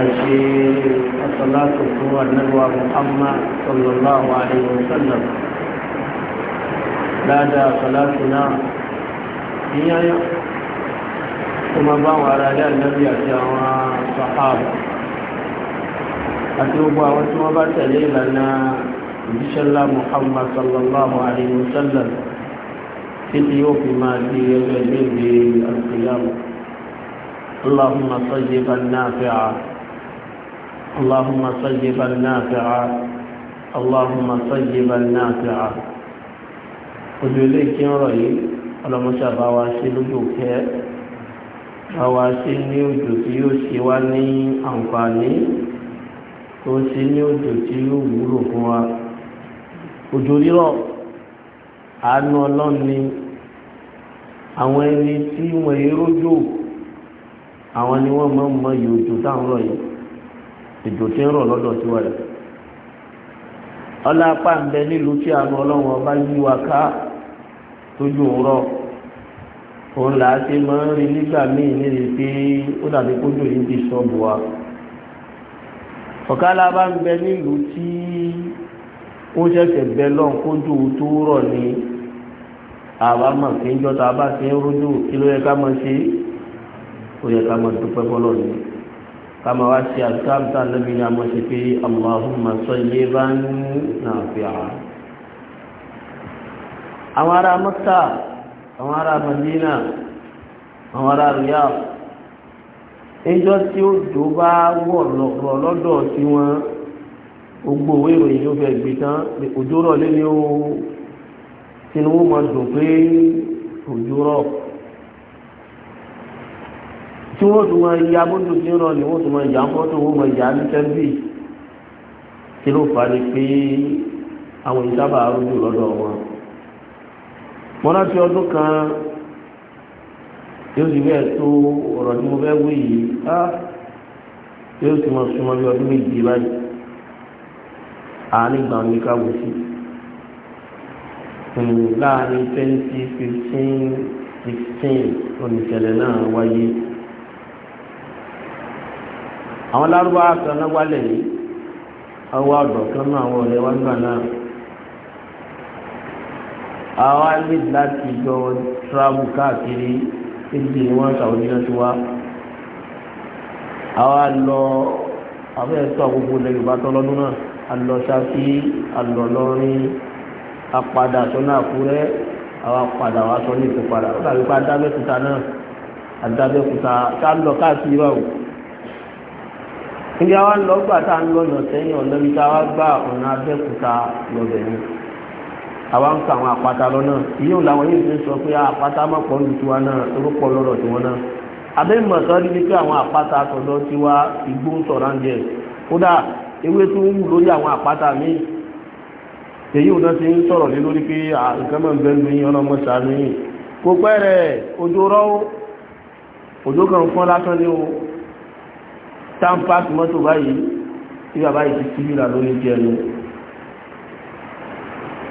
الحجير الصلاة هو النبوى محمد صلى الله عليه وسلم بعد صلاتنا هي ثم باو على النبي أسيارها صحابة أتوب وثم بات ليلنا بشاء الله محمد صلى الله عليه وسلم في ضيوف ما في يوم القيامة اللهم صيبا نافعا اللهم طيبا نافعا اللهم طيبا نافعا ojú ilé kí ń rọ̀ yìí ọlọ́mọṣà ṣe lójú òkè bá wa ṣe ní yóò wá ní yóò àánú ọlọ́run ni àwọn ẹni tí wọ́n èrò jò ìjò tí ń rọ̀ lọ́dọ̀ tí wà rẹ̀ ọlá apá ń bẹ nílùú tí àánú ọlọ́run ọba yí wa ká tójú òwúrọ̀ òun là á ti máa ń rí nígbà míì níbi pé ó dàbí kójú yìí ti sọ́ọ̀bù wa ọ̀kálá bá ń bẹ nílùú tí ó ṣẹ̀ṣẹ̀ bẹ lọ́n kójú tó rọ̀ ni àwa mọ̀ kí ń jọ́ta bá ti ń rójú kí ló yẹ ká máa ṣe ó yẹ ká máa dúpẹ́ bọ́lọ́ nìyẹn kama wá sí àtúntà lóbi ní àmọ́ sí pé Allahumma sayyiban nafi'a àwọn ará Mẹ́kà àwọn ará Madina àwọn ará Riyadh ẹjọ́ tí ó jò bá wọ̀ lọ́dọ̀ tí wọ́n gbogbo owó ìròyìn ló tán òjò rọ̀ lé ní ó tinubu dùn pé òjò rọ̀ tí wọ́n tún máa ya bójú sí rọ ni wọ́n tún máa ya mọ́tò wọ́n máa ya ní tẹ́lifí kí ló fà á ni pé àwọn ìsábà arúgbó lọ́dọ̀ wọn. mo rántí ọdún kan yóò sì bẹ́ẹ̀ tó ọ̀rọ̀ tí mo fẹ́ wí yìí á yóò sì máa súnmọ́ bí ọdún méjì báyìí àárín gbàmí káwọ sí hmm, láàrin twenty fifteen sixteen oníṣẹ̀lẹ̀ náà wáyé àwọn lárúbá kan náà wálẹ̀ yìí ọwọ́ ọ̀dọ̀ kan náà àwọn ọ̀rẹ́ wá nígbà náà àwa ní láti jọ tíráàbù káàkiri títí wọn sàwọn ìyá tí wá àwa lọ àwọn ẹ̀tọ́ gbogbo ilẹ̀ Yorùbá tán lọ́dún náà alọ Ṣákì alọ lọrin apadà sọ́nà Àkúrẹ́ àwọn apadà wa sọ ní ìpèpadà ó dàbí pé adábẹ́kúta náà adábẹ́kúta ká lọ káàkiri báwò. níbi àwa ń lọ gbà tá à ń lọ yàn sẹ́yìn ọ̀nà ibi tá a wá gbà ọ̀nà abẹ́kúta lọ́bẹ̀ àwa ń ka àwọn àpáta lọ́nà làwọn yóò fi sọ pé àpáta tiwa náà orúkọ lọ́rọ̀ tiwọn náà abẹ́ mọ̀tọ́ níbi àwọn àpáta tọ̀dọ̀ tiwa igbó ń sọ̀rọ̀ àǹjẹ̀ kódà ewé tó ń wù lórí àwọn àpáta míì èyí ò náà ti ń sọ̀rọ̀ lé lórí pé táǹpáàkì mọ́tò báyìí tí bàbá yìí ti síbìlà lórí jẹ́ ẹnu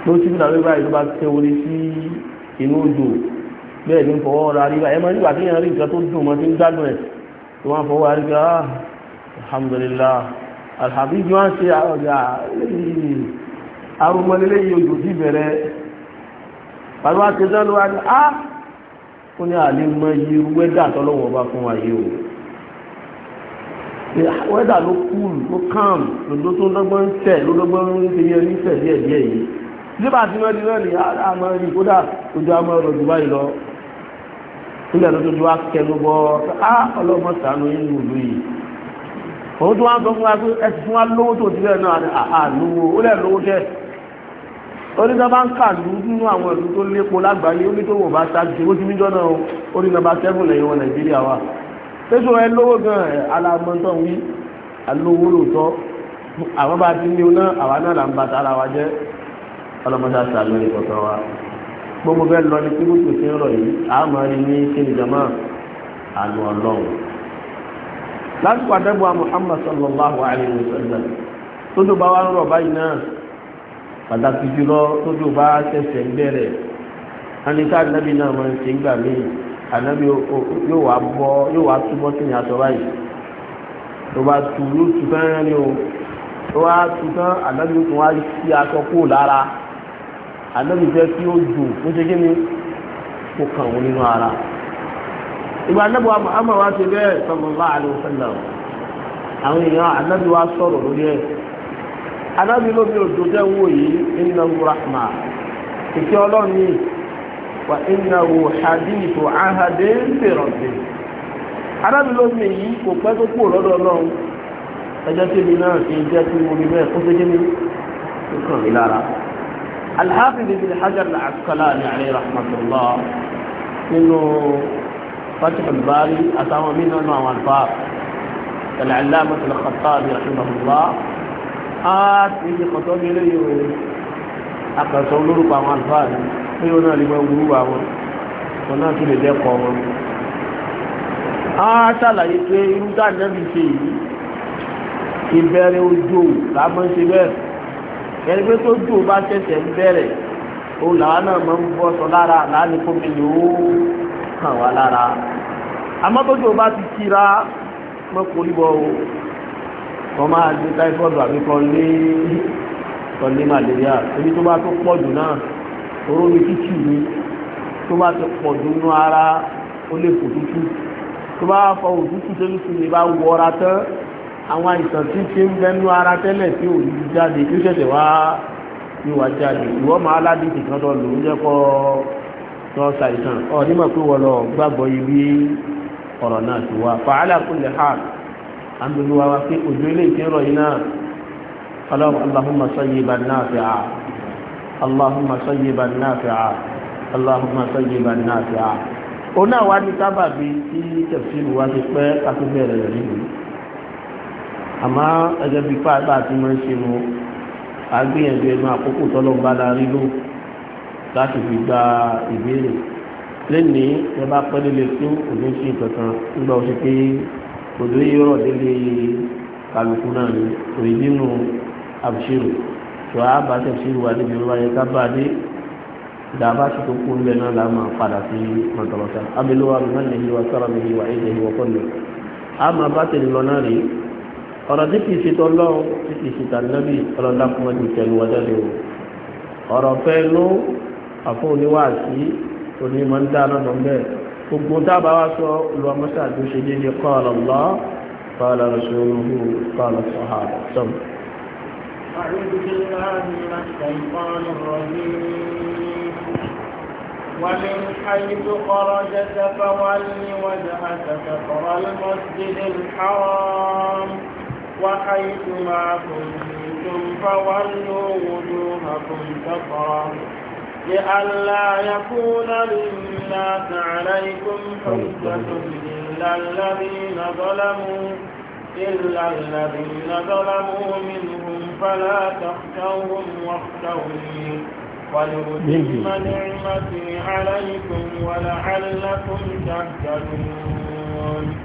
ló síbìlà lórí báyìí ló bá tẹ orí sí inú odò bẹ́ẹ̀ ní fọwọ́ ra rí báyìí ẹ máa nígbà tí yẹn rí nǹkan tó dùn mọ́ tí ń gbádùn ẹ̀ tó wọ́n fọwọ́ ra rí pé ah alhamdulillah alhamdulillah wọ́n ṣe ọ̀gá arúgbọ́lélẹ́yìn odò sí bẹ̀rẹ̀ pàlọ́ àti sẹ́lú wa ni ah ó ní àlè mọ iye wẹ́dà tọ́lọ́wọ́ bá fún wa yìí o wẹ́dà ló cool ló calm lòdó tó lọ́gbọ́n ń tẹ̀ ló lọ́gbọ́n ń ṣe yẹn ní tẹ̀ díẹ̀ díẹ̀ yìí nígbà tí wọ́n di náà ní àmọ́ rí kódà ojú àmọ́ ọ̀rọ̀ jù báyìí lọ nígbà tó tójú wa kẹnu bọ á ọlọ́mọ sànú inú ìlú yìí òun tó wá ń sọ fún wa pé ẹ ti fún wa lówó tó ti bẹ́ẹ̀ náà àlówó ó lẹ̀ lówó tẹ́ oníṣẹ́ bá ń kà nínú àwọn ìlú tó lépo lágbàáyé ó ní tó wò bá ṣáájú ó ti mí jọ́nà ó ní nọ́mbà sẹ́fún lẹ́yìn wọn Nàìjíríà wa tẹ́sọ̀ ẹ lówó gan alamọ́tọ̀ wí alówó lóòótọ́ àwọn bá ti ní oná àwa náà là ń bàtà ara wa jẹ́ ọlọ́mọdé àtàlù ìkọ̀tọ̀ wa gbogbo bẹ́ẹ̀ lọ ní kíkú tó ti ń rọ̀ yìí àmọ́ rí ní kíni jama àlù ọlọ́run lásìkò àdẹ́gbọ́n Muhammad sallallahu alayhi wa sallam tó tó bá wà ń rọ̀ báyìí náà pàtàkì jùlọ tó tó bá tẹ̀sẹ̀ ń bẹ̀rẹ̀ anita anabi ànábi yóò wá bọ́ yóò wá túbọ́ sí ní aṣọ báyìí tó bá tu yóò tu fẹ́rẹ́ ni o tó bá tu tán ànábi yóò tún wá sí aṣọ kúrò lára ànábi fẹ́ kí ó dùn ó ṣe kí ni kó kàn wọ́n nínú ara ìgbà ànábi wa ama wa ṣe bẹ́ẹ̀ sallallahu alaihi wasallam àwọn èèyàn ànábi wa sọ̀rọ̀ lórí ẹ̀ ànábi lóbi òdòdó tẹ́ wò yìí innahu rahma ìkẹ́ ọlọ́run وإنه حديث عهد بربه arábì lómi yìí kò pẹ́ tó kúrò lọ́dọ̀ ọlọ́run ẹjọ́ tí mi náà ṣe jẹ́ tí mo ní bẹ́ẹ̀ kó tó jẹ́ mi tó kàn mí lára alhafiz ibn hajar al-asqalani alayhi rahmatullah nínú fatihul bari àtàwọn mí nínú àwọn alfa al-allama al-khattabi rahimahullah a ti ṣe kọ̀tọ́ mi lóye akàtọ̀ olórúkọ àwọn alfa yìí pé ó náà lè wọ́n wúrúwà wọn wọn náà tún lè lẹ́kọ̀ọ́ wọn a ṣàlàyé pé irú dáàdẹ́bì ṣe yìí ìbẹ̀rẹ̀ ojú làmọ́ ṣe bẹ́ẹ̀ ẹni pé tó jù bá ṣẹ̀ṣẹ̀ ń bẹ̀rẹ̀ ó làwọn náà máa ń bọ́ sọ lára lálẹ́kọ́ mi ni ó kàn wá lára àmọ́ tó jù bá ti kíra mọ́ kórìbọ̀ o wọ́n máa gbé táífọ́ọ̀dù àbíkọ́ ní kọ́ ní màlẹ́ríà ebi tó bá tó pọ̀ náà tòró mi tútù ni tó bá ti pọ̀ dúnú ara ó lè fò tútù tó bá fọ òtútù tó tútù ni bá wọra tán àwọn àìsàn tí ṣe ń bẹnu ara tẹ́lẹ̀ tí ò ní jáde tó ṣẹ̀ṣẹ̀ wá ní wà jáde ìwọ́ máa ládìsì kan tó lò jẹ́ kọ́ tó ṣàìsàn ọ̀ nímọ̀ pé wọ́n lọ gbàgbọ́ ibi ọ̀rọ̀ náà ti wá fàálà kulli hal àmì olúwa wa pé òjò ilé ìkérò yìí náà ọlọ́run allahumma sayyiban nafi'a اللهم صيبا نافعا اللهم صيبا نافعا ó náà wá ní sábàbí tí tẹ̀sílù wá ti pẹ́ kátó bẹ̀rẹ̀ rẹ̀ nínú àmọ́ ẹgbẹ́ bíi pàápàá àti máa ń ṣe mu àgbéyànjú ẹnu àkókò tọ́lọ́mbá la rí lò láti fi gba ìbéèrè lẹ́nìí ẹ bá pẹ́ líle fún òní sí ìkankan nígbà ó ṣe pé òdó yìí rọ̀ délé kálukú náà ní òyìnbó àbùṣírò tó a bá tẹ̀síwò wa níbi olúwa yẹ ká bá dé dàbá sì tó kú lẹ́nu la máa padà sí mọ̀tọ́mọ́tọ́ abiluwa mọ̀lẹ́yìn wa sọ̀rọ̀ mi wà ẹ̀jẹ̀ wọ̀ kọ́lẹ̀ a máa bá tẹ̀lé lọ náà rí ọ̀rọ̀ tí kìí ṣe tọ́lọ́ tí kìí ṣe tànàbí ọlọ́dà kúmọ́ ti tẹ̀lé wọ́n jáde o ọ̀rọ̀ fẹ́ ló àfọ oníwàásí onímọ̀ ń dáná lọ bẹ́ẹ̀ gbogbo dábàá wa sọ olùwàmọ́sá àdúṣe déédéé qala Allah qala rasuluhu qala sahaba أعوذ بالله من الشيطان الرجيم ومن حيث خرجت فول وجهك كفر المسجد الحرام وحيث ما كنتم فولوا وجوهكم كفر لئلا يكون للناس عليكم حجة إلا الذين ظلموا إلا الذين ظلموا منهم فلا تخشوهم واخشوني ولأتم نعمتي عليكم ولعلكم تهتدون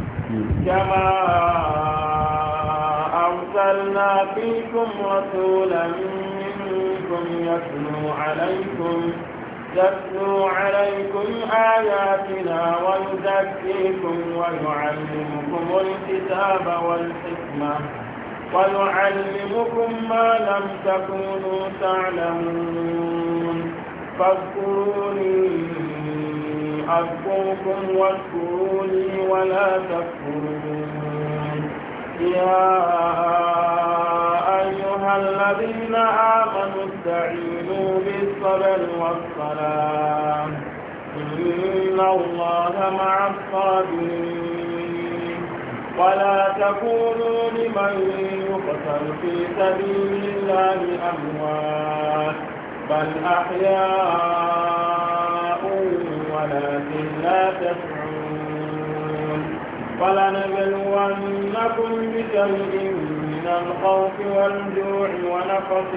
كما أرسلنا فيكم رسولا منكم يتلو عليكم يتلو عليكم آياتنا ويزكيكم ويعلمكم الكتاب والحكمة ويعلمكم ما لم تكونوا تعلمون فاذكروني أذكركم واذكروني ولا تكفرون يا أيها الذين آمنوا استعينوا بالصبر والصلاة إن الله مع الصابرين ولا تكونوا لمن يقتل في سبيل الله أموات بل أحياء ولكن لا تشعرون ولنبلونكم بشيء من الخوف والجوع ونقص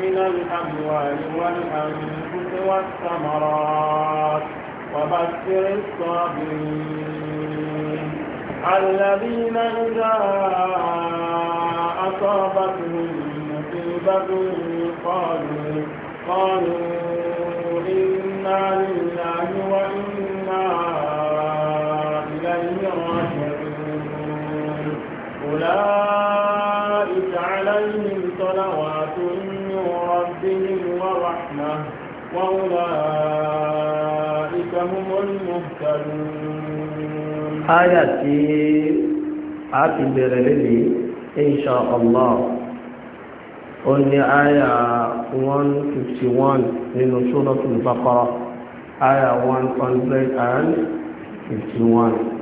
من الأموال والأنفس والثمرات وبشر الصابرين الذين إذا أصابتهم مصيبة قالوا قالوا إنا لله وإنا أولئك عليهم صلوات من ربهم ورحمة وأولئك هم المهتدون آياتي آتي برلدي إن شاء الله قلني آية 151 من سورة البقرة آية 151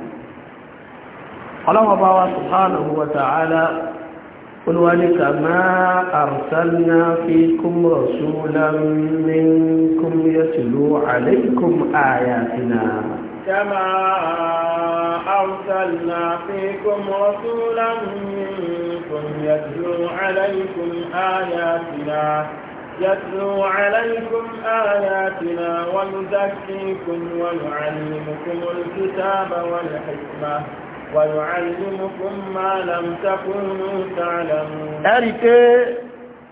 ọlọ́wọ́ bá wa subhanahu wa ta'ala olúwaníkà máa àrùsánná fi kún rọ̀súlá minkum yatlu alaykum ayatina kama àrùsánná fi kún rọ̀súlá minkum yatlu alaykum عليكم آياتنا ويزكيكم ويعلمكم الكتاب والحكمة ويعلمكم ما لم تكونوا تعلمون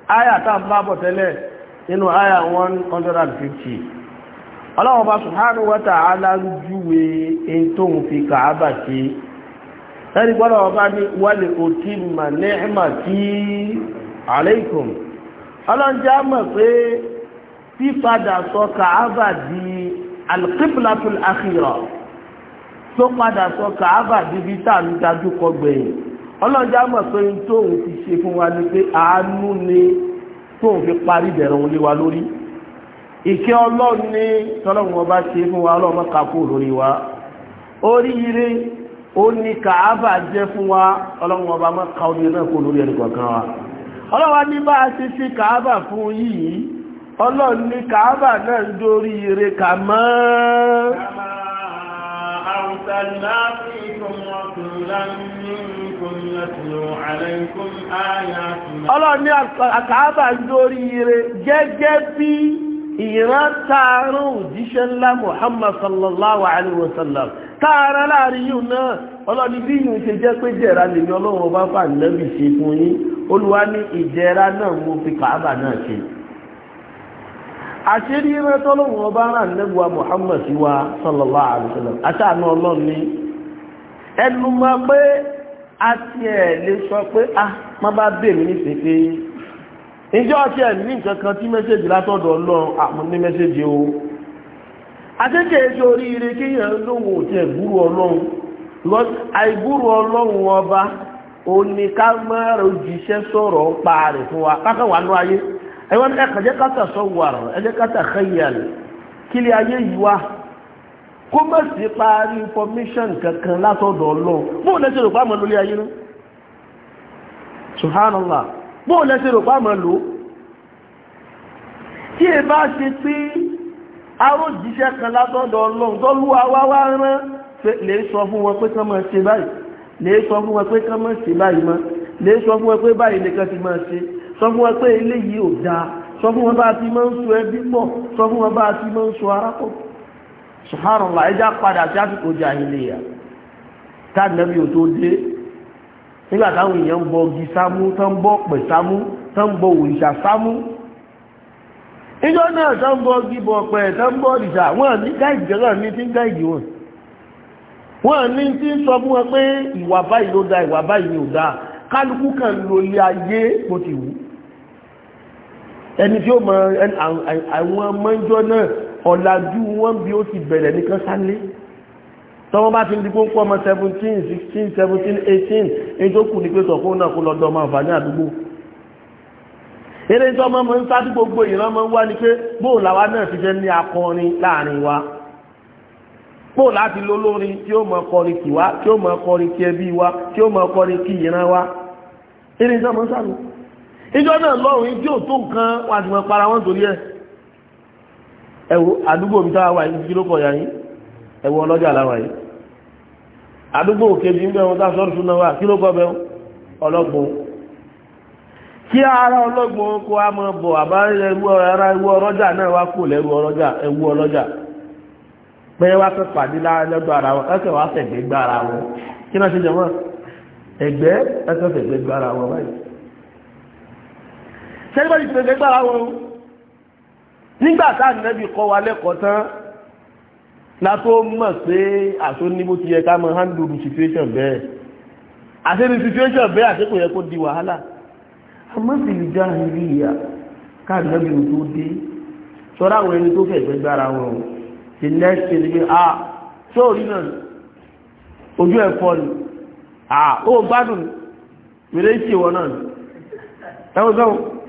ẹ̀rí bá bọ̀ tẹ́lẹ̀ nínú 150 ọlọ́wọ́ bá subhanahu wa ta'ala ń júwe in tó ń fi kàábà sí ẹ̀rí gbọ́lọ́wọ́ bá ní wálé òtí mà nẹ́ẹ̀mà tí alaykum ọlọ́njẹ́ á mọ̀ pé fífadà sọ kàábà di alqiblatul akhirah tó padà sọ kàábà bíbí tá à ń dájú kọ gbẹ̀yìn ọlọ́jà mọ̀ pé n tóun ti ṣe fún wa ni pé àánú ni tóun fi parí ìbẹ̀rẹ̀ òun lé wa lórí ìkẹ́ ọlọ́run ní tọ́lọ́run wọn bá ṣe fún wa ọlọ́mọ kàkó lórí wa oríire ó ní kàábà jẹ́ fún wa ọlọ́run wọn bá mọ́ ka omi náà kó lórí ẹnìkọ̀ọ̀kan wa ọlọ́wà ní bá a ti fi kàábà fún yìí ọlọ́run ní kàábà náà ń dórí ire kà mọ́ أرسلنا فيكم رسولا منكم يتلو عليكم آياتنا Ọlọ́run ní àkàábà lórí rẹ̀ gẹ́gẹ́ bí ìran tààrùn òjíṣẹ́ ńlá Muhammad sallallahu alaihi wasallam tààrà láàrin yìí náà ọlọ́ni bí yìí ṣe jẹ́ pé jẹ́ra lèmi ọlọ́run ọba fà nẹ́bì ṣe fún yín olúwa ní ìjẹ́ra náà mo fi kàábà náà ṣe àṣírí rẹ̀ tọ́lọ́wọ́ ọba ara nẹ́gbà Muhammad sí wa sallallahu alaihi wasallam ọlọ́run ní ẹnu ma pé a ti lè sọ pé a ma bá bèèrè ní pépé ìjọ ti ní kan tí mẹ́sẹ̀jì látọ̀dọ̀ ọlọ́run o ẹwọ́n ẹ̀kà jẹ́ káta sọ́wọ́rọ̀ ẹjẹ́ káta xeyàlì kí lè ayé yìí wá kó má sí parí information kankan látọ̀dọ̀ ọlọ́run bóun lẹ́sẹ̀ rò pàmò lórí ayé náà subhanallah bóun lẹ́sẹ̀ rò pàmò lò tí ẹ bá ṣe pé arójíṣẹ́ kan látọ̀dọ̀ ọlọ́run tó lù wá wá rán lè sọ fún wọn pé kán máa ṣe báyìí lè sọ fún wọn pé kán máa ṣe báyìí mọ́ lè sọ fún wọn pé báyìí nìkan ti máa ṣe sọ fún wọn pé eléyìí ò dáa sọ fún wọn bá ti máa ń so ẹbí pọ̀ sọ fún wọn bá ti máa ń so ara pọ̀ subhanallah ẹja padà sí àsìkò jàhílíyà ò tó dé nígbà táwọn èèyàn ń bọ ọgì sámú tó ń bọ sámú tó ń bọ òrìṣà sámú ìjọ náà tó ń bọ ọgì bọ tó ń bọ òrìṣà wọn ní gáìdì ní tí ń gáìdì wọn ẹni tí ó mọ àwọn ọmọjọ́ náà ọ̀làjú wọn bí ó ti bẹ̀rẹ̀ nìkan sálé tọ́wọ́ bá ti ń dípò ń pọ́ ọmọ 17 16 17 18 èyí tó kù ní pé sọ̀kún náà kó lọ́dọ̀ ọmọ àǹfààní àdúgbò eré tí ọmọ mọ̀ ń sá tí gbogbo ìran mọ̀ ń wá ní pé bóò làwa náà ìjọ náà lọ́rùn tí ò tó nǹkan wà tí wọ́n para wọn torí ẹ̀ ẹ̀wọ̀ àdúgbò mi táwa wà yìí kí ló kọ̀ yà yín ẹ̀wọ̀ ọlọ́jà láwà yìí àdúgbò kejì ń bẹ̀rún tá sọ́rùsùn náà wà kí ló kọ̀ bẹ̀rún ọlọ́gbọ̀n kí ara ọlọ́gbọ̀n kó a mọ̀ bọ̀ àbá ẹrú ọlọ́jà náà wá kò lẹ́rú ọlọ́jà ẹwú ọlọ́jà pé wá fẹ́ pàdé lọ́dọ̀ ara wọn ẹsẹ̀ wá fẹ̀gbẹ́ gbá ara wọn kí náà ṣe jẹ́ wọn ẹgbẹ́ ẹsẹ̀ fẹ̀gbẹ́ gbá ara wọn báyìí sẹ́gbẹ́ni ti tẹ̀sẹ̀ gbára wọn nígbà tá ànábì kọ́ wa lẹ́kọ̀ọ́ tán la tó mọ̀ pé àṣó ní bó ti yẹ ká mọ̀ handle situation bẹ́ẹ̀ àṣé ní situation bẹ́ẹ̀ àṣé kò yẹ kó di wàhálà àmọ́ sì lè já ìrí ìyá káàdùnábì ò tó dé sọ́ra àwọn ẹni tó fẹ̀gbẹ́ gbára wọn the next day ni pé ah ṣé òrí náà ojú ẹ̀ ni ah ó gbádùn mèrè ìṣèwọ náà ẹ̀wọ̀n sọ́wọ́n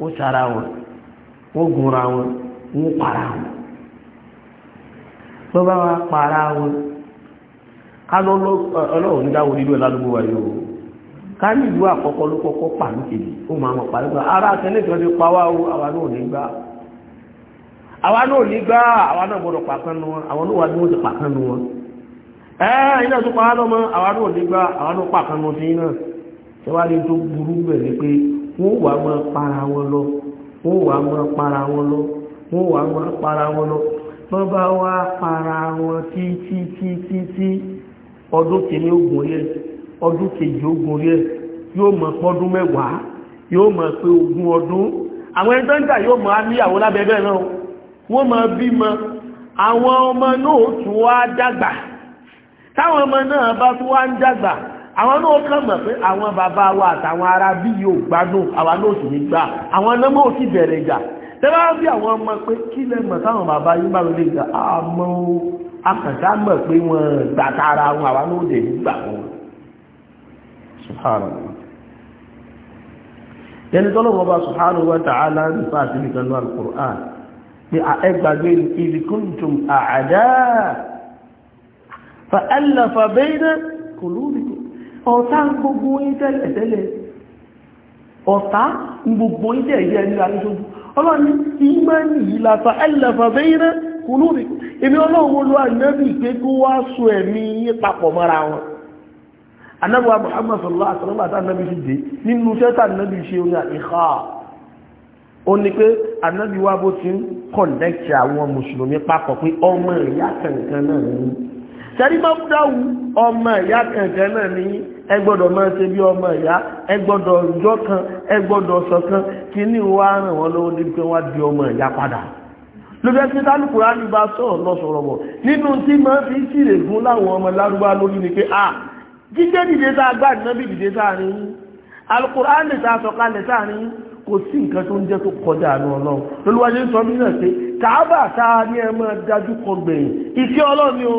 wọ́n sara wọn wọ́n gunra wọn wọ́n para wọn tó bá wá para wọn kálọ́ ọlọ́run ní dáwọ́ nílùú ẹ̀ládùúgbò wa yóò ká ìlú àkọ́kọ́ ló kọ́kọ́ ó máa mọ̀ ara tí wọ́n ti pa o àwa náà ò ní gbà náà ní gbọ́dọ̀ pàkan wọn wọ́n wà máa para wọn lọ wọ́n wà máa para wọn lọ wọ́n wà máa para wọn lọ wọ́n bá wá para wọn títí títí tí ọdún kìíní ogun yẹ ọdún kejì ogun yẹ yóò mọ̀ pọ́dún mẹ́wàá yóò mọ̀ pé ogún ọdún àwọn ẹni tó ń jà yóò mọ̀ á níyàwó lábẹ́bẹ́ náà wọ́n mọ̀ bímọ àwọn ọmọ náà tún wá dàgbà táwọn ọmọ náà bá tún wá ń dàgbà àwọn náà kàn mọ̀ pé àwọn bàbá wa àtàwọn ará bí yóò gbádùn àwọn náà sì ní gbà àwọn nọ́mọ̀ ò sì bẹ̀rẹ̀ ìjà tẹ́lá bí àwọn ọmọ pé kí lẹ́mọ̀ táwọn bàbá yìí bá lè gbà àmọ́ akàtà mọ̀ pé wọ́n gbà tara wọn àwọn náà dẹ̀ nígbà wọn yẹni tọ́lọ́wọ́ bá subhanahu wa ta'ala ń fà nìkan ní al-Qur'an ni ẹgbàgbé ọ̀tá gbogbo yín tẹ́lẹ̀ tẹ́lẹ̀ ọ̀tá gbogbo yín tẹ́lẹ̀ yẹ́ nílá ní ṣojú ọlọ́ni ìmánì yìí láta ẹlẹ́fà bẹ́ẹ̀rẹ́ kúlúrì èmi ọlọ́run olú ànábì pé kó wá so ẹ̀mí yín papọ̀ mọ́ra wọn anábọ̀ Muhammad sallallahu alaihi wasallam àtànábì ti dé nínú sẹ́tà ń dáwù ọmọ ìyá kankan náà ní ẹ gbọ́dọ̀ máa ṣe bí ọmọ ìyá ẹ gbọ́dọ̀ jọ kan ẹ gbọ́dọ̀ ṣọ̀kan kí ní wá ràn wọ́n lọ́wọ́ débi pé wọ́n di ọmọ ìyá padà lóbi ẹsẹ tálùkùrá ní bá sọ̀rọ̀ lọ sọ̀rọ̀ bọ̀ nínú tí máa fi ṣìrè fún láwọn ọmọ lárúbá lórí ni pé a jíjẹ́ dìde tá a gbà ní nábì dìde sáàrin alùkùrá lè ta sọ̀kalẹ̀ sáàrin kò sí nǹkan tó ń jẹ́ tó kọjá àánú ọlọ́run lóluwájú sọ mí náà pé kàábà tá ní ẹ máa dájú kọ gbẹ̀yìn ìfẹ́ ni o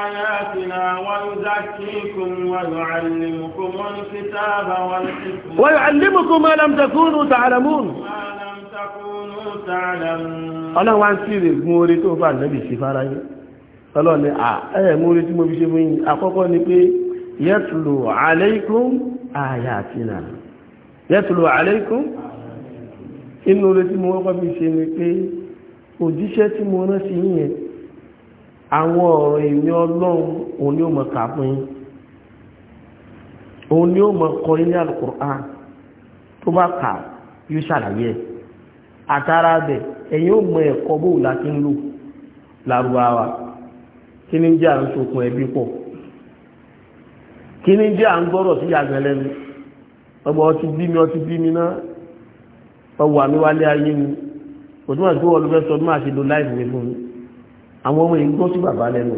آياتنا ويزكيكم ويعلمكم الكتاب والحكمة ويعلمكم ما لم تكونوا تعلمون ما لم تكونوا تعلمون أنا وان سيري موري تو فان نبي سفارا Ọlọ́run ni à ẹ̀ múrí tí mo fi ṣe fún yín àkọ́kọ́ ni pé yẹ́tùlù àléìkún àyàtìnà yẹ́tùlù àléìkún inú orí tí mo wọ́pọ̀ fi ṣe ni pé òjíṣẹ́ tí mo rán sí yín àwọn ọ̀rọ̀ ìmí ọlọ́run òun ni ó mọ̀ kàfún yín òun ni ó mọ̀ kọ ilé alukur'an tó bá kà yóò ṣàlàyé ẹ̀ àtàrà bẹ̀ ẹ̀yin ó mọ ẹ̀kọ́ bóòlù láti ń lò lárúbáwá kí ni jẹ́ à ń sokun ẹbí pọ̀ kí ni jẹ́ à ń gbọ́rọ̀ sí yàgbẹ́ lẹ́nu ọmọ ọtí bí mi ọtí bí mi náà ọwọ́ àmì wálé ayé mi òtún àti wọ́n ló fẹ́ sọ bí máa ṣe lo láìpẹ́ fún mi àwọn ọmọ ìgbọ́ sí bàbá lẹ́nu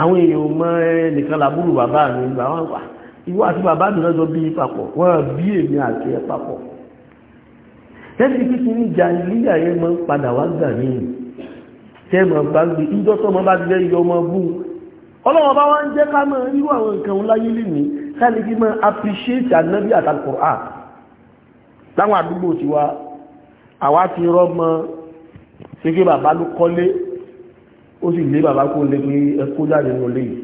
àwọn èèyàn mọ́ ẹnìkan làbúrò bàbá mi gbà wọ́n wà ìwọ àti bàbá mi lọ́jọ́ bí papọ̀ wọ́n bí èmi àti ẹ papọ̀ tẹ́sí kíkí ní ìjà ìlíyà yẹn mọ́ padà wá gà ní tẹ́mọ̀ bá gbé ìjọ́ tọ́mọ bá ti lẹ́yìn ọmọ bú ọlọ́wọ́ bá wá ń jẹ́ ká mọ́ irú àwọn nǹkan láyé lè ní káàlì kí mọ́ appreciate ànábì àtàkùrọ̀ ti rọ́ mọ́ ṣé kí bàbá ló kọ́lé ó sì lé bàbá kó lé pé ẹkó jáde nínú ilé yìí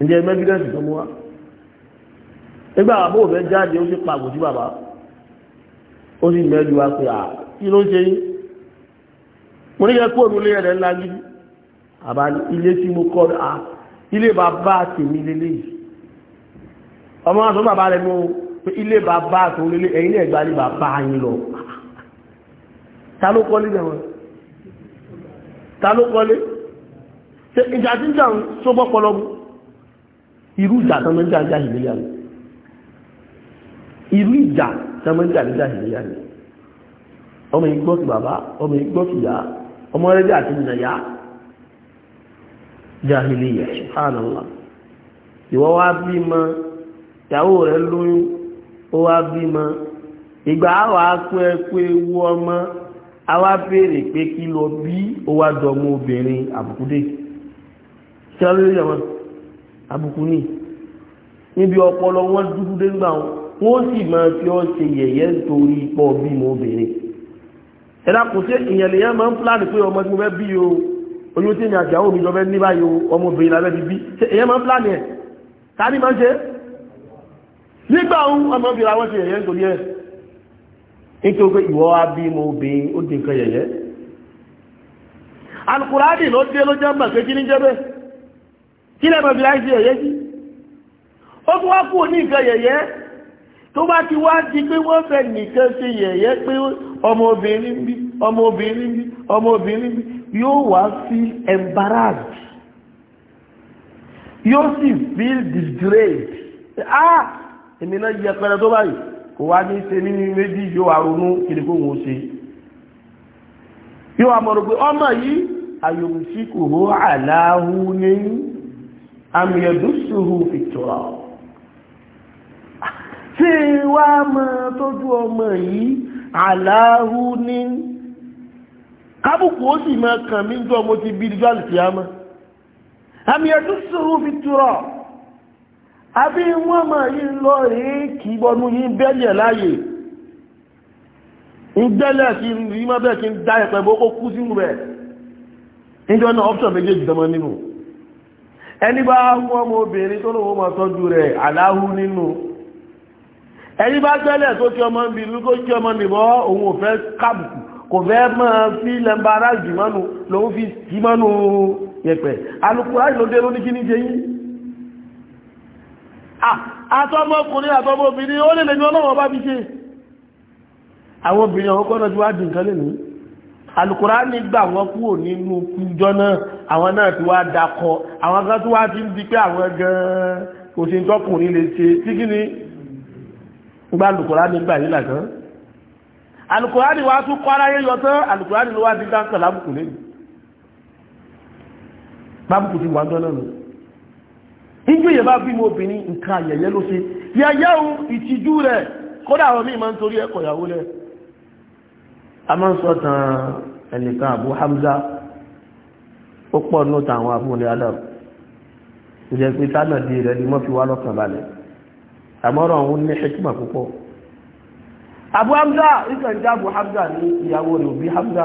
ǹjẹ́ mẹ́gídẹ́sì tó mú wa nígbà bàbá ò fẹ́ jáde ó sì pàgò sí bàbá ó sì mẹ́jú wa pé à kí ló ṣe yín mo ní kẹ́ kó òun lé ẹ̀rẹ́ ńlá gidi àbá ilé tí mo kọ́ à ilé bàbá tèmi lélẹ́yìí ọmọ àtọ́ bàbá rẹ̀ mú ilé bàbá àtòun lélẹ́yìí ẹ̀yin náà gbalé bàbá yín lọ ta ló kọ́lé jẹ̀wọ̀n ta ló kọ́lé ìjà tí ń jà ń pọlọ́bù irú ìjà tán ń jà ìlélẹ́ àná irú ìjà tán mẹ́jà ọmọ yìí gbọ́sù ọmọ yìí gbọ́sù ọmọ rẹ̀ jà ti ewu a wá béèrè pé kí lọ bí ó wá dọmọ obìnrin àbùkù dé kí wọ́n lórí ẹ̀wọ̀n àbùkù ní níbi ọpọlọ wọn dúdú dé ńgbà wọn wọ́n sì máa fi ọ́ ṣe yẹ̀yẹ́ nítorí pọ̀ bímọ obìnrin ẹ̀dá kò sí ìyẹn lèyàn máa ń pláàdì pé ọmọ tí mo fẹ́ bí o oyún tí ìyẹn àjàwó mi lọ́fẹ́ ní báyìí ọmọbìnrin lábẹ́ ti bí ìyẹn máa ń pláàdì ẹ̀ tàbí máa ń ṣe nígbà ohun ọmọbìnrin àwọn ṣe yẹ̀yẹ́ nítorí ẹ̀ nítorí pé ìwọ wá bí mo obìnrin ó di nǹkan yẹ̀yẹ́ alukurani ló dé ló jẹ́ mọ̀ ní jẹ́ kí lẹ́mọ̀ bí láì ẹ̀yẹ́ sí ó tún wá kú ní nǹkan yẹ̀yẹ́ tó bá ti wá di pé wọ́n fẹ́ nìkan ṣe yẹ̀yẹ́ pé ọmọbìnrin bí ọmọbìnrin bí ọmọbìnrin ah èmi náà yẹ pẹrẹ tó báyìí kò wá ní ṣe ní méjì yóò wá ronú kí ni kó wọ́n ṣe yóò wá mọ̀ rò pé ọmọ yìí àyòmù sí kò hó àláhù ní àmì ẹ̀dùn sòhù fìtọ́ra ṣé wá mọ̀ tọ́jú ọmọ yìí àláhù ní kábùkù ó sì máa kàn mí jọ mo ti bí ìjọ àlùfíà mọ́ àmì ẹ̀dùn sòhù fìtọ́ra àbí wọ́n mọ̀ yìí lọ rí kì í bọnú yìí bẹ́lẹ̀ láàyè ìgbẹ́lẹ̀ kí rí mọ́ bẹ́ẹ̀ kí ń dá ẹ̀pẹ̀ bó kó kú sínú rẹ̀ níjọ́ náà option méjèèjì tọmọ nínú ẹni bá wọ́n mọ obìnrin tó lówó mọ́ tọ́jú rẹ̀ aláhú nínú ẹni bá gbẹ́lẹ̀ tó ti ọmọ nbí lúkó tí ọmọ nìbọ́ òun ò fẹ́ kábùkù kò fẹ́ mọ́ sí lẹ́mbàrá jùmọ́nù lòun fi jùmọ́nù yẹ̀pẹ̀ alukura ìlòdé lóníkíní jẹ́yìn Ah, àtọ́mọ́kùnrin àtọ́mọ́bìnrin ó lè lè ní ọlọ́wọ́ bá bí ṣe àwọn obìnrin àwọn kọ́nà tí wá dì nǹkan lè ní Al-Kùránì gbà wọ́n kúrò nínú kújọ náà àwọn náà ti wá dakọ àwọn kan tó wá ti ń di pé àwọn gan-an kò sí tọkùnrin lè ṣe tí kí ni gba Al-Kùránì gbà yìí làgán Al-Kùránì wá tún kọ́ aráyé yọ tán Al-Kùránì ló wá di dáńkà lábùkù lẹ́yìn bábùkù ti wà ń dán náà nígbé yẹ bá bí mo obìnrin nǹkan àyẹ̀yẹ́ ló ṣe yẹ̀yẹ́ ohun ìtìjú rẹ̀ kódà àwọn míì máa ń torí ẹ̀kọ̀ ìyàwó lẹ̀ a máa ń sọ tàn ẹnìkan àbú Hamza ó pọ̀ ní ọ̀tà àwọn abúlé adam ìjẹ́ pé tánàdì rẹ̀ ni wọ́n fi wá lọ́kàn balẹ̀ àmọ́rọ̀ òun ní ṣẹ́kímà púpọ̀ àbú Hamza ìkànjá àbú Hamza ní ìyàwó rẹ̀ òbí Hamza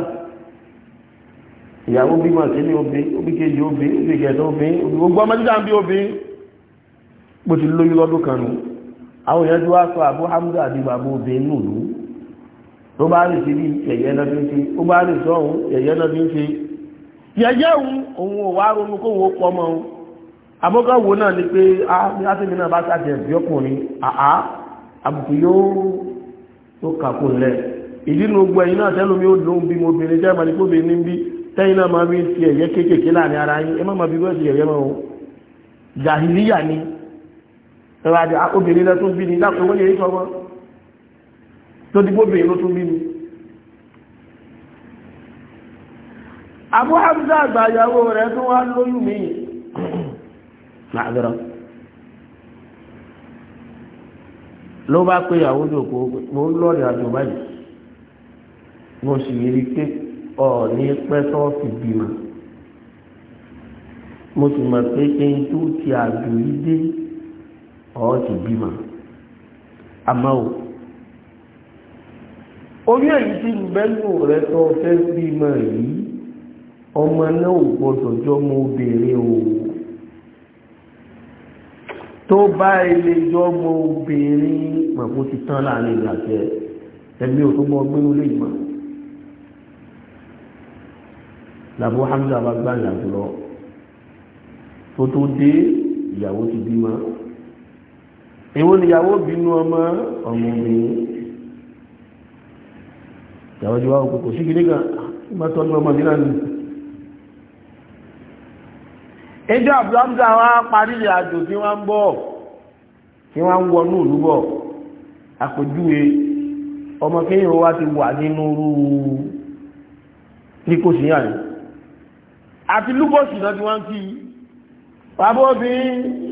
ìyàwó bímọ sí ní obì obì kejì obì obì kẹta obì gbogbo ọmọdé dáa ń bí obì bó ti lóyún lọ́dún kan nù àwọn èèyàn tí wá sọ àbú hamza àti bàbá obìnrin nù lù tó bá lè ṣe bí yẹ̀yẹ́ náà fi ń ṣe bá yẹ̀yẹ́ òun ni pé látìmí ah, náà bá bí ọkùnrin àá àbùkù yóò ẹ̀yìn náà ó bí mo kó níbi tẹ́yìn náà máa ti ẹ̀yẹ kéékèèké láàrin ara yín ẹ má máa bí wọ́n ti ẹ̀yẹ mọ́ jàhìlíyà ni tọ́wà jẹ́ ah, obìnrin lọ tún bí ní láti owó yẹ̀rí sọmọ́ tó dìbò obìnrin ló tún bí ní Abu Hamza àgbàyàwó rẹ̀ tó wá lóyún mi màgbẹ̀rọ ló bá pé ìyàwó jòkó mo ń lọ́rìn àjò báyìí mo sì rí pé ọ̀ọ̀ni pẹ́ ọ́ ti bímọ àmọ́ o orí èyí tí bẹ́lú rẹ̀ tó fẹ́ bímọ yìí ọmọ náà ò gbọdọ̀ jọmọ obìnrin o tó bá ilé jọmọ obìnrin pẹ̀lú ti tán láàrin ìgbà jẹ ẹ̀mí ò tó mọ gbẹ́rú lè mọ̀ làbó Hamza bá gbá ìyàwó lọ tó tó dé ìyàwó ti bímọ ìwọ níyàwó bínú ọmọ ọmọ mi ìyàwó jù wá òkú kò sí kìíní kan ah, mọ́tọ́ ní ọmọ nílá ní ẹjọ́ àbúlámsà wá parí ìrìn àjò tí wọ́n ń bọ̀ tí wọ́n ń wọnú ìlú bọ̀ àpèjúwe ọmọ kéèyàn wá ti wà nínú rú ní kò sí àyè àti lúbọ̀sì náà tí wọ́n ń kí i pàbó bí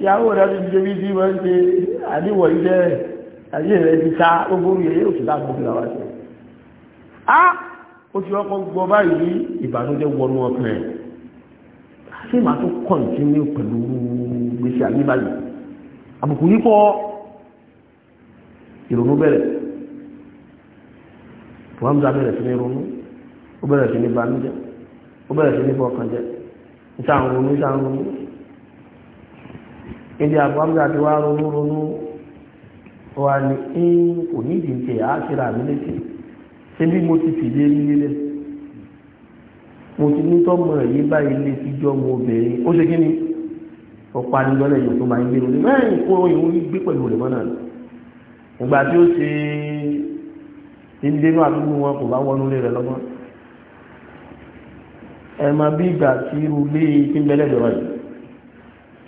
ìyàwó rẹ̀ ti jẹ́ bí sí wọ́n ṣe àdíwọ̀ ilẹ̀ ayé rẹ̀ ti sá gbogbo orí ẹ̀yẹ́ òṣìlá gbogbo làwọn ṣe á ó ti ọkọ̀ gbọ́ báyìí ìbànújẹ́ wọnú ọkàn ẹ̀ ṣé màá tún kọ̀ǹtínú pẹ̀lú gbèsè àyè báyìí àbùkù yìí pọ̀ ìrònú bẹ̀rẹ̀ wọ́nbà bẹ̀rẹ̀ sí ní ronú ó bẹ̀rẹ̀ sí ní banújẹ́ ó bẹ̀rẹ̀ sí ní bọ̀kànjẹ́ ìtàrùn ronú ibi àbámdà tí wá ronú ronú wà ní ẹ̀yìn kò ní ìdíntẹ̀ àṣírà mi létí ṣe bí mo ti fìdé rí mo ti ní tọ́mọ yìí báyìí lè fi jọ mo obìnrin ó ṣe kí ni ọ̀pá ní lọ́lẹ̀ yìí tó máa ń gbé lórí mẹ́rin kó ìwú gbé pẹ̀lú rẹ̀ mọ́nà ìgbà tí ó ṣe ìdílénú àdúgbò wọn kò bá wọnú lé rẹ̀ lọ́gbọ́n ẹ̀ máa bí ìgbà tí irú lé kí ń bẹ́lẹ̀ jọba yìí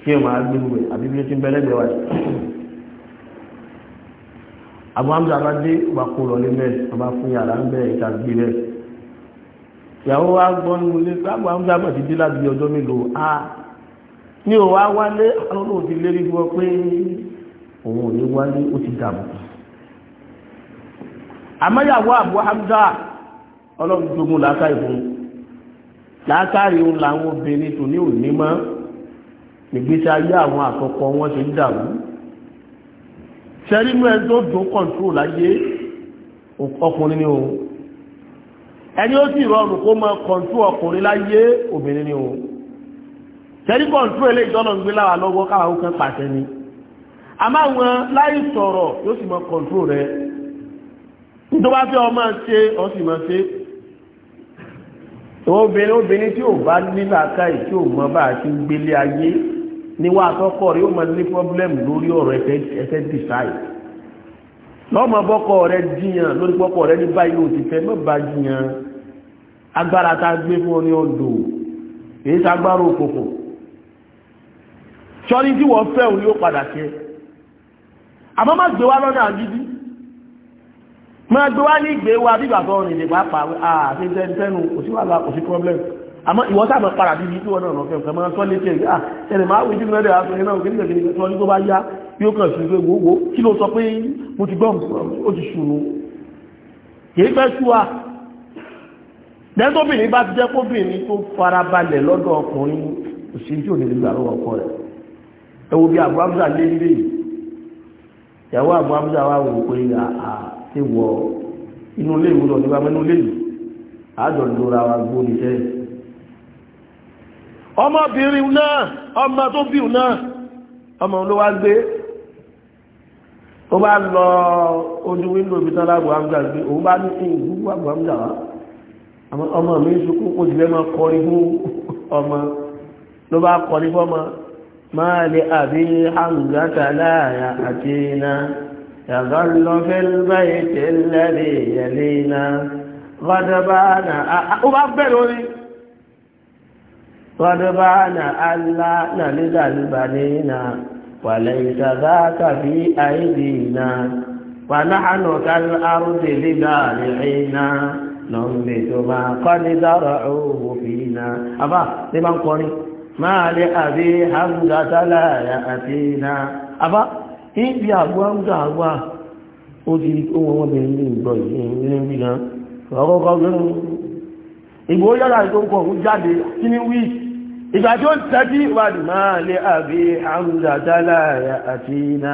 ṣé ma gbégbé àbí bí ó ti ń bẹ́lẹ́gbẹ̀ wáyé Abu Hamza bá dé bá kó lọ níbẹ̀ bá fún yàrá ń bẹ̀ ìta gbé rẹ̀ ìyàwó wa gbọ́ nínú ilé Abu Hamza bá ti dé láti ọjọ́ mélòó a ní ò wá wálé alọ́lọ́ ti lérí wọ pé òun ò ní wálé ó ti dàbò àmọ́yàwó Abu Hamza ọlọ́run jogun làákàrí fún làákàrí òun làwọn obìnrin tò ní òní mọ́ nígbésí ayé àwọn àkọ́kọ́ wọn ṣe ń dàrú ṣẹ́rí mú ẹni tó dùn kọ̀ǹtúrò láyé ọkùnrin ni òun ẹni ó sì rọrùn kó mọ kọ̀ǹtúrò ọkùnrin láyé obìnrin ni òun ṣẹ́rí kọ̀ǹtúrò ilé ìjọ́nà ń gbé láwa lọ́wọ́ káwọn kan pàṣẹ ni àmọ́ àwọn láì sọ̀rọ̀ yóò sì mọ kọ̀ǹtúrò rẹ nítorí wá fẹ́ ọmọ ṣe ọ sì mọ ṣe obìnrin obìnrin tí ò bá nílà káì tí ò mọ bá a ti ń gbélé ayé ni níwá àtọ́kọ̀ rẹ̀ ó máa ní pọ́blẹ́mù lórí ọ̀rọ̀ ẹ̀fẹ́ dìsáì lọ́mọ bọ́kọ̀ rẹ̀ jiyàn lórí pọ́kọ̀ rẹ̀ ní báyìí ó ti fẹ́ mọ́ bá jiyàn agbára tá a gbé fún ọ ní ọdọ̀ èyí tá agbára òfòfò sọ́ni tí wọ́n fẹ́ òun yóò padà ṣe àmọ́ má gbé wá lọ́nà àgídí má gbé wá ní ìgbé wa bíbà tó rìn lè pàápàá àti tẹnu kò sí wàhálà kò sí pọ́blẹ́mù àmọ́ ìwọ sáà máa para bíbí tí wọ́n náà lọ́fẹ́ nǹkan máa tọ́ létí ẹ̀gbẹ́ à ẹ̀rẹ̀ máa wí jùlọ rẹ̀ àtúnyẹ̀ náà kìnnìkan kìnnìkan tí wọ́n ní tó bá yá yóò kàn sí gbogbo owó kí ló sọ pé mo ti gbọ́n ó ti ṣùnú kìí fẹ́ sú wa lẹ́tọ́bìnrin bá ti jẹ́ kóbìnrin tó farabalẹ̀ lọ́dọ̀ ọkùnrin òṣèlú ò ní lè gbà lọ́wọ́ ọkọ rẹ̀ ẹ wo bí àbú amúsà lé nílé ìyàwó àbú amúsà wà wò pé àà ti wọ inú ilé ìwúlọ nígbà mẹ́nu ilé yìí àádọ́ lóra wa gbó níṣẹ́ yìí ọmọbìnrin náà ọmọ tó bíù náà ọmọ ló wá gbé ó bá lọ ojú wíńdò ibi tán lágbo amúdà gbé òun bá ní ìlú àgbo amúdà wá ọmọ mi sunkún ó ti fẹ́ máa kọrí fún ọmọ ló bá kọrí fọ́mọ máa lè àbí hàmùgátà láàyà àti iná يظل في البيت الذي يلينا غضبانا أبعد لي kọ́dọ̀bá na ala na lílàlúbà nínà wàlẹ̀ na. kàfí àìdì iná arúdì lílà nìrìnà lọ́nbẹ̀ tó kọ́ ní dára fi àbá ní bá ń kọrin máa lé àbí hamza tálàyà àti iná. àbá ibi àgbà hamza àgbà jáde kí ni wíìsì ìgbà tí ó tẹ́jú ìwádìí máa lè àbí Hamza tálà ya àti iná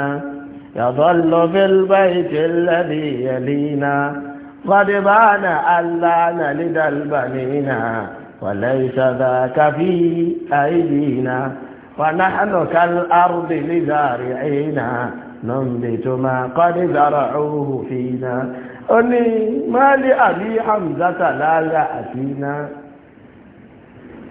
yàtọ̀ lọ fẹ́lbà ìtẹ́ lẹ́dí yẹlína fàdébánà aláàna lídàlbànína wàlẹ́ ìṣàdá kàfí àìdína ونحن كالأرض لزارعينا ننبت ما قد زرعوه فينا ó ní máa lè àbí Hamza tálà ya àti iná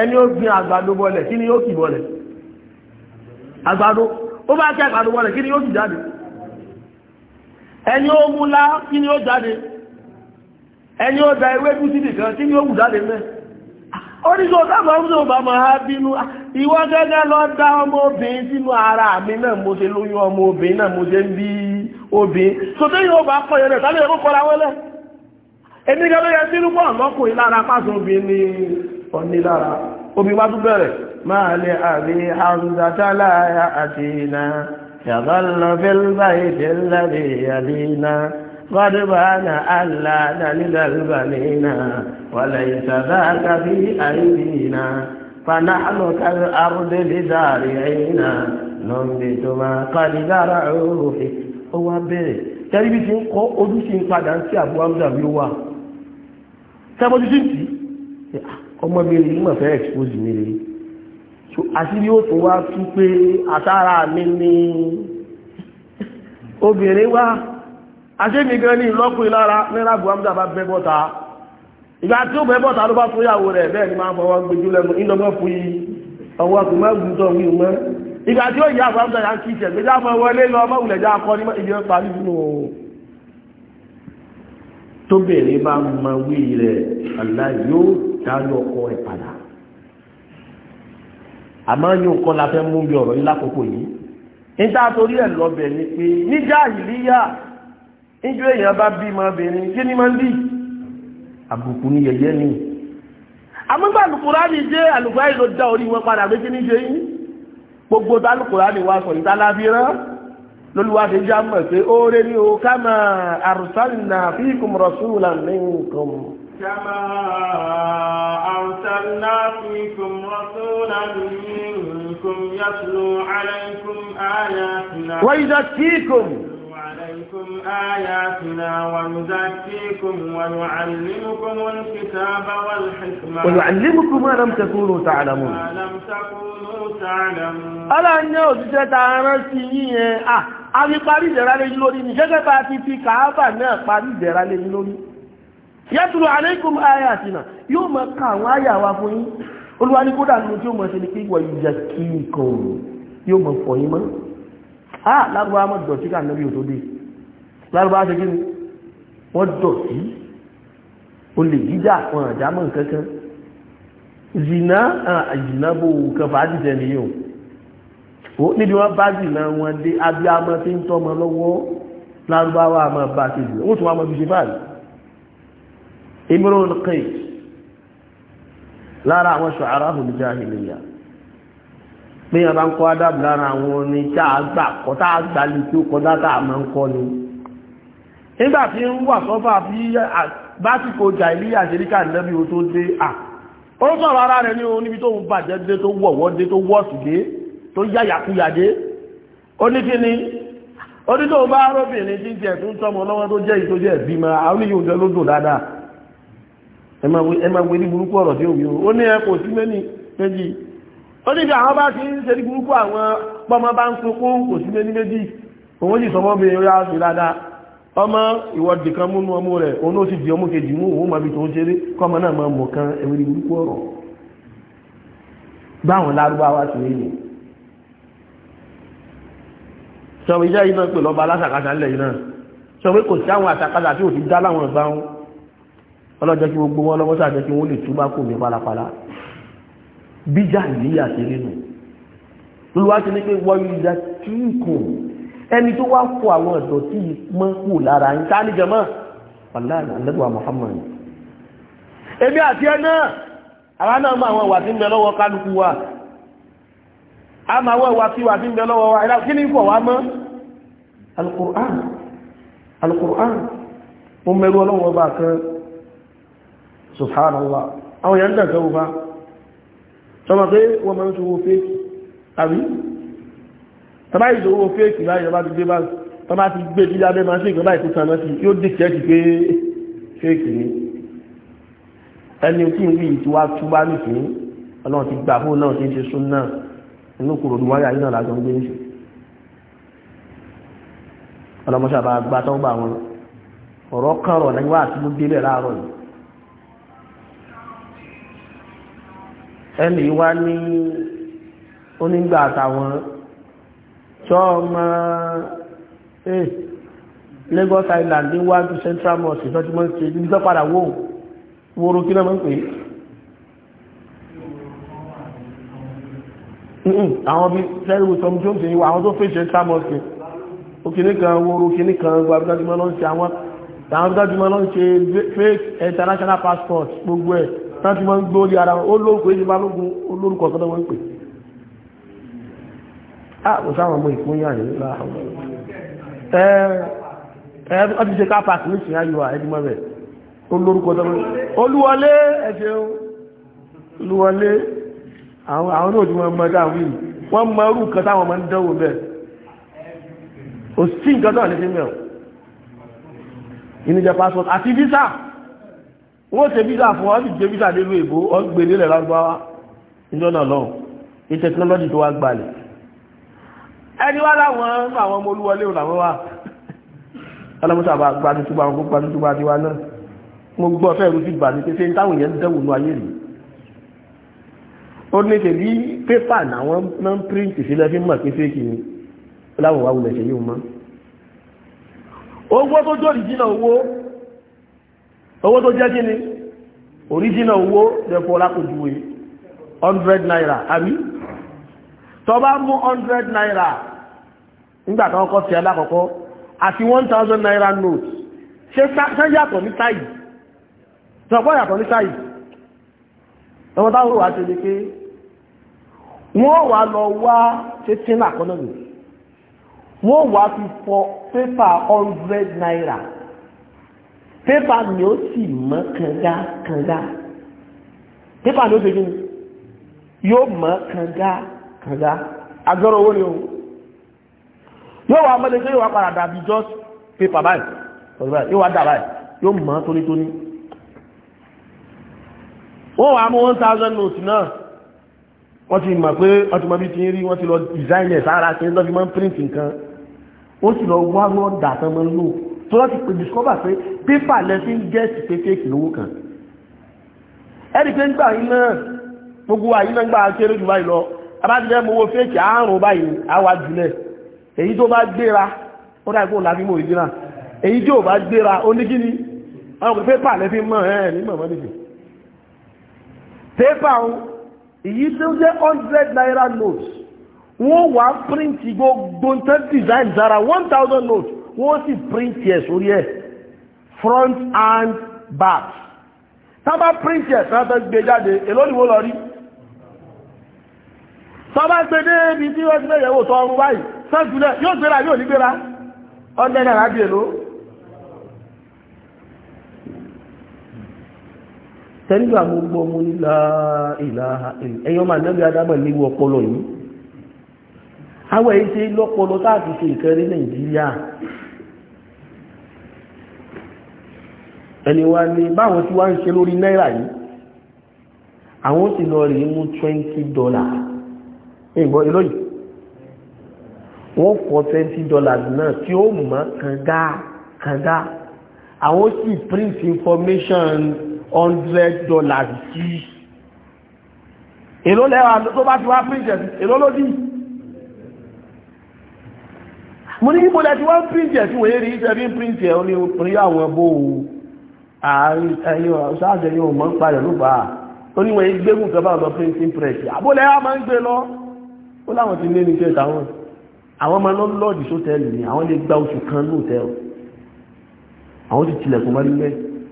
ẹni ó gbin àgbàdo bọlẹ̀ kí ni yóò kì bọlẹ̀ àgbàdo ó bá kí àgbàdo kí ni yóò sì jáde ẹni ó múlá kí ni jáde ẹni ó da ewé kú síbì kan kí ni ó wù jáde mẹ́ oríṣi ọ̀gá máa ń máa bínú gẹ́gẹ́ lọ dá ọmọ sínú ara mi náà mo ṣe lóyún ọmọ náà mo ṣe ń bí obìnrin sọtẹ́ yóò bá yẹn ẹ̀kọ́ kọ́ra ọ̀ní lára omi wá tún bẹ̀rẹ̀ máa lè àbí àrùdátálà àti iná yàtọ̀lọ́ fẹ́lbà ìtẹ́lẹ́dẹ̀ yàdínà fọ́dúbàánà àlà dalídàlbàníná wàlẹ̀ ìtàdáka bí àìdínà fanáàlù kàrí àrùdẹ́lẹ̀ dàrí àìdínà lọ́nbẹ̀ tó máa kàrí dára òòrùn ó wá bẹ̀rẹ̀ tẹ́lifí ti ń kọ́ ojú sí ń padà sí àbúwámúdàbí ó wà tẹ́bọ́jú ọmọbìnrin yìí mọ̀ fẹ́ expose mi rèé so àṣírí ó tún wá tú pé àtàrà mi ni obìnrin wá aṣẹ́mi gan ní ìlọ́kùnrin lára náírà buhamza bá bẹ́ bọ́ta ìgbà tí ó bẹ́ bọ́ta ló bá fún ìyàwó rẹ̀ bẹ́ẹ̀ ni máa ń fọwọ́ gbójú lẹ́nu ìdọ́gbọ́n fún yìí ọwọ́ kò má gùn tọ̀ wí mọ́ ìgbà tí ó yà buhamza yà ń kí ìṣẹ̀gbẹ́jà fọwọ́ lé lọ ọmọ ìwùlẹ̀jà akọni ìjọba pàmì nínú òun tóbìnrin bá ma wí rẹ̀ àlá yóò dáyọ̀ ọkọ ẹ̀ padà àmọ́ yóò kọ́ la fẹ́ mú bí ọ̀rọ̀ yìí lákòókò yìí níta torí ẹ̀ lọ́bẹ̀ ni pé níjà ìlíyà níjọ́ èèyàn bá bí ma bìnrin kí ni máa ń bí àbùkù ní yẹyẹ ni àmúgbà alùkùránì jẹ́ alùkùránì ló dá orí wọn padà pé kí ní ṣe yín gbogbo tá alùkùránì wa sọ ìtàlábí lóluwà ti já mọ̀ pé oore ni o kama arsalna fikum rasulan minkum. kama arsalna fikum rasulan minkum yatlu alaykum ayatina. wa yuzakkikum. يتلوكم آياتنا ويزكيكم ويعلمكم الكتاب والحكمة ويعلمكم ما لم تكونوا تعلمون ما لم تكونوا تعلمون ألا أن يوجد تعرسي آه àbí parí ìdẹ̀ra lé yín lórí ní gẹ́gẹ́ bá ti fi kàábà náà parí ìdẹ̀ra lé yín lórí yatlu alaykum ayatina yóò máa ka àwọn àyà wa fún yín olúwa ní kódà nínú tí ó máa ṣe ní pé wa yuzakkikum yóò máa fọ̀ yín mọ́ ah lágbàá mọ́ dọ̀tí kà níbi òtó dé lárúbá ṣe kí ni wọ́n dọ̀tí olè jíjà wọn àjámọ̀ kankan zina àjìnà bò kan fàájì tẹ̀lé yìí o níbi wọn bá zina wọn dé abiyamọ tí ń tọmọ lọ́wọ́ lárúbáwá àmọ́ bá ṣe jù wọ́n tún wọn mọ bí ṣe báyìí imrul qais lára àwọn ṣọ̀hárá olùjá ìlẹ̀yà pé yẹn ń kọ́ adábù lára àwọn oní tá kọ́ tá a lè tó kọjá tá máa ń kọ́ ni nígbà tí ń wà sọ́fà bí básìkò jàìlíyà àṣíríkà lẹ́bí o tó dé à ó sọ̀rọ̀ ara rẹ̀ ní oníbi tó ń bàjẹ́ dé tó wọ̀wọ́ dé tó wọ́sù dé tó yáyàkúyà ó ní kí ni ó ní tó bá róbìnrin tí jẹ́ tó ń tọ́mọ lọ́wọ́ tó jẹ́ ìtòjẹ́ ìbímọ àóníyàn jẹ́ lódò dáadáa ẹ máa wé ní burúkú ọ̀rọ̀ tí ó wí ó ní ẹ kò sí méjì méjì ọmọ ìwọ̀dì kan múnú ọmọ rẹ̀ oní ó sì di ọmọ kejì mú òun màbí tó ń ṣeré kọmọ náà máa mọ̀ kan ẹ̀wẹ̀ ní orúkọ ọ̀rọ̀ báwọn lárúbáwá sí èyí sọ iṣẹ́ iná pè lọ́ba alásàkásà ńlẹ̀ iná sọ pé kò sí àwọn àtàkásà tí ò ti dá láwọn ọgbà wọn ọlọ́jọ́ kí gbogbo wọn lọ́wọ́ sàjẹ́ kí wọ́n lè túbá kò ní palapala bíjà ìlíyà sí nínú olùwà ti ní pé wọ́n yóò yá tí kò ẹni tó wá fọ àwọn ìdọ̀tí mọ́ kù lára ń ká níjọmọ́ wàláhì àlẹ́bùwà Muhammad ebi àti ẹ náà àwọn náà mọ àwọn ìwà tí ń bẹ lọ́wọ́ kálukú wa a máa wọ ìwà tí wà tí ń bẹ lọ́wọ́ wa ẹ̀dá kí ní fọ̀ wá mọ́ alukur'an alukur'an subhanallah àwọn yẹn ń dàgbẹ́ wọn bá sọ ma pé wọ́n tọ́bá ìdòwò fèèkì báyìí ọba ti gbé bá tọ́bá ti gbé bí lábẹ́ máa ṣe ìgbọ́n báyìí tó tan náà sí yóò dé kẹ́ẹ̀kì pé fèèkì ni ẹni tí ń wí ìtura túbá nìkan ọlọ́run ti gbà fóun náà ti ń ṣe sún náà inú kòrò ní wáyà yìí náà lájọ ń gbé níṣẹ́ ọlọ́mọṣà bá gbá tọ́ bá wọn ọ̀rọ̀ kọ̀rọ̀ ní wá àti gbogbo délẹ̀ láàárọ̀ yìí ẹni wá ní onígbà àtàwọn sọ́ọ̀mọ́ eh Lagos Island ní wájú Central Mosque tó ti mọ́ ṣe ibi tó padà wó wóró kí náà mọ́ pé àwọn bí fẹ́rù tom jones ní àwọn tó fẹ́ Central Mosque òkìní kan wóró kìní kan gbàgbàgbà lọ́n ṣe àwọn àwọn gbàgbàgbà lọ́n ṣe fake international passport gbogbo ẹ̀ tó ti mọ́ ń gbórí ara ó lórúkọ ìjọba olórúkọ kan tó wọ́n ń kò ah, sáwọn ọmọ ìpínyà ní láàrín ẹ̀ẹ́ ọdún ṣe káàpàá kìí ṣe ayúwà ẹdínmọ́ rẹ̀ olórúkọ tọ́mọ́ olúwọlé ẹ̀ṣẹ́ olúwọlé àwọn náà tí wọ́n mọ́ dáwí wọ́n mọ́ rú nǹkan táwọn ọmọ ń dánwò bẹ́ẹ̀ ò sí nǹkan náà ní fímẹ̀ ìníjẹ passport àti visa wọ́n ṣe visa fún ọ́ sì gbé visa nílùú èbó ọ́ gbé nílẹ̀ lárúbáwá níjọ́ náà lọ́wọ́ ní technology tó wá gbalẹ̀ ẹni wá láwọn àwọn ọmọ olúwọlé òlàwọ́ wà alámọ́sàbà gbanitúgbà wọn kó gbanitúgbà ti wá náà mo gbọ́ fẹ́ rú sí gbà ní pé ṣe ń táwọn èèyàn dẹ̀wò ní ayé rí ó ní tèbí pépà náwọn náà píríǹtì sílẹ̀ fi mọ̀ pé fẹ́ẹ̀kì ni láwọn wà wulẹ̀ ṣe yóò mọ́ owó tó jọ òrìjínà owó owó tó jẹ́ kíni òrìjínà owó lẹ́fọ́ lápòjúwe 100 naira àbí tó bá mú 100 naira nígbà tó kọ́kọ́ fi alákọ̀ọ́kọ́ àti 1000 naira note ṣe yàtọ̀ ní táyì tọ́pọ̀ yàtọ̀ ní táyì ọmọ táwọn wà ṣe lè pé wọ́n wà lọ wá títí náà kọ́nà nù wọ́n wà fi fọ pépà 100 naira pépà ni ó sì mọ́ kànga kànga pépà ni ó ṣe kí yóò mọ́ kànga kànga kànga agbọ́rọ̀ owó ni o yóò wá mọ́lẹ̀ tó yóò wá padà dàbí just paper báyìí yóò wá dà báyìí yóò mọ́ tónítóní wọ́n wá mú one thousand notes náà wọ́n ti mọ̀ pé wọ́n ti mọ̀ bí ti ń rí wọ́n ti lọ design ẹ̀ sára ṣe ń lọ́ print nǹkan ó sì lọ wá wọ́n dà tán mọ́ lò tó lọ́ pè discover pé Paper, lẹ fi ń gẹ́ẹ̀sì pé kéèkì lówó kan ẹ̀rí pé ń gbà yín náà gbogbo àyín náà ń gbà kéré jù báyìí lọ abájúdẹ́ mú owó fèkì àárùn báyìí àwà jùlẹ̀ èyí tó bá gbéra ó dáìkó láti mú ìdíra èyí tí ò bá gbéra ó ní kí ni ọmọ pépà lẹ́fí mọ́ ẹ̀ ní mọ̀mọ́ nìfẹ́ pépà èyí tó jẹ́ 100 naira notes wọ́n wà píríntì gbogbo tẹ́ design zara 1000 notes wọ́n sì print ẹ̀ sórí ẹ̀ front and back tábà píríntì ẹ̀ sáfẹ́ gbé jáde èló ni wọ́n tọ́bá gbé dé ibi tí wọ́n ti lè yẹ̀wò tọ́ ọrùn báyìí sọ́júlẹ̀ yóò gbéra yóò ní gbéra ọdẹ́ náírà bí èlò tẹ́lifà gbogbo ọmọ nílá ìlàhà ẹ̀yọ́ máa nẹ́bí adámọ̀ ní ọpọlọ yìí awọ èyí ṣe lọ́pọlọ táàfi ṣe ìkẹrí nàìjíríà ẹni wa ni báwọn tí wá ń ṣe lórí náírà yìí àwọn sì lọ rí mú twenty dollars ìgbọ́ ilóyì wọ́n fọ́ twenty dollars náà tí ó mọ̀ kànga kànga àwọn sì print information hundred dollars sí èló lẹ́wà tó bá ti wá print ẹ̀ èló ló dì mo ní kíbo lẹ́ti wọ́n print ẹ̀ tí wọ́n yé rí iṣẹ́ print ẹ̀ ó ní orí àwọn bó o àárín ẹ̀yìn ọ̀sán àjẹyìn ọmọ ń parẹ̀ ló bá a ó ní wọ́n yé gbégùn kan bá lọ printing press àbólẹ́wà máa ń gbé lọ ó láwọn ti lé ní ṣe tàwọn àwọn ọmọ lọ́lọ́dì sótẹ́lì ni àwọn lè gba oṣù kan lóòtẹ́lì àwọn ti tilẹ̀kùn mọ́ nílẹ̀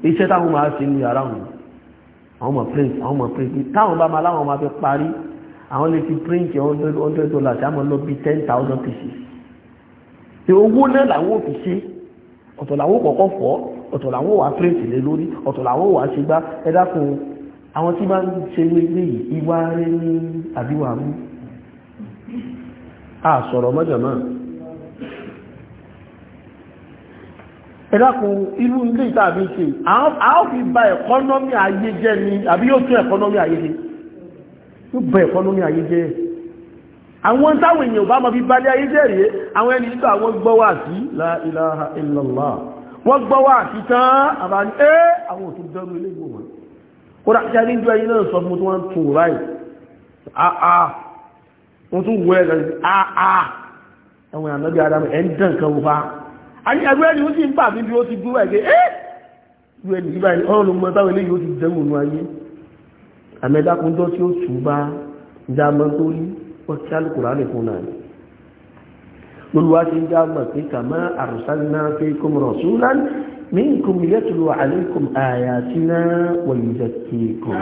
iṣẹ́ táwọn máa ṣe ní yàrá wọn àwọn ọmọ print àwọn ọmọ print táwọn bá máa láwọn máa fẹ́ parí àwọn lè fi print hundred hundred dollars àmọ́ lọ bí ten thousand pieces tí owó náà làwọn ò fi ṣe ọ̀tọ̀ làwọn kọ̀ọ̀kọ́ fọ́ ọ̀tọ̀ làwọn wà print lé lórí ọ̀tọ̀ làwọn wà ṣe gbá ẹ dákun àwọn tí máa ń ṣe lé yìí ìwà rẹ ní àbíwá mú àsọ̀rọ̀ mọ́jọ̀mọ́ ẹ̀dàkùn irú ilé ìtàbí ṣe àwọn fi ba ẹ̀kọ́nọ́mì ayé jẹ́ ni àbí yóò tún ẹ̀kọ́nọ́mì ayé jẹ́ yóò bẹ ẹ̀kọ́nọ́mì ayé jẹ́ àwọn táwọn èèyàn bá mọ́ fi balẹ̀ ayé jẹ́ rèé àwọn ẹni tó àwọn gbọ́wà sí la ilaha illallah wọ́n gbọ́wà sí tán àbáni ẹ́ àwọn òtún dẹ́rù ilé ìgbò wọn kó wọ́n tún wọ́ ẹ̀rọ àà ah, ah. ẹ̀wọ̀n ànábì adamu ẹ̀ ń dàn kan wọ́n fa àní ẹgbẹ́ ẹni ó sì ń bà mí bí ó ti dúró ẹ̀gẹ́ ẹ́ ìwé ẹni yíba ẹni ọ̀rọ̀ lọ́mọ táwọn eléyìí ó ti dẹ́wò nù ayé àmẹ́dákúndọ́ tí ó tù bá dáàmọ́ tó rí ọtí alukùránì fún náà lóluwá ti ń dáàmọ́ pé kàmá àrùsálínà pé kòmù rasulan minkum yatlu alaykum ayatina wa yuzakkikum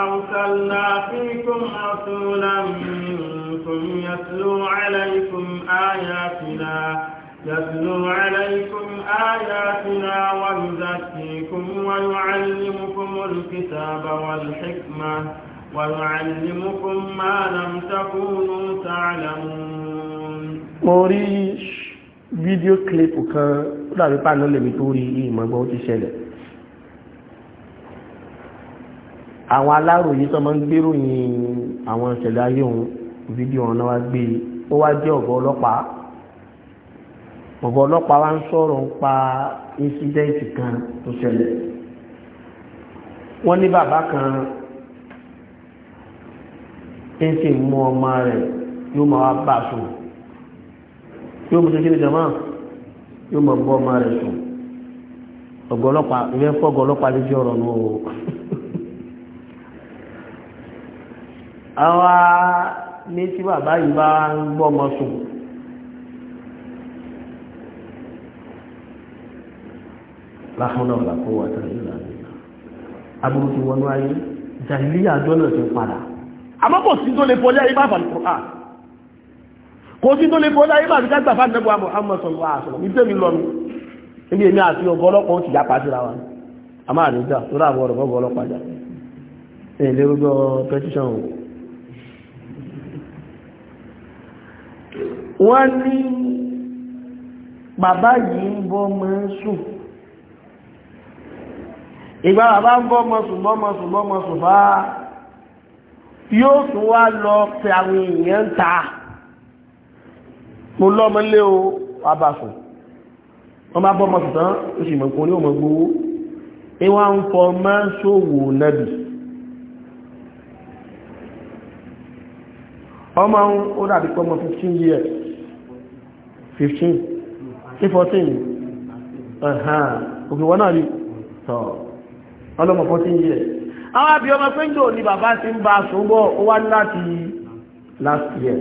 أرسلنا فيكم رسولا منكم يتلو عليكم آياتنا يتلو عليكم آياتنا ويزكيكم ويعلمكم الكتاب والحكمة ويعلمكم ما لم تكونوا تعلمون موريش فيديو kílípù kan láàrin pàánù lèmi tó rí ìmọ̀gbọ́n ti ṣẹlẹ̀ àwọn aláròyìn tó máa ń gbéròyìn àwọn ìṣẹ̀lẹ̀ ayé òun fídíò ọ̀nà wa gbé ó wá jẹ́ ọ̀gá ọlọ́pàá ọ̀gá ọlọ́pàá wa ń sọ̀rọ̀ ń pa ínsídẹ́ǹtì kan tó ṣẹlẹ̀ wọ́n ní bàbá kan tí ń sì mú ọmọ rẹ̀ yóò máa wá bá sùn yóò mú sí kí ni jọmọ́ yóò máa bọ́ ọmọ rẹ̀ sùn ọ̀gá ọlọ́pàá ìfẹ́ ọ̀gá ọlọ́pàá lójú ọ̀rọ̀ nù àwa ní tí bàbá yìí bá ń gbọ́mọ sùn láhùnà ọ̀làkọ́ wà tán ìlà aburú ti wọnú ayé jàìlíyà àjọ náà ti padà àmọ́ kò sí tó lè fọlẹ́ ayé bá fà lùkùrán kò sí tó lè fọlẹ́ ayé bá fi kágbà fà nẹ́bù àmọ́ àmọ́ wọ́n ní bàbá yìí ń bọ́ mọ́ sùn ìgbà bàbá ń bọ́ mọ́ sùn bọ́ mọ́ sùn bọ́ mọ́ sùn bá yóò tún wá lọ pé àwọn èèyàn ń ta mo lọ́mọ lé o wà bá sùn wọ́n bá bọ́ mọ́ sùn tán ó sì mọ̀ kún ní òmò gbowó ìwà ń ó dàbí pọ́ 15 years fifteen sí fourteen ẹ̀hàn òkè wọ́n náà rí tọ́ ọlọ́mọ fourteen years àwọn àbí ọmọ péjọ ni bàbá ti ń bá ṣùgbọ́ ó last year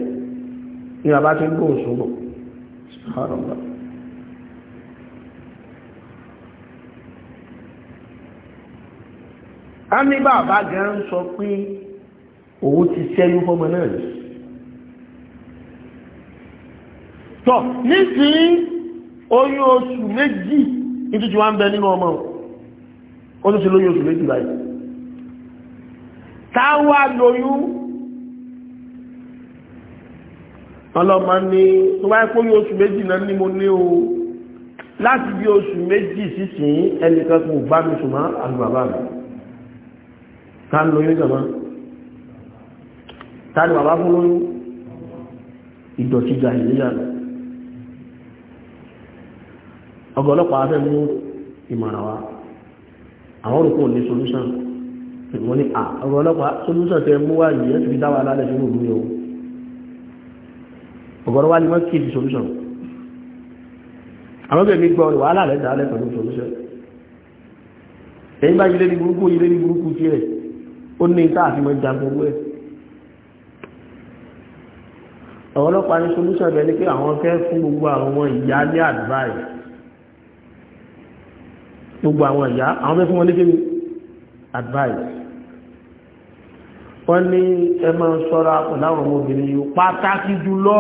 ni bàbá ti ń bó ṣùgbọ́ a ní bàbá gan sọ pé òun ti ṣẹ́yún fọ́mọ náà yìí tọ̀ nísìnyí oyún oṣù méjì nítorí wá ń bẹ nínú ọmọ ó tó ṣe lóyún oṣù méjì báyìí táwa lóyún ọlọ́mọ ní tó wáyé kó yóò oṣù méjì náà ní mo ní o láti bí oṣù méjì sísìn ẹnìkan kò bá mi sùn mọ́ àlùbàbà mi ká ń lóyún jọ̀mọ́ ta ni bàbá fún lóyún ìdọ̀tí jà ìléyà lọ ọgọ́ ọlọ́pàá fẹ́ mú ìmọ̀ràn wa àwọn olùkọ́ ní solution wọ́n ní à ọgọ́ ọlọ́pàá solution tẹ mú wá yìí ẹ̀sìn dáwà lálẹ́ sínú òbí o ọgọ́ ọlọ́wà ni wọ́n kì í di solution àwọn bẹ̀rẹ̀ mi gbọ́ ọ̀rọ̀ wàhálà rẹ̀ dáa lẹ́kọ̀ọ́ ní solution ẹ̀yìn bá yìí lé ní burúkú yìí lé ní burúkú tí rẹ̀ ó ní ìta àfi mọ́ jagun owó ẹ̀ ọ̀rọ̀ ọlọ́pàá ní solution bẹ̀ ni pé àwọn fẹ́ fún gbogbo àwọn ìyá ní advice gbogbo àwọn ìyá àwọn fẹ́ fún wọn lékè advice wọ́n ní ẹ máa ṣọ́ra pẹ̀lú àwọn ọmọbìnrin yìí pàtàkì jùlọ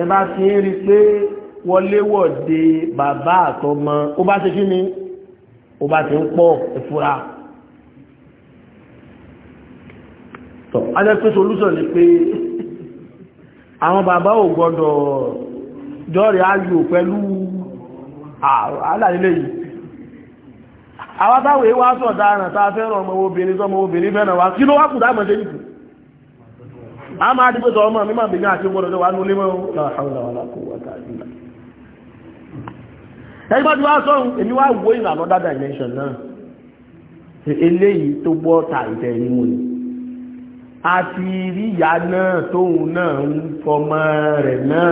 ẹ bá ti ń rí pé wọléwọ̀de bàbá àtọmọ ó bá ṣe kí ni ó bá ti ń pọ̀ ẹ̀fúra tọ́ alẹ́pẹ́ solúsọ̀ ni pé àwọn bàbá ò gbọ́dọ̀ jọ́rẹ̀ ayò pẹ̀lú àlàlélẹ́yìí àwọn táwọn èèwà sọ̀dá àrùn tá a fẹ́ràn ọmọ obìnrin tó ọmọ obìnrin fẹ́ràn wa kí ló wá kù dáàmọ̀ sí nìkú a máa dí pé sọ ọmọ mi máa bèèrè àti ọmọ ọ̀dọ̀ wa ní olémọ̀ ẹgbẹ́ tí wá sọ́run èmi wá wo ìlà another dimension náà eléyìí tó gbọ́ ta ìtẹ̀ ìmú ni àti rí ìyá náà tóun náà ń fọmọ rẹ̀ náà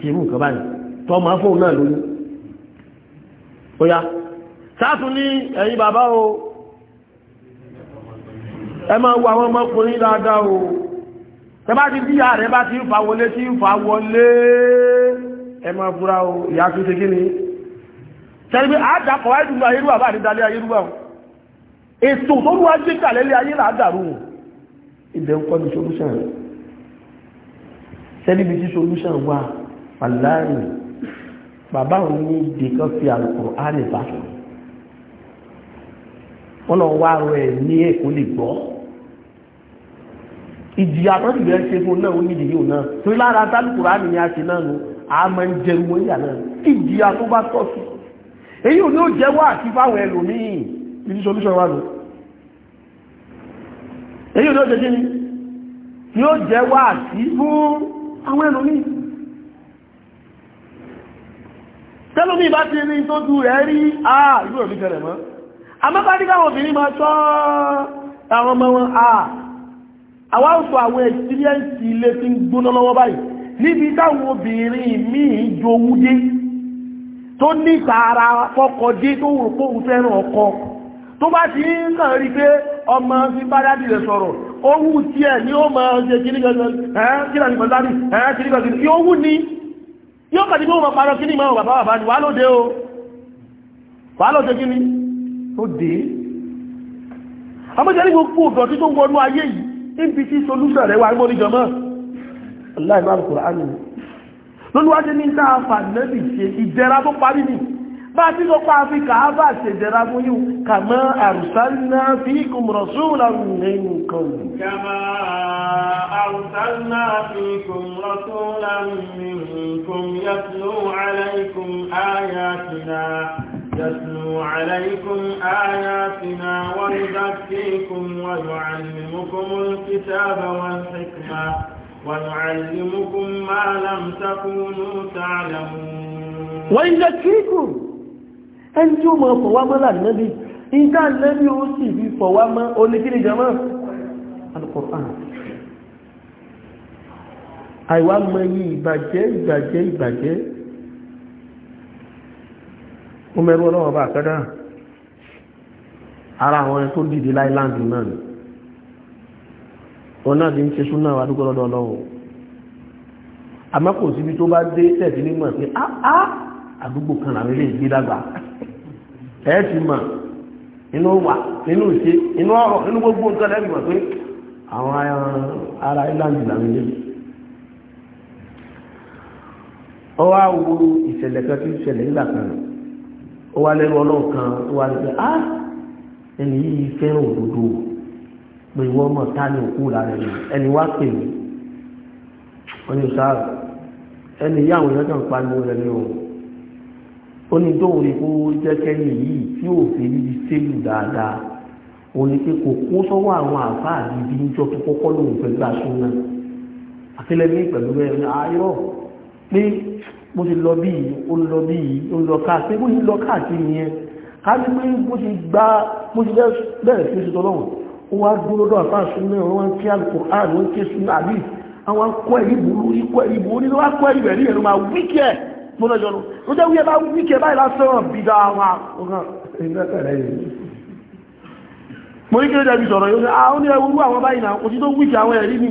ṣerú nǹkan báyìí tọmọ fóun náà lóyún ó yá sáàtún ní ẹ̀yin bàbá o ẹ máa wo àwọn ọmọkùnrin dáadáa o tẹ́bá ti bí ààrẹ bá ti ń fa wọlé tí ń fa wọlé ẹ máa fura o ìyá tún ṣe kíni tẹ́lẹ̀ bí àádàpọ̀ ayélujára ayélujára bá àdídálé ayélujára ètò tó wá gbé kalẹ̀ lé ayé là á dàrú o ibẹ̀ ń kọ́ ní solution rẹ̀ tẹ́lẹ̀ bí ti bàbá òun ní ìdíkan fi àlùkò á wọ́n lọ wá rọ ẹ̀ ní èkó lè gbọ́ ìjìyà tó sì bẹ̀rẹ̀ ṣe fún náà ó ní ìdíyò náà torí lára tálùkùrá ni ni a ṣe náà nù a máa ń jẹun wọn ìyà náà ìjìyà tó bá tọ́ sí èyí ò ní ó jẹ́ wá àti fáwọn ẹlòmíì ibi solution wà lọ èyí ò ní ó jẹ́ kíni ni ó jẹ́ wá àti fún àwọn ẹlòmíì tẹ́lómi bá ti rí tó ju rẹ̀ rí ah ìlú òbí amábádí káwọn obìnrin máa tọ́ àwọn ọmọ wọn àà àwọn òṣù àwọn ẹ̀sìríẹ́ǹsì ilé tí ń gbóná lọ́wọ́ báyìí níbi táwọn obìnrin míì jowú dé tó ní tààrà fọ́kọ dé tó wò pó ń fẹ́ràn ọkọ tó bá ti ń kàn rí pé ọmọ fi bádádì rẹ̀ sọ̀rọ̀ owú tí ẹ̀ ní ó máa ṣe kí ní gbẹ̀gbẹ̀ tó dé àmọ́jẹ́ ní gbogbo ọ̀dọ̀tí tó wọnú ayé yìí níbi tí solúṣọ̀ rẹ̀ wà ní oníjọmọ́ aláìmárùkù ánìyàn lólúwájú ní dáàfà nẹ́bì ṣe ìdẹ̀ra tó parí ní bá tí lọ pa fi kàábà ṣe ìdẹ̀ra fún yíò kàmọ́ àrùsánná fi kùn rọ̀súnlá nínú kan kàmọ́ àrùsánná fi kùn rọ̀súnlá nínú kan yàtùlú aláìkùn áyàtìlá يتلو عليكم آياتنا ويزكيكم ويعلمكم الكتاب والحكمة ويعلمكم ما لم تكونوا تعلمون ويزكيكم أنتم فوامة النبي إذا النبي أوصي بفوامة أولئك جماعة القرآن àìwá mọ yí ìbàjẹ́ ìbàjẹ́ ìbàjẹ́ ó mẹ́rú ọlọ́wọ́ bá kẹ́dà ara àwọn ẹni tó dìde láìláńdì náà ni wọn náà ti ń ṣe súnà wà dúpẹ́ lọ́dọ̀ ọlọ́wọ́ àmọ́ kò síbi tó bá dé tẹ̀sí nímọ̀ pé áá àdúgbò kan làwọn ilé ìgbé dàgbà ẹ̀ ti mọ̀ inú wà inú ìṣe àwọn ìṣẹ̀lẹ̀ kan tí ìṣẹ̀lẹ̀ ńlá kan rẹ̀ ó wá lẹ́rú ọlọ́ọ̀kan tó wá lẹ́gbẹ́ á ẹni yìí fẹ́ràn òdodo pé wọ́n mọ̀ tá ní òkú lára ẹni ẹni wá pè mí wọ́n ní sáà ẹni yìí àwọn èèyàn kan pariwo rẹ̀ ní òun ó ní tóun ní kó jẹ́ kẹ́ni yìí tí ò fi níbi sẹ́lù dáadáa òun ni pé kò kó sọ́wọ́ àwọn àfáà bíbí níjọ́ tó kọ́kọ́ lòun fẹ́ gbà sún náà àtìlẹ́yìn pẹ̀lú ẹ̀ ayọ̀ pé bó ṣe lọ bí yìí ó lọ bí yìí ó lọ káàkiri bó ṣe lọ káàkiri yẹn ká ní pé bó ṣe gbá bó ṣe bẹ̀rẹ̀ sí ṣe tọ́lọ́wọ̀n ó wá dúró lọ́dọ̀ àfáà súnmọ́ wọn wọ́n kí àlùkò àrùn wọ́n kí súnmọ́ àbí àwọn akọ́ ẹ̀rí burú ikọ́ ẹ̀rí burú nínú akọ́ ẹ̀rí rẹ̀ ní ẹ̀rọ máa wíkì mo ní kí ló dẹ̀ bí yóò ní àwọn ah, ẹ̀rú àwọn báyìí náà kò wíkì àwọn ẹ̀rí mi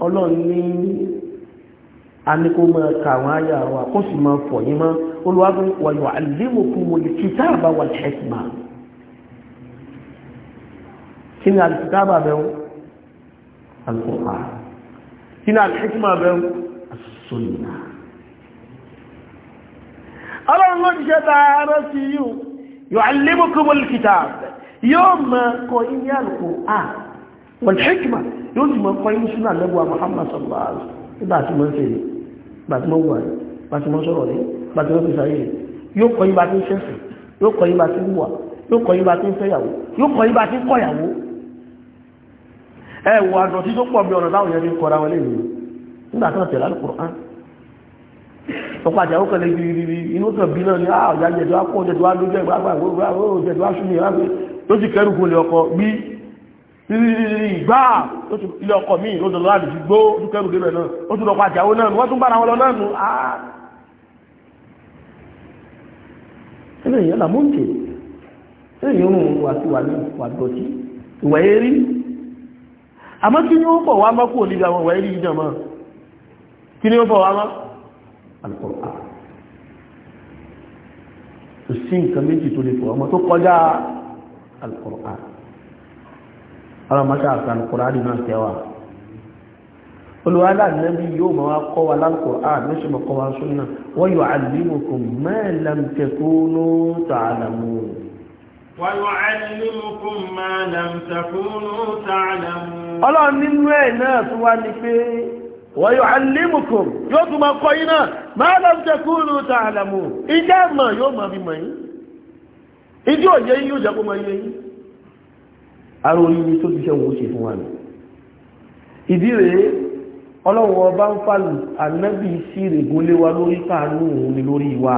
ọlọ́run ní aníkó máa ka àwọn àyà wa kó sì máa fọ̀ yín mọ́ olùwàgbọ́n wa yu'allimukumul kitaba wal hikma kí ni al-kitaba bẹ́ẹ̀ al-Qur'an kí ni al-hikma bẹ́ẹ̀ as ọlọ́run ló jíṣẹ́ tààrà sí yíò yu'allimukumul kitaba yóò máa kọ iye al wọ́n hikima yóò sì mọ́ kọ́ inú súnà lẹ́gbọ́ Muhammad sallallahu alaihi wasallam nígbà tí mọ́ ń fèrè gbà tí mọ́ wà rẹ̀ gbà tí mọ́ sọ̀rọ̀ rẹ̀ gbà tí mọ́ fi sàyè rẹ̀ yóò kọ́ yíba tí ń ṣẹ̀sìn yóò kọ́ yíba tí ń wà yóò kọ́ yíba tí ń fẹ́yàwó yóò kọ́ yíba tí ń kọ́yàwó ẹ wọ àjọ tí tó pọ̀ bí ọ̀nà táwọn yẹn lè gbiri bí ìgbà ilé ọkọ̀ mi ló dọ̀lọ́ àdìsí gbó dúkẹ́rùdé rẹ̀ náà ó tún lọ pa àjàwó náà wọ́n tún bára wọn lọ náà nù á ẹ̀rẹ̀ èèyàn là mọ́ǹkè ẹ̀rẹ̀ èèyàn rùn wà sí wà ní wàdọ̀tí ìwà erí àmọ́ kí ni ó pọ̀ wá mọ́kù òní àwọn ìwà erí ìjọ mọ́ kí ni ó pọ̀ wá mọ́ àlùkò sí nǹkan méjì tó lè pọ̀ ọmọ tó kọjá àlùkò àlùkò ọlọ́mọta àtàlùkùránì náà tẹ́wà olùwádà nẹ́bí yóò mọ̀ wá kọ́ wa lálùkùránì ló ṣe mọ̀ kọ́ wa súnà wọ́n yóò àlìmùkùn mẹ́lẹ̀m tẹkúnú tààlàmù ọlọ́run nínú ẹ̀ náà tún wá ní pé wọ́n yóò àlìmùkùn yóò tún mọ̀ kọ́ yín náà mẹ́lẹ̀m tẹkúnú tààlàmù ìjẹ́ mọ̀ yóò mọ̀ bí mọ̀ yín ìdí òye yín yóò jẹ́ kó mọ̀ yín ara oríire tó ti ṣe òun ṣe fún wa nù ìdí rèé ọlọ́run ọba ń fàlù ànábì sí ìrègùn lé wa lórí káàánú òun ni lórí wa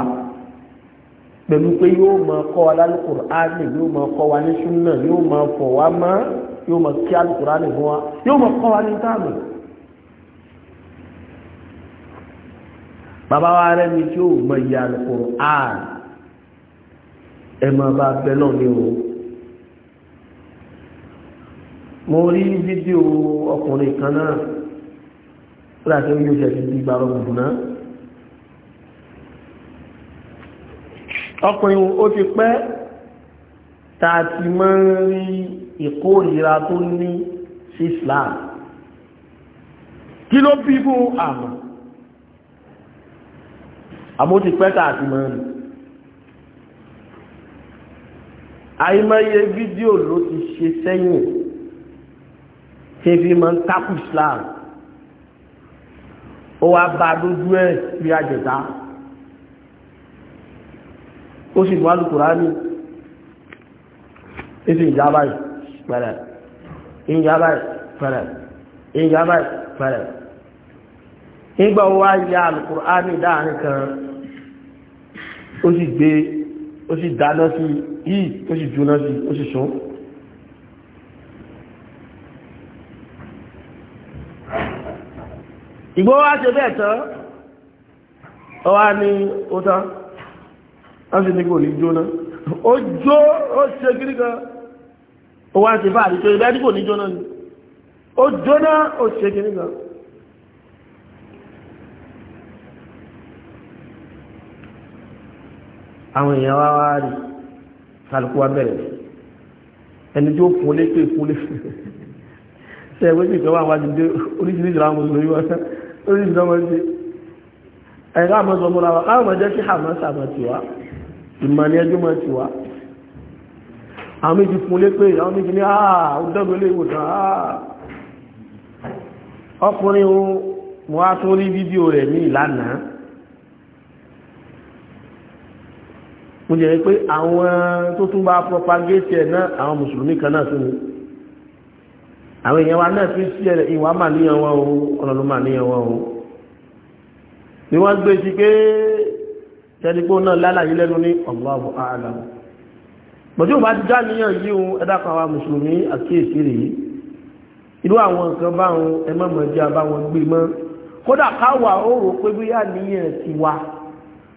pẹ̀lú pé yóò máa kọ́ wa lálùkùránì yóò máa kọ́ wa ní súnà yóò máa fọ̀ wá mọ́ yóò máa kí alùkùránì fún wa yóò máa kọ́ wa ní táàmù. bàbá wa rẹ ni tí yóò mọ iye alùkùránì ẹ máa bá bẹ náà ní o mo rí fídíò ọkùnrin kan náà ó dàtí ó yóò jẹ́ ti di ìgbàrọ̀ gbùgbù náà ọkùnrin ó ti pẹ́ tá a ti máa ń rí ìkórìíra tó ní sí Islam kí ló bí fún àmọ́ àmọ́ ti pẹ́ tá a ti máa ń fídíò ló ti ṣe sẹ́yìn ṣe fi máa ń takù Islam ó wá bá lójú ẹ̀ bí àjẹta ó sì wá lùkùránì èsì ìjábá ìpẹ̀rẹ̀ ìjábá ìpẹ̀rẹ̀ ìjábá ìpẹ̀rẹ̀ nígbà wá ilẹ̀ alùkùránì dáàrin kan ó sì gbé ó sì dáná sí yìí ó sì jóná sí ó sì sún ìgbó wá ṣe bẹ́ẹ̀ tán ọ wá ní ó tán wọ́n sì ní kò ní jóná ó jó ó ṣe gírí kan ó wá ṣe fáàrí tó ibẹ́ tí kò ní jóná ni ó jóná ó ṣe gírí kan àwọn èèyàn wá wá rí kálukú bẹ̀rẹ̀ ẹni tí ó fún lé pé fún lé fún ṣe ẹgbẹ́ ìgbẹ́ wà wájú dé oríṣiríṣi àwọn mùsùlùmí wá sáà orí ìdánwọ́sí ẹ̀rọ àmọ́sọmọ́ra wa káwọn ọmọdé sí hamasa mọ̀ tiwa ìmọ̀ni ẹjọ́ mọ̀ tiwa àwọn méjì fún lé pé àwọn méjì ní àà ọdọ́gbẹ̀ lè wòtàn àà ọkùnrin ohun mọ́ á tún rí fídíò rẹ̀ ní ìlànà mo jẹ́ pé àwọn tó tún bá propagate ẹ̀ náà àwọn mùsùlùmí kan náà tún ni àwọn èèyàn wa náà fi sí ìwà mà níyàn wọn o ọ̀nà ló mà níyàn wọn o ni wọ́n gbé sí pé tẹnigbó náà lálàyé lẹ́nu ní Allahu a'lam pọ̀jú bá ti já níyàn yí o ẹ̀dá kan wa mùsùlùmí àkíyèsí rèé irú àwọn nǹkan báwọn ẹmọ́mọ́ jẹ́ àbáwọn gbé mọ́ kódà káwà ó rò pé bí yà níyàn ti wa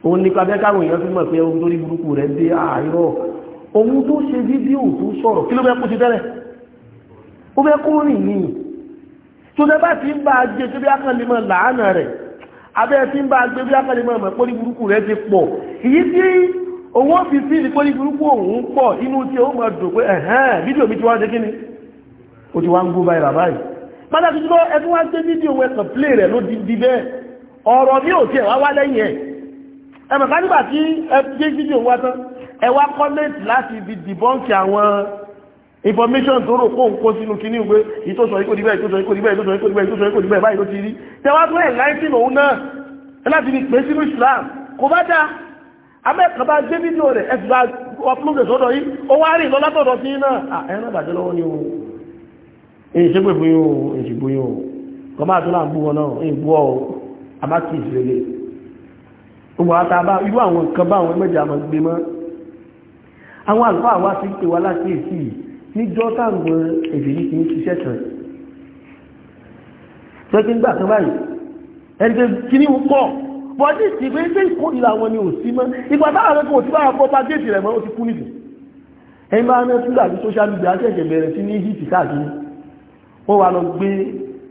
òun ní kábẹ́ káwọn èèyàn fi mọ̀ pé ohun tó rí burúkú rẹ̀ dé àárọ̀ ohun tó ṣe fídíò tó sọ̀rọ̀ kí ló fẹ́ kó ti tẹ́lẹ̀ ó fẹ́ kó rìn ní tó tẹ́ bá ti ń bá gbé tó bí akọ́lẹ́mọ̀ làánà rẹ̀ abẹ́ ti ń bá gbé bí akọ́lẹ́mọ̀ mọ̀ pólí burúkú rẹ̀ ti pọ̀ èyí tí owó fi sí ní pólí burúkú òun pọ̀ inú tí ó mọ̀ dùn pé ẹ̀hẹ́n fídíò mi ti wá ń ṣe kí ni ó ti wá ń gbó báyìí báyìí pàtàkì jùlọ ẹtún wá gbé fídíò wọn ẹ̀kàn plé rẹ̀ ló di bẹ́ẹ̀ ọ̀rọ̀ mi ò tiẹ̀ wá wá lẹ́yìn ẹ̀ ẹ̀mọ̀ká nígbà tí ẹ gbé fídíò wa tán ẹ wá kọ́lẹ́ẹ̀tì láti di dìbọ́ǹkì àwọn information tó rò kó ń kó sínú kí ní ìwé ìtòsàn ikó dìbẹ̀ ìtòsàn ikó dìbẹ̀ ìtòsàn ikó dìbẹ̀ ìtòsàn ikó dìbẹ̀ báyìí ló ti rí tẹwàá tó ẹ̀láìsìn òun náà láti ní pé sínú Islam kò bá dá amẹ́kàn bá gbé fídíò rẹ̀ ẹ̀sì bá ọpọlọ́gbẹ̀ sọ́dọ̀ yìí ó wá rí lọ́látọ̀dọ̀ sí náà ẹ̀rọ bàjẹ́ lọ́wọ́ ni ohun ìṣẹ́gbẹ̀ fún yóò ìṣìgbò yóò kọ máa tó náà bú wọn náà ìbú ọ àmákì ìṣẹ́lẹ̀ gbogbo àtàbá irú àwọn àlùfáà wá sí ìpè láti èsì níjọ́ táwọn èdèrí ti ń ṣiṣẹ́ tàn tẹ́kí gbà kan báyìí ẹgbẹ́ kìíní ń kọ́ bọ́dí ti pé ṣé ìkórìíra wọn ni ò sí mọ́ ìgbà táwọn akẹ́kọ̀ọ́ ti bára pọ́pá géètì rẹ̀ mọ́ ó ti kú nìdí ẹ̀yìn bá rán fúlà bí social media ṣẹ̀ṣẹ̀ bẹ̀rẹ̀ sí ní hìtì káàkiri wọ́n wá lọ gbé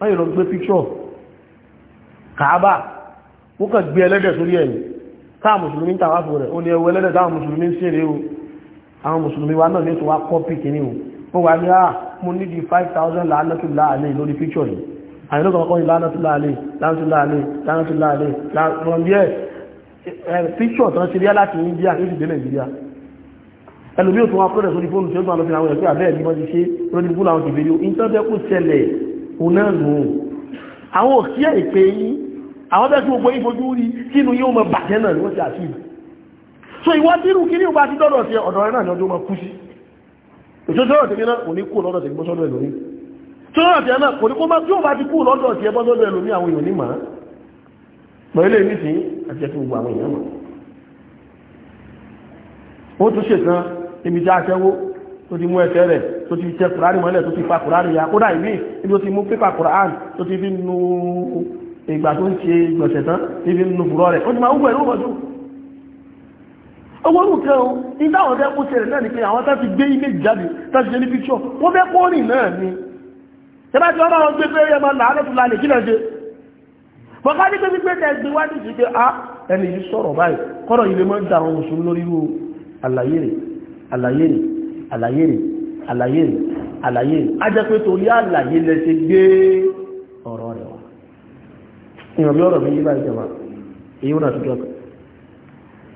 wọ́n yìí lọ gbé picture kàábà ó kàn gbé ẹlẹ́dẹ̀ sórí ẹ̀yìn táà mùsùlùmí tàwáfò rẹ̀ ó ní ẹwọ ẹlẹ́dẹ̀ táà mùsùlùmí ń ṣeré o àwọn mùsùlùmí wa náà ní tó wá kọ́pì kìíní o ó wà ní à ah, mo ní di five thousand lánàtúlá àlẹ́ lórí píṣọ̀ yìí àyẹ̀ló kan kọ́ ní lánàtúlá àlẹ́ lánàtúlá àlẹ́ lánàtúlá àlẹ́ lánàtúlá àlẹ́ píṣọ̀ tán ti rí láti India ní ìdílé Nàìjíríà ẹlòmí òtún akọ́rẹ̀ sórí fóònù tí ó bá lọ fi àwọn ẹ̀kọ́ àbẹ́ẹ̀ ní wọ́n ti ṣe lórí búlù àwọn ìbèrè ìtọ́jẹ́kù ṣẹlẹ̀ òun náà nù àwọn òsí ẹ̀ pé yín àwọn bẹ́ẹ̀ tí gbogbo ìfojú rí sínú yóò mọ bàjẹ́ náà ni wọ́n ti àṣìlù so ìwọ́n tí irú kí ní ìgbà tí dọ́dọ̀ sí ọ̀dọ̀ rẹ̀ náà ni ọjọ́ máa kú sí òṣòṣòrò tèmi náà kò ní kú lọ́dọ̀ tèmi bọ́sọ́dọ̀ ẹlòmí ṣòṣòrò tèmi náà kò ní kó má tí ó bá ti kú lọ́dọ̀ tèmi bọ́sọ́dọ̀ ẹlòmí àwọn èèyàn ní màá mọ̀ ilé ní sí àti ẹ̀kí gbogbo àwọn èèyàn mọ̀ ó tún ṣe kan ibi tí a ṣẹ́wó tó ti mú ẹsẹ̀ rẹ̀ tó ti tẹ kùránì mọ́lẹ̀ tó ti fa kùránì ya kódà ìmí ibi tó ti mú pépà kùránì tó ti fi nu ìgbà tó ń ṣe ìgbọ̀nsẹ̀ tán ti fi nu fùrọ̀ rẹ̀ ó ti máa ń gbẹ̀rú ọ̀dún owó ló kẹ́ o ní táwọn fẹ́ kó ṣẹlẹ̀ náà ni pé àwọn tá ti gbé ilé ìjáde tá ti ṣe ní píṣọ́ wọ́n fẹ́ kó rìn náà ni ẹbá tí wọ́n bá wọn gbé pé ẹmọ làárẹ̀ tó lálẹ̀ kí náà ṣe bọ́ká ní pé wípé tẹ́ gbé wájú sí pé a ah, ẹni yìí sọ̀rọ̀ báyìí kọ́rọ̀ ilé mọ́ da àwọn mùsùlùmí lórí irú àlàyé rẹ̀ àlàyé rẹ̀ àlàyé rẹ̀ àlàyé rẹ̀ àlàyé rẹ̀ a jẹ́ pé torí àlàyé lẹ ṣe gbé ọ̀rọ̀ rẹ̀ wá ìrọ̀bí ọ̀rọ̀ mi yí báyìí jọba èyí wọn àtijọ́ kan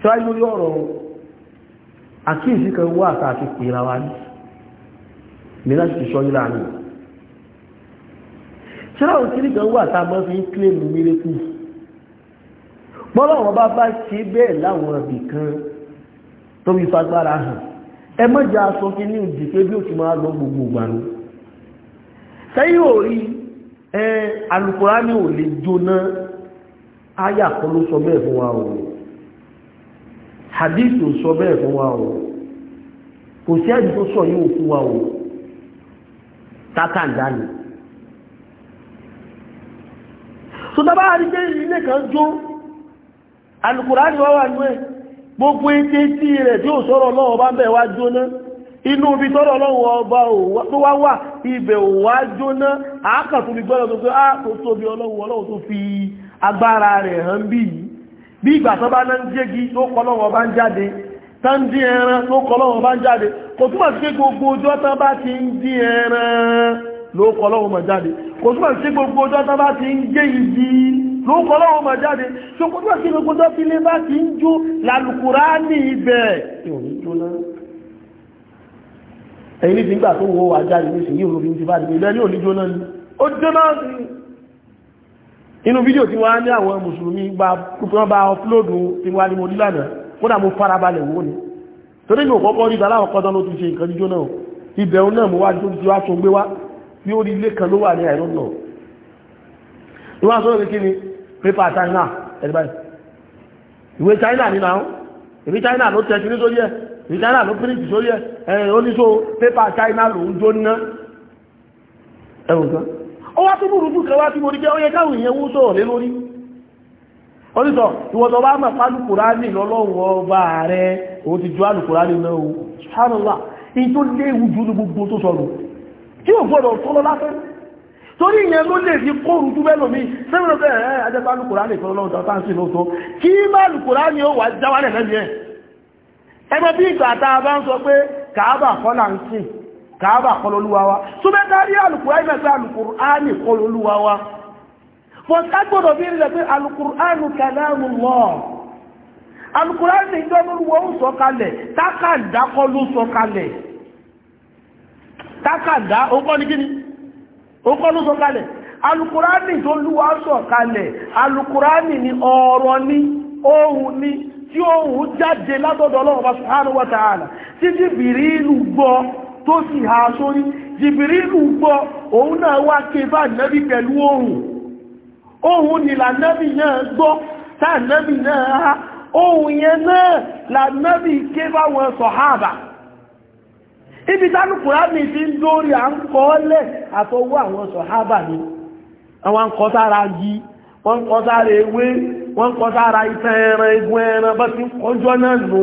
tí a lórí ọ̀rọ̀ àkíyèsí kan wà àtàkì pèrà wa ní mìíràn ti sọ nílà ní ṣẹlá kan a fi ń kílèmù mírékù bọ́lá wọn bá bá ṣe bẹ́ẹ̀ láwọn ibì kan tó fi fagbára hàn ẹ mọ́jà aṣọ kí ní ìdí pé bí ó ti gbogbo ìgbàlú sẹ́yìn ò rí ò lè jóná kan ló sọ bẹ́ẹ̀ fún hadith o so be fun wa o ko se ajo so yin o fun wa o Taka dan so da ba ri je ile kan jo alquran wa wa nwe bo bo ti re ti o so ro lowo ba nbe jona inu bi so ro lowo oba o to wa ibe o wa jona a ka tu bi gbọ lo so ah ko so bi olohun to fi agbara re han bi bí ìgbà tó bá náà ń jégi tó kọlọ́wọ́ bá ń jáde tán dín ẹran tó kọlọ́wọ́ bá ń jáde kò túmọ̀ sí pé gbogbo ọjọ́ tán bá ti ń dín ẹran ló kọlọ́wọ́ mọ̀ jáde kò túmọ̀ sí gbogbo ọjọ́ tán bá ti ń gé ìdí ló kọlọ́wọ́ mọ̀ jáde tó kò túmọ̀ sí gbogbo ọjọ́ tí bá ti ń jó lálùkùránì ibẹ̀ ẹ̀yìn ní ti ń gbà tó wọ́ wà jáde ní ìsìn yìí inú fídíò tí wọ́n á ní àwọn mùsùlùmí gba kúpọ̀ bá ọpúlòdù tí wọ́n á ní mo rí lánàá kódà mo farabalẹ̀ wó ni torí mi ò kọ́kọ́ rí ìdáláwọ̀ kọ́tọ́ ló ti ṣe nǹkan jíjó náà ibẹ̀ òun náà mo wá tó ti wá tó gbé wá bí ó rí ilé kan ló wà ní àìrọ́ ni wọ́n á sọ́rọ̀ kí ni China ni náà ìwé China ló tẹ̀ kiri sórí ẹ̀ ìwé China ló píríkì sórí ẹ̀ ẹ̀ oníṣó pépà China lòún jóná ẹ̀wọ̀n ó wá tó bụ dùn kan wá tí mo rí pé ó yẹ káwọn èèyàn wó lé lórí onítọ̀ ìwọ̀tọ̀ bá mọ̀ pálùkùránì lọ́lọ́run ọba ààrẹ òun o ṣánàlá in torí ìyẹn ló lè fi tó lọ́wọ́ tàbí sí kí má ó wà jáwálẹ̀ ẹ̀ ẹgbẹ́ bí ìgbà ń sọ pé kàábà kàábà kọlọlúwa wa tó bẹ́ ká rí alùkùránì náà pé alùkùránì kọlọlúwa wa but a gbọ́dọ̀ bí rí pé alùkùránì kàlámù lọ alùkùránì ìjọmọlúwọ́ ó sọ kalẹ̀ tákàndá kọ́ ló sọ kalẹ̀ tákàndá ó kọ́ ní ó kọ́ ló sọ kalẹ̀ alùkùránì tó lúwa sọ kalẹ̀ ni ọ̀rọ̀ ni ohun ni tí ohun jáde látọ̀dọ̀ Ọlọ́run Subhanahu wa gbọ́ tó sì ha sórí jìbìrínù gbọ́ òun náà wá ké bá nẹ́bí pẹ̀lú ohun ohun ni lànẹ́bí náà gbọ́ tànẹ́bí náà ha ohun yẹn náà lànẹ́bí ké bá wọn sọ̀háàbà ibi tánùkùrá mi ti ń dórí à ń kọ́ lẹ̀ àtọwọ́ àwọn sọ̀háàbà ni àwọn ń kọ́ sára yí wọ́n ń kọ́ sára ewé wọ́n ń kọ́ sára ìtàn ẹran egun ẹran bá ti kọjọ́ náà nù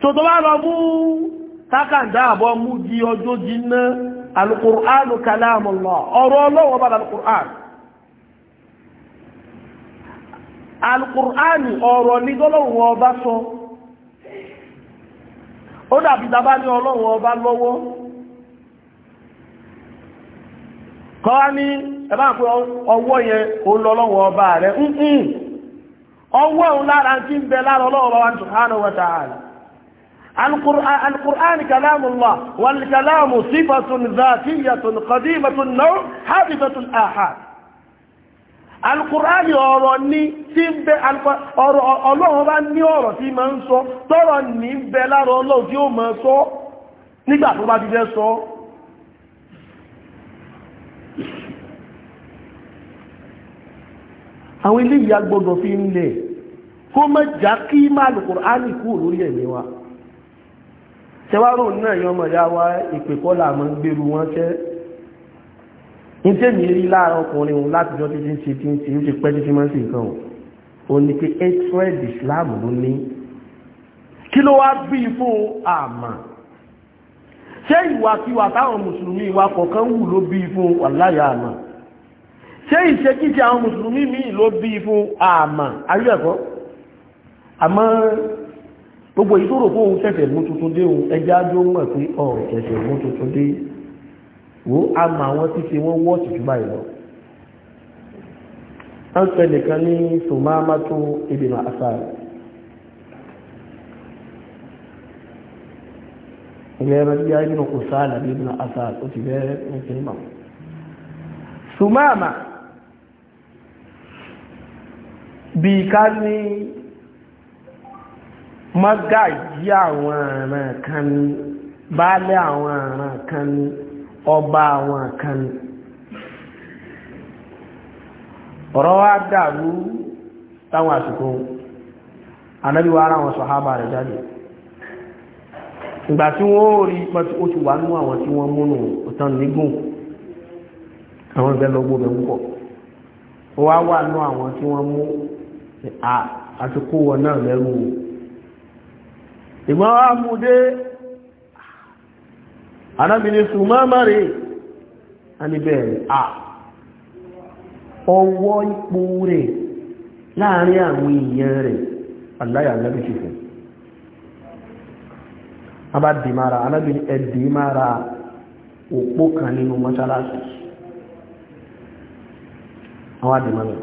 tó tó bá lọ fún tákàndá àbọ̀ mú di ọjọ́ jiná alukur'anu kalamullah ọ̀rọ̀ ọlọ́wọ́ bá alukur'an alukur'an ọ̀rọ̀ ní ọba sọ ó dàbí tá ní ọlọ́wọ́ ọba lọ́wọ́ kọ́ ní ẹ̀bá pé ọwọ́ yẹn ọba rẹ̀ ọwọ́ òun lára ń bẹ lára ọlọ́wọ́ القرآن, كلام الله والكلام صفة ذاتية قديمة النوع حافظة الآحاد القرآن ọ̀rọ̀ ní tí ń bẹ ọlọ́run bá ní ọ̀rọ̀ tí ma ń sọ tọ́rọ̀ ní ń bẹ lára ọlọ́run tí ó ma sọ nígbà tó bá ti fẹ́ sọ àwọn ilé ìyá gbọ́dọ̀ fi ń lẹ̀ kó mọ́ já kí má alkùránì kú lórí ẹ̀mí tẹwàrò náà yọ mọ̀dá wá ìpèkọ́là mọ́ gbèrú wọn tẹ́ ní tẹ́mi rí lára ọkùnrin òun láti jọ títí ṣe tí ń ṣe ń ṣe pẹ́ títí máa ń ṣe nǹkan o ò ní pé hatred Islam ló ní kí ló wá bí fún àmà ṣé ìwàkiwà táwọn mùsùlùmí ìwà kọ̀ọ̀kan wù ló bí fún wàláyà àmà ṣé ìṣekíṣe àwọn mùsùlùmí míì ló bí fún àmà ayé ẹ̀kọ́ àmọ́ gbogbo ìṣòro fún ohun ṣẹ̀ṣẹ̀ mú tuntun dé ohun ẹjẹ́ ájó mọ̀ ọ̀rọ̀ mú tuntun dé a àwọn títí wọn wọ́ọ̀sì jù báyìí lọ. a ń ní sòmáàmátó ìdènà àṣàrò tí a kò ìdènà àṣàrò ti bẹ́ ní mọ́gàjí àwọn ọ̀ràn kan ni baálé àwọn ọ̀ràn kan ni ọba àwọn kan ni ọ̀rọ̀ wá dàrú táwọn àsìkò ànábì wa ara wọn sọ̀hábà rẹ̀ jáde ìgbà tí wọ́n ó rí pẹ́tí ó ti wà nú àwọn tí wọ́n múnú ọ̀tán nígùn àwọn ìgbẹ́ lọ gbóbẹ̀ púpọ̀ ó wá wà nú àwọn tí wọ́n mú àti wọn náà lẹ́rù ìgbọ́n wá mú dé arábìnrin sùmọ́mọ́rẹ́ anibẹ̀rẹ̀ à ọwọ́ ipò rẹ̀ láàrin àwọn èèyàn rẹ̀ aláyà lẹ́bí ṣìfẹ́ a bá dì mara arábìnrin ẹ̀dì mara òpó kan nínú mọ́ṣálásì a àdìmọ́lẹ̀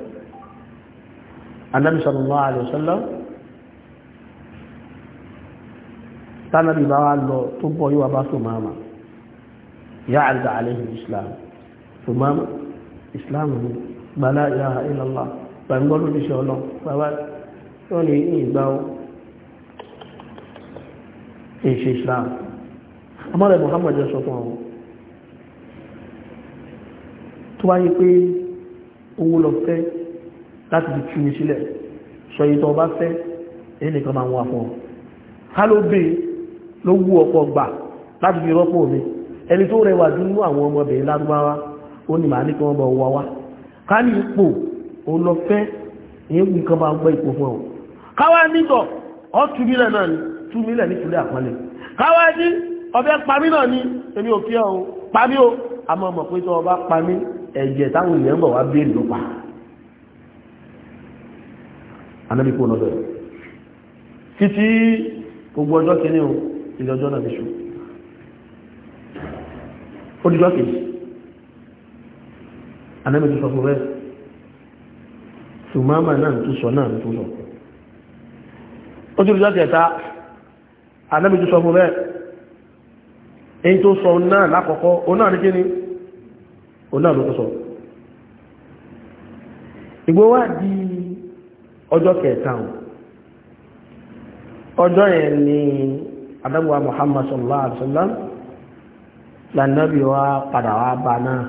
anábìsọ̀rọ̀ sallallahu alaihi wasallam tánàbí bá wá lọ tó bọ́ yíwa bá sọmọ́mà yá àrùdà àlẹ́yìn islam sọmọ́mà islam ní gbàlá ìyá ìlàlá gbàngbọ́lù ní ṣe ọlọ́ bàbá tó ní ìgbà ó èṣe islam amọ́rẹ̀ muhammad sọ fún ọ tó wáyé yi pe lọ fẹ́ láti fi tú mi sílẹ̀ sọ ìtọ̀ bá fẹ́ ẹnìkan ló wú ọ̀pọ̀ gbà láti fi rọ́pò mi ẹni tó rẹwà jù nínú àwọn ọmọbìnrin lárúbáwá ó ní màá ní kí wọ́n bọ̀ wá wá ká ní ipò ó lọ fẹ́ ìyẹn wù kan bá gbọ́ ipò fún ọ káwá ni túmílẹ̀ nítorí àpọ́nlẹ̀ káwá ní ọbẹ̀ pamí náà ni èmi ò fi ọ̀hún pamí o àmọ́ mọ̀ pé tọ́ gbogbo ọjọ́ kìíní o ìlọ́jọ́ náà léṣù ó dìjọ́ kejì anẹ́mì tó sọ fún rẹ̀ ṣùgbọ́n máa náà tó sọ náà tó sọ ó ti dìjọ́ kẹta anẹ́mì tó sọ fún rẹ̀ èyí tó sọ náà lákọ̀ọ́kọ́ ó náà ní kí ni ó náà ló tó sọ ìgbó wá di ọjọ́ kẹta ọjọ́ yẹn ni adágbà muhammad sallallahu alaihi wasallam lànàbí wa padà wá bá náà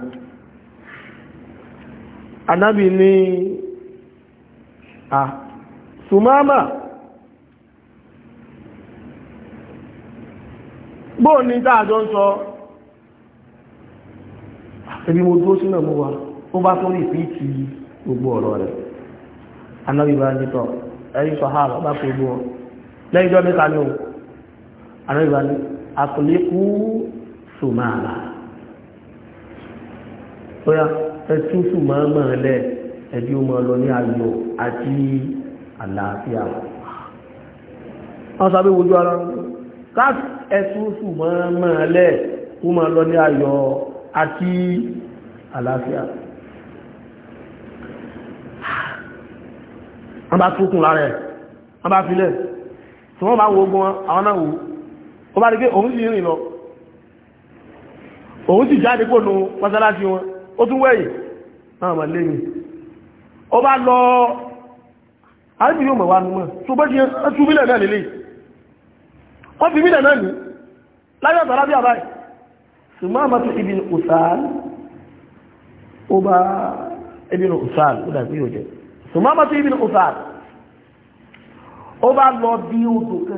anábì ní à ah, sùmáàmà bóò ní dáadọ́ ń sọ ibi ah, mo dúró sínú mú wa ó bá tó rí ìpìtì gbogbo ọ̀rọ̀ rẹ̀ anábì bá ń jítọ̀ ẹ̀yìn sọ̀hárà bá kò gbọ́ lẹ́yìn jọ́ mẹ́ta ní òun àrẹ́gbà ní àkùlẹ́kù sùmáàlà bóyá ẹtú sùmáàmà lẹ ẹbí ó máa lọ ayo ati àti àlàáfíà wọ́n sábẹ́ wojú ara ká ẹtú sùmáàmà lẹ ó máa lọ ní ayọ̀ àti àlàáfíà wọ́n bá túkùn lára ẹ̀ wọ́n bá filẹ̀ tí wọ́n wo ogun àwọn náà wò ó bá rí pé òun sì rìn lọ òun sì jáde pò nù mọ́sálásí wọn ó tún wẹ̀yìn náà mà lẹ́yìn ó bá lọ àríbì yóò mọ̀ wá nù mọ́ tó bẹ́ ti ń mílẹ̀ náà lélẹ̀ ibi òsàn ó bá ibi òsàn ó dàbí yóò jẹ ṣùgbọ́n tó ibi òsàn ó bá lọ bí odò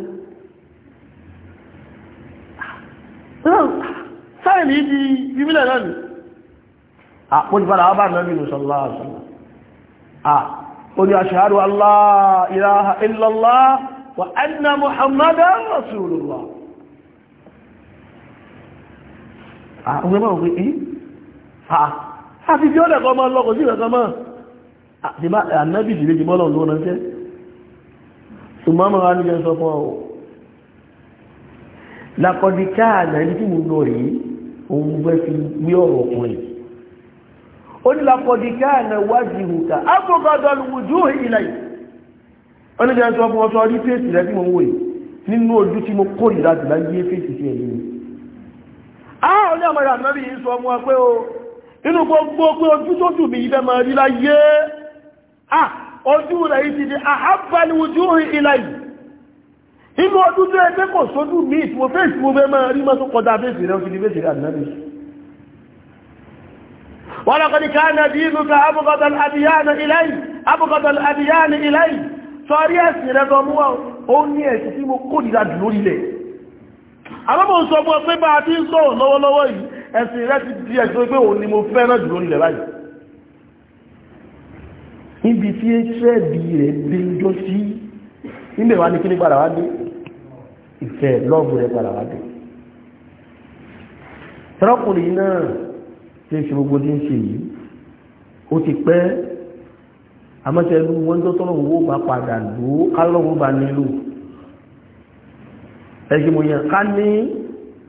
sáìlì ibi ìbílẹ̀ náà ni àpòlùbára ọba nàbí sallallahu alaihi wasallam à ó ní ashhadu an la ilaha illallah wa anna muhammadan rasulullah àwọn ọmọ òfin èyí àti tí ó lẹ̀kọ́ ọmọ ọlọ́kọ̀ sí ìrẹ̀kọ́ mọ́ àti bá ànábìsì lè jùmọ́ lọ́nà lọ́nà jẹ́ ṣùgbọ́n mọ́ lakọ̀díkà àgbẹ̀rí tí mo lọ rí ohun fẹ́ fi wí ọ̀rọ̀ ọkùnrin ó ní lakọ̀díkà àgbẹ̀ wájú ìhùkà afọ́gọ́dọ̀lù wùjú ìlà yìí ó ní jẹ́ sọ fún ọsọ rí fèsì rẹ̀ tí mo ń wòye nínú ojú tí mo kó ìlà jù láyé fèsì sí ẹ̀yìn mi àwọn ọ̀nà àmàrà àmàrí yìí sọ ọmọ pé o inú gbogbo pé ojú tó jù mí ibẹ̀ máa rí láyé ah ojú rẹ̀ yìí ti di àhábà ní wùjú inú ọdún tó ẹgbẹ́ kò sójú ní ìtumọ̀ fèsì mo fẹ́ máa rí mọ́ tó kọjá fèsì rẹ̀ òfin fèsì rẹ̀ àdínábì wọ́n lọ́kọ́ ní káàna dínú ka abúgọ́dọ̀ àdìyàn iláyì abúgọ́dọ̀ àdìyàn iláyì sọrí ẹ̀sìn rẹ̀ tó mú ọ ní ẹ̀sìn tí mo kó nìlà dùn lórí lẹ̀ àbábọ̀ sọ fún ọ pé bá a ìfẹ́ lọ́ọ̀bù rẹ̀ padà wájú tọ́rọkùnrin náà lè ṣe gbogbo tí ń ṣe yìí ó ti pẹ́ àmọ́sẹ̀lú wọ́n tó tọ́lọ̀ owó bá padà lò ó kálọ́wọ́ bá nílò ẹ̀ṣin mo yàn ká ní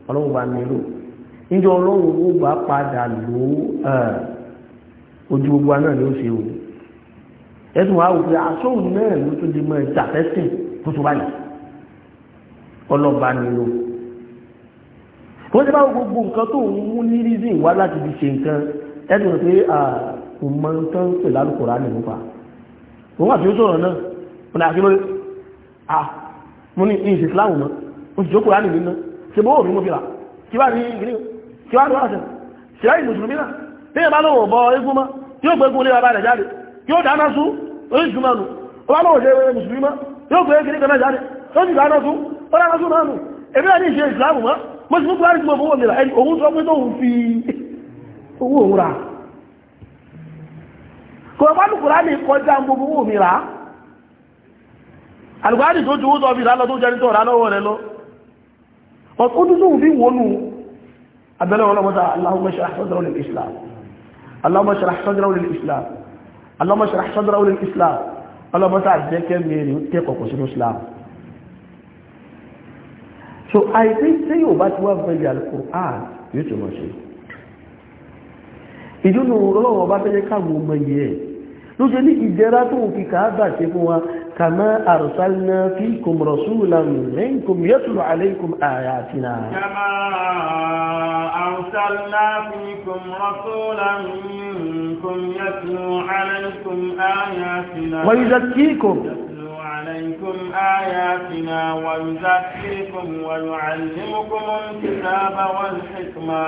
ọlọ́wọ́ bá nílò níjọ ọlọ́wọ́ owó bá padà lò ó ojú gbogbo náà ni ó ṣe o ẹ̀sùn wa wò pé aṣóhùn náà ló tún di mọ́ ẹ̀jà fẹ́sìn tó tó báyìí ọlọ́ba nílò wọ́n ti bá gbogbo nǹkan tó ń mú ní rízìn wá láti fi ṣe nǹkan ẹ̀dùn pé kò mọ nǹkan ń pè lálùkùrá nìlú pa òun àti ó sọ̀rọ̀ náà wọn àti lórí à mo ní ìṣe islam mọ́ mo sì jókòó láti nínú ṣe bó òní mo fi rà kí wàá ní ìgbìlẹ̀ kí wàá ní wàá ṣe ṣe láì mùsùlùmí náà bí ẹ bá lọ́wọ́ bọ eégún mọ́ yóò gbé eégún lé bàbá rẹ̀ jáde yóò dáná sún oríṣiríṣi mọ́ nù ó bá lọ́wọ́ ṣe mùsùlùmí mọ́ yóò gbé eégún lé bàbá jáde ó sì dáná sún ọlá rọ́sùn náà nù èmi náà ní ìṣe ìsìláàmù mọ́ mo sì fún buhari tí mo fowó mi rà ẹni òun sọ pé tóun fi owó òun rà kò bá lùkùrá ní kọjá gbogbo owó mi rà àlùkùrá tó ju owó tó fi rà lọ tó jẹ́ nítorí rà lọ́wọ́ rẹ lọ ọ̀tún tó tóun fi wọnú abẹ́lẹ́ ọlọ́mọta Allahumma shrah sadrahu lil Islam Allahumma shrah sadrahu lil Islam Allahumma shrah sadrahu lil Islam ọlọ́mọta àjẹ́kẹ́ mi rí tẹ́kọ̀ọ̀kọ̀ sínú Islam so I àìsí tí yóò bá ti wá gbẹ̀lẹ̀ Al-Qur'an yóò tó mọ̀ sí ìdúnnù ọlọ́wọ́ bá fẹ́lẹ́ káwọn ọmọ yìí ẹ̀ ló ṣe ní ìdẹ̀ra tó fi kàábà ṣe fún wa kama arsalna fikum rasulan minkum yatlu alaykum ayatina kama arsalna fikum rasulan minkum yatlu alaykum ayatina wa yuzakkikum عليكم آياتنا ويزكيكم ويعلمكم الكتاب والحكمة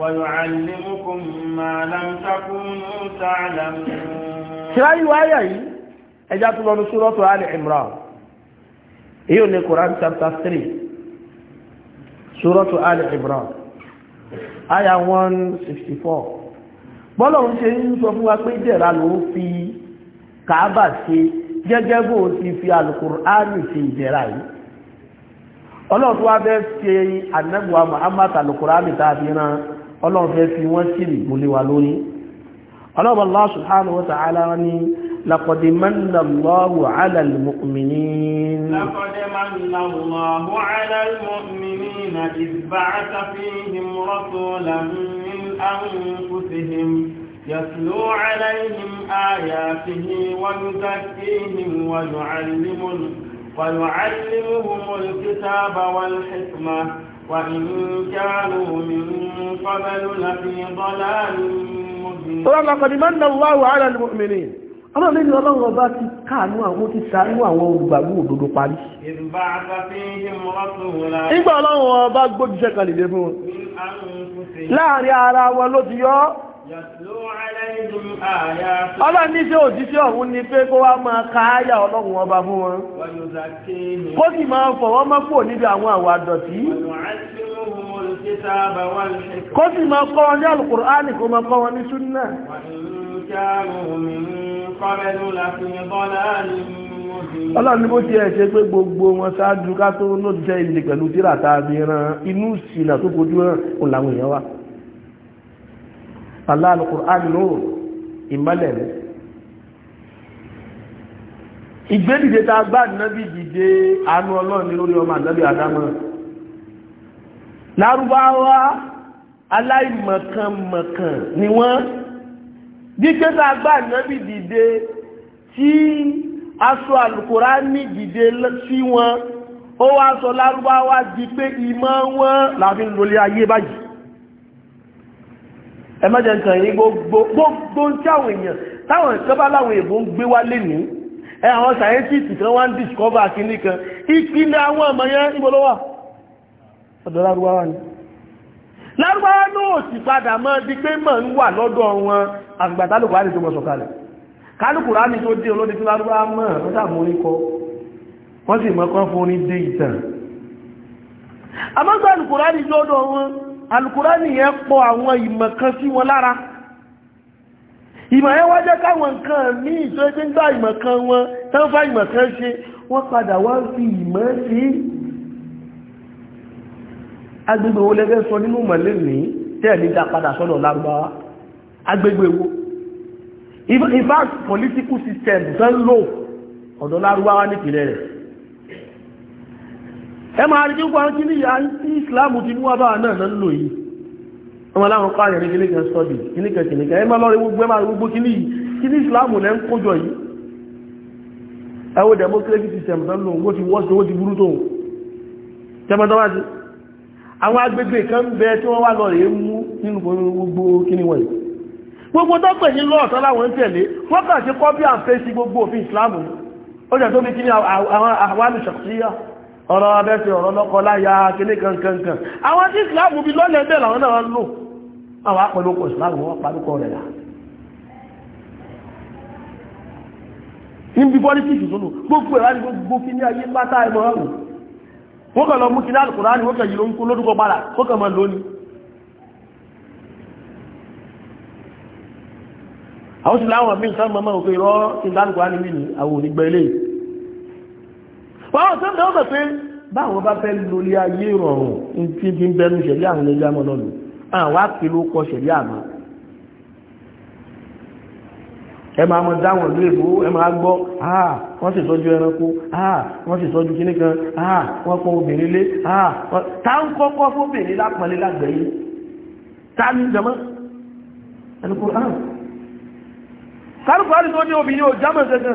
ويعلمكم ما لم تكونوا تعلمون شراي وآية سورة آل عمران القرآن chapter 3 سورة آل عمران آية 164 bọ́lọ̀ ń ṣe ń sọ fún wa pé ló fi kàábà ṣe gẹ́gẹ́ bó ti fi alukur'ani ṣe ìjẹ́ra yìí ọlọ́run tó wá fẹ́ ṣe anẹ́gbọ̀n muhammad alukur'ani tá a fi ran ọlọ́run fẹ́ fi wọ́n sí ìmúlé wa lórí ọlọ́run allah subhanahu wa ta'ala ni أنفسهم يتلو عليهم آياته ويزكيهم ويعلم ويعلمهم الكتاب والحكمة وإن مِنْ من قبل لفي ضلال مبين ولقد من الله على المؤمنين ọmọ mi ni ọlọ́run ọba ti káànú àwọn ti sàánú àwọn olùgbàgbọ́ òdodo parí. ìgbà ọlọ́run ọba gbójúṣẹ́ kan lè lé fún wọn. láàrin ara wọn ló ti yọ́ ọlọ́run ní ṣé òjíṣẹ́ ọ̀hún ni pé kó wá máa ka áyà ọlọ́run ọba fún wọn kó sì máa fọwọ́ mọ́pò níbi àwọn àwọ̀ àdọ̀tí kó sì máa kọ́ wọn ní àlùkùránì kó máa kọ́ wọn ní súnà ọlọ́run ní bó ti ẹ̀ pé gbogbo wọn ṣáájú ká tó lóòjẹ́ ilé pẹ̀lú tíra tàbí ran inú ìsìnà tó kojú hàn òun làwọn èèyàn wa. Allah al-Qur'an lóòrùn ìmọ́lẹ̀ ní ìgbédìde ta gbá nábì dìde àánú ọlọ́run ní lórí ọmọ ànábì àdámọ́ lárúbáwá aláìmọ̀kànmọ̀kàn ni wọ́n díké ta gbá nábì dìde tí aṣọ al-Qur'ani dìde sí wọn ó wá sọ lárúbáwá di pé ìmọ̀ wọn láàfin lórí ayé báyìí ẹmọ́jẹ nǹkan yìí gbogbo ń tí àwọn èèyàn táwọn ìkọ́bá láwọn èèbò ń gbé wá lè ní ẹ àwọn sàyẹ́ntìtì kan wá ń dìskọ́bà kìíní kan ìpínlẹ̀ àwọn ọmọ yẹn ibo ọ̀dọ̀ lárúbáwá ni lárúbáwá náà sì padà mọ́ di pé mọ́ ń wà lọ́dọ̀ wọn tó alukurani yẹn pọ̀ àwọn ìmọ̀ kan sí wọn lára ìmọ̀ yẹn wá jẹ́ káwọn nǹkan ní ìtọ́jú ń gbá ìmọ̀ kan wọn tán fá ìmọ̀ kan ṣe wọ́n padà wá fi ìmọ̀ sí agbègbè wo lẹ́gbẹ́ sọ nínú mọ̀lẹ́ ní political system tán lò ọ̀dọ̀ lárúbáwá ẹ máa rí pípọ̀ àwọn kìíní yà ní ìsìláàmù ti múwá bá náà náà lò yìí ọmọ aláwọn pààyàn ní kìíní kan sọ́dì kìíní kan kìíní kan ẹ máa lọ́rí gbogbo ẹ máa rí gbogbo kìíní yìí kìíní ìsìláàmù lẹ́ ń kójọ yìí ẹ wo democracy system tán lòun ó ti wọ́sí ó ti burú tó tẹ́mọ́tọ́wájú àwọn agbègbè kan ń bẹ tí wọ́n wá lọ rèé mú nínú gbogbo kìíní ọ̀rọ̀ abẹ́fẹ́ ọ̀rọ̀ lọ́kọ láya kíní kankankan àwọn tí ìsìláàmù bí lọ́lẹ̀ bẹ́ẹ̀ làwọn náà lò àwọn apẹ̀lúkọ̀ ìsìláàmù wọ́n parúkọ rẹ̀ là níbi pọ́lítíìsì tó lò gbogbo ẹ̀rọ ni gbogbo kí ní ayé pátá ẹmọ ọ̀rùn wọ́n kàn lọ mú kí ní Al-Kùránì wọ́n kàn yìí ló ń kó lórúkọ bára wọ́n kàn máa lónìí àwọn sì láwọn míì sáà máa máa òkè rọ́ kí ní Al-Kùránì mí ní àwọn onígbẹ́ eléyìí pàwọn tó ń bẹ̀rẹ̀ pẹ̀ pé báwọn bá fẹ́ lórí ayé rọrùn tí fi ń bẹnu ṣẹ̀lí àwọn ilé àmọ́ lọ́nu àwọn àpè ló kọ ṣẹ̀lí àmọ́ ẹ máa mọ dáwọn ìlú èbó ẹ máa gbọ́ àà wọ́n sì tọ́jú ẹranko àà wọ́n sì tọ́jú kíní kan àà wọ́n kọ obìnrin lé àà tá ń kọ́kọ́ fóbìnrin lápọ̀lé lágbẹ̀ẹ́ tá ní jẹmọ́ ẹnukú àà kálùkù àrùn ní obìnrin ò jámọ̀ sẹ́sẹ̀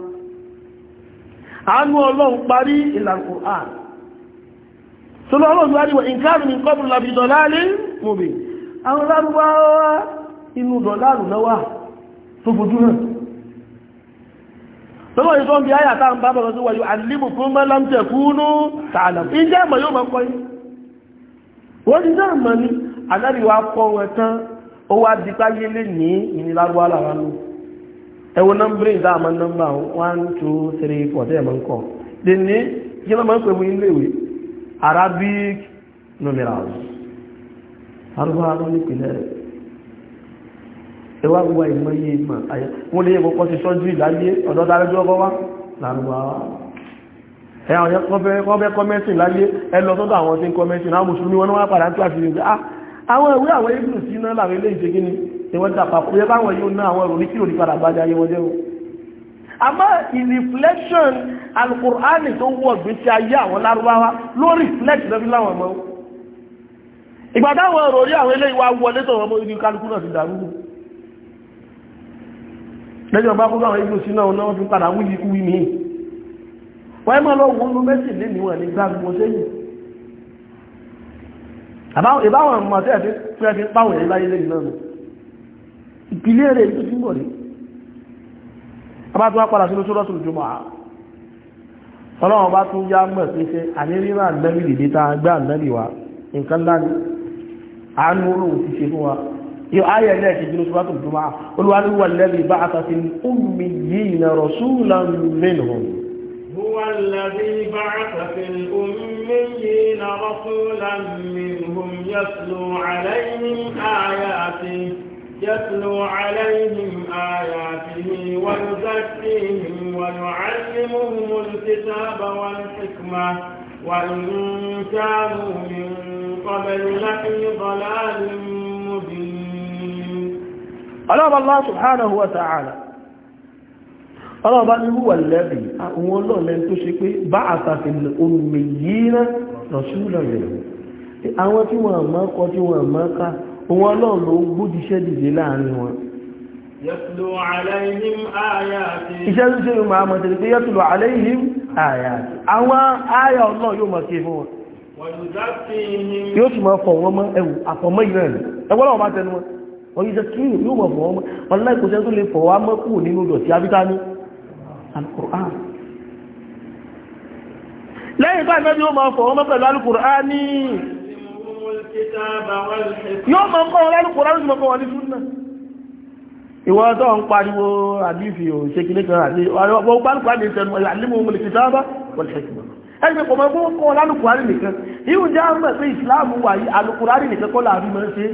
àánú ọlọ́run parí ìlànkò àn tó lọ ọlọ́run wá níwọ̀ ìkáàrùn ní kọ́bùn làbí dọ̀láàrí mòbí àwọn lárúbáwá inú dọ̀láàrù lọ́wà tó fojú hàn tọ́lọ́ ìtọ́ ń bí ayà tá ń bá bọ̀rọ̀ sí wáyú àlìmù fún mẹ́lámtẹ̀ kúnú tààlà ìjẹ́ ìmọ̀ yóò mọ̀ ni adáríwá kọ́ wọn ẹwọ nọ́mbìrì ìdá àmà nọ́mbà 1234 tẹ́ ẹ̀mọ́ ń kọ́ dì ní kí lọ́mọ́ ń pè mú ilé ìwé Arabic numerals arúgbó arúgbó nípìnlẹ̀ rẹ̀ ẹwà wà ìmọ̀ yìí mà àyà wọ́n lè yẹ kọ́kọ́ sí sọ́jú ìdáyé ọ̀dọ́ dáréjú ọkọ́ wá lárúgbó ẹ̀yà ọ̀yẹ́ kọ́ bẹ́ kọ́mẹ́sìn láyé ẹ lọ sọ́dọ̀ àwọn tí ń kọ́mẹ́sìn náà mùsùlùmí wọn wá padà ń tó àfihàn ah, àwọn ìwé àwọn ibùsùn náà làwọn ilé ìṣègí tí wọ́n tàpapọ̀ yẹ báwọn yóò ná àwọn ìròyìn tí ò ní padà bá jẹ́ ayé wọn jẹ́ o àmọ́ ìreflection alukur'ani tó wọ̀ gbèsè ayé àwọn lárúbáwá ló reflect lọ́bí láwọn ọmọ ìgbà táwọn ọ̀rọ̀ orí àwọn eléyìí wá wọlé tó ọmọ ibi kálukú náà ti dàrú rú lẹ́jọ́ bá kúrò àwọn ibi òsì náà náà fi padà wí ikú mi wọ́n mọ́ lọ wọ́n ló mẹ́sì lé níwọ̀n ní gbàgbó sẹ́yìn ìbáwọn ọmọ tẹ́ẹ̀ fi pàwọn ẹ̀láyé lẹ́yìn náà ìpìlẹ̀ rẹ̀ tó túnbọ̀ rí abátúwá padà sínú sọ́rọ̀ sọ́rọ̀ jùmọ̀ ọlọ́run bá tún yá mọ̀ sí ṣe àníríra ànábì lè ta gbá ànábì wa nǹkan láni àánú olóhun ti ṣe fún wa yóò ayẹ̀ ilẹ̀ ìṣẹ́jú ló sọ́rọ̀ jùmọ̀ olúwaríwà lẹ́bí bá àtàkì omi yìí na rọ̀súùlà mẹ́nìhùn يتلو عليهم آياته ويزكيهم ويعلمهم الكتاب والحكمة وإن كانوا من قبل لفي ضلال مبين قال الله سبحانه وتعالى ọlọ́ọ̀bá ní wúwà lẹ́bì àwọn ọlọ́ọ̀lẹ́ tó ṣe pé bá àtàfilì omi yìí rẹ̀ rọ̀ṣúlọ̀ rẹ̀ àwọn tí wọ́n àmọ́ kọ tí wọ́n àmọ́ ká òun ọlọ́run ló ń gbójúṣẹ́ dìde láàrin wọn iṣẹ́ tó ṣe máa mọ̀ tẹ̀lé pé yẹ́tùlù aláìhìm àyàtì àwọn àyà ọlọ́run yóò mọ̀ sí fún wọn yóò sì máa fọ̀ wọn mọ́ ẹwù àfọ̀mọ́ ìrẹ̀ rẹ̀ ẹgbọ́lọ́wọ́ máa tẹnu wọn wọ́n yíṣẹ́ kí yóò mọ̀ fọ̀ wọn tó lè fọ̀ wá mọ́ kúrò lẹ́yìn bá ìfẹ́ bí ó máa fọ̀ wọn mọ́ pẹ̀lú Al-Qur'ani yóò mọ̀ mọ́ ọ̀rẹ́ lùkọ́ lárùn mọ́ wọlé súnnà ìwọ tó ń pariwo àdífì ò ṣe kìlẹ̀ kan àti ọgbọ́n bá lùkọ́ àdé ìṣẹ́nu ìlàlímọ̀ omi lè fi sáábà wọlé ṣẹ́kìmọ̀ ẹgbẹ́ kọ̀mọ̀ bó kọ́ lálùkùrárì nìkan yíò jẹ́ àmọ́ pé ìsìláàmù wà yí alùkùrárì nìkan kọ́ láàrí mọ́ sí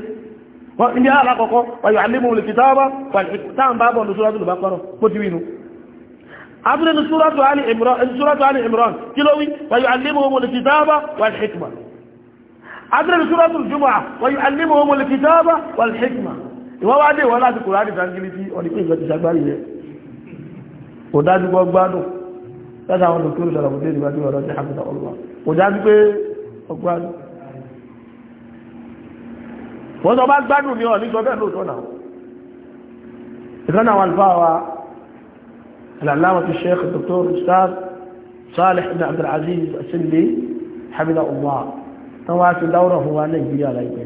alì imran kí ló wí wàyọ̀ alẹ́mù olùkì táwọn wà ní hikma عدل سورة الجمعة ويعلمهم الكتابة والحكمة وهو إيوه عدل ولا تقول هذه تنجلتي ونقل في تسابالي وداتي قوانو لذا هو نذكر سلام الدين وعدل ولا تحفظ الله وداتي قوانو wọ́n tó bá gbádùn ní ọ̀ ní sọ bẹ́ẹ̀ lóòtọ́ náà ìkánà wọn fà wá aláwọ̀ tí sẹ́ẹ̀kì dr. sáàlẹ̀ ibn abdulaziz asinbi hamida umar tán wá sí dáwọ́rọ̀ fún wa nàìjíríà láìpẹ́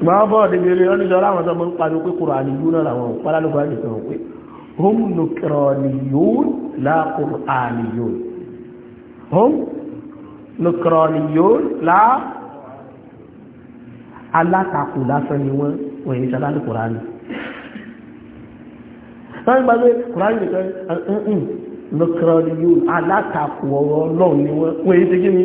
ìgbàwọ́ bọ́ọ̀ débi eré ọ́nìjọ́ láwọn tó mọ́ ń pariwo pé kòrò àníyú náà làwọn pálálùkù àjẹsẹ̀ wọn pé hom nukraniyun la qur'aniyun hom nukraniyun la alátakò lásán ni wọ́n wọ́n alátakò ọ̀rọ̀ ọlọ́run ni wọ́n wọ́n yẹn ni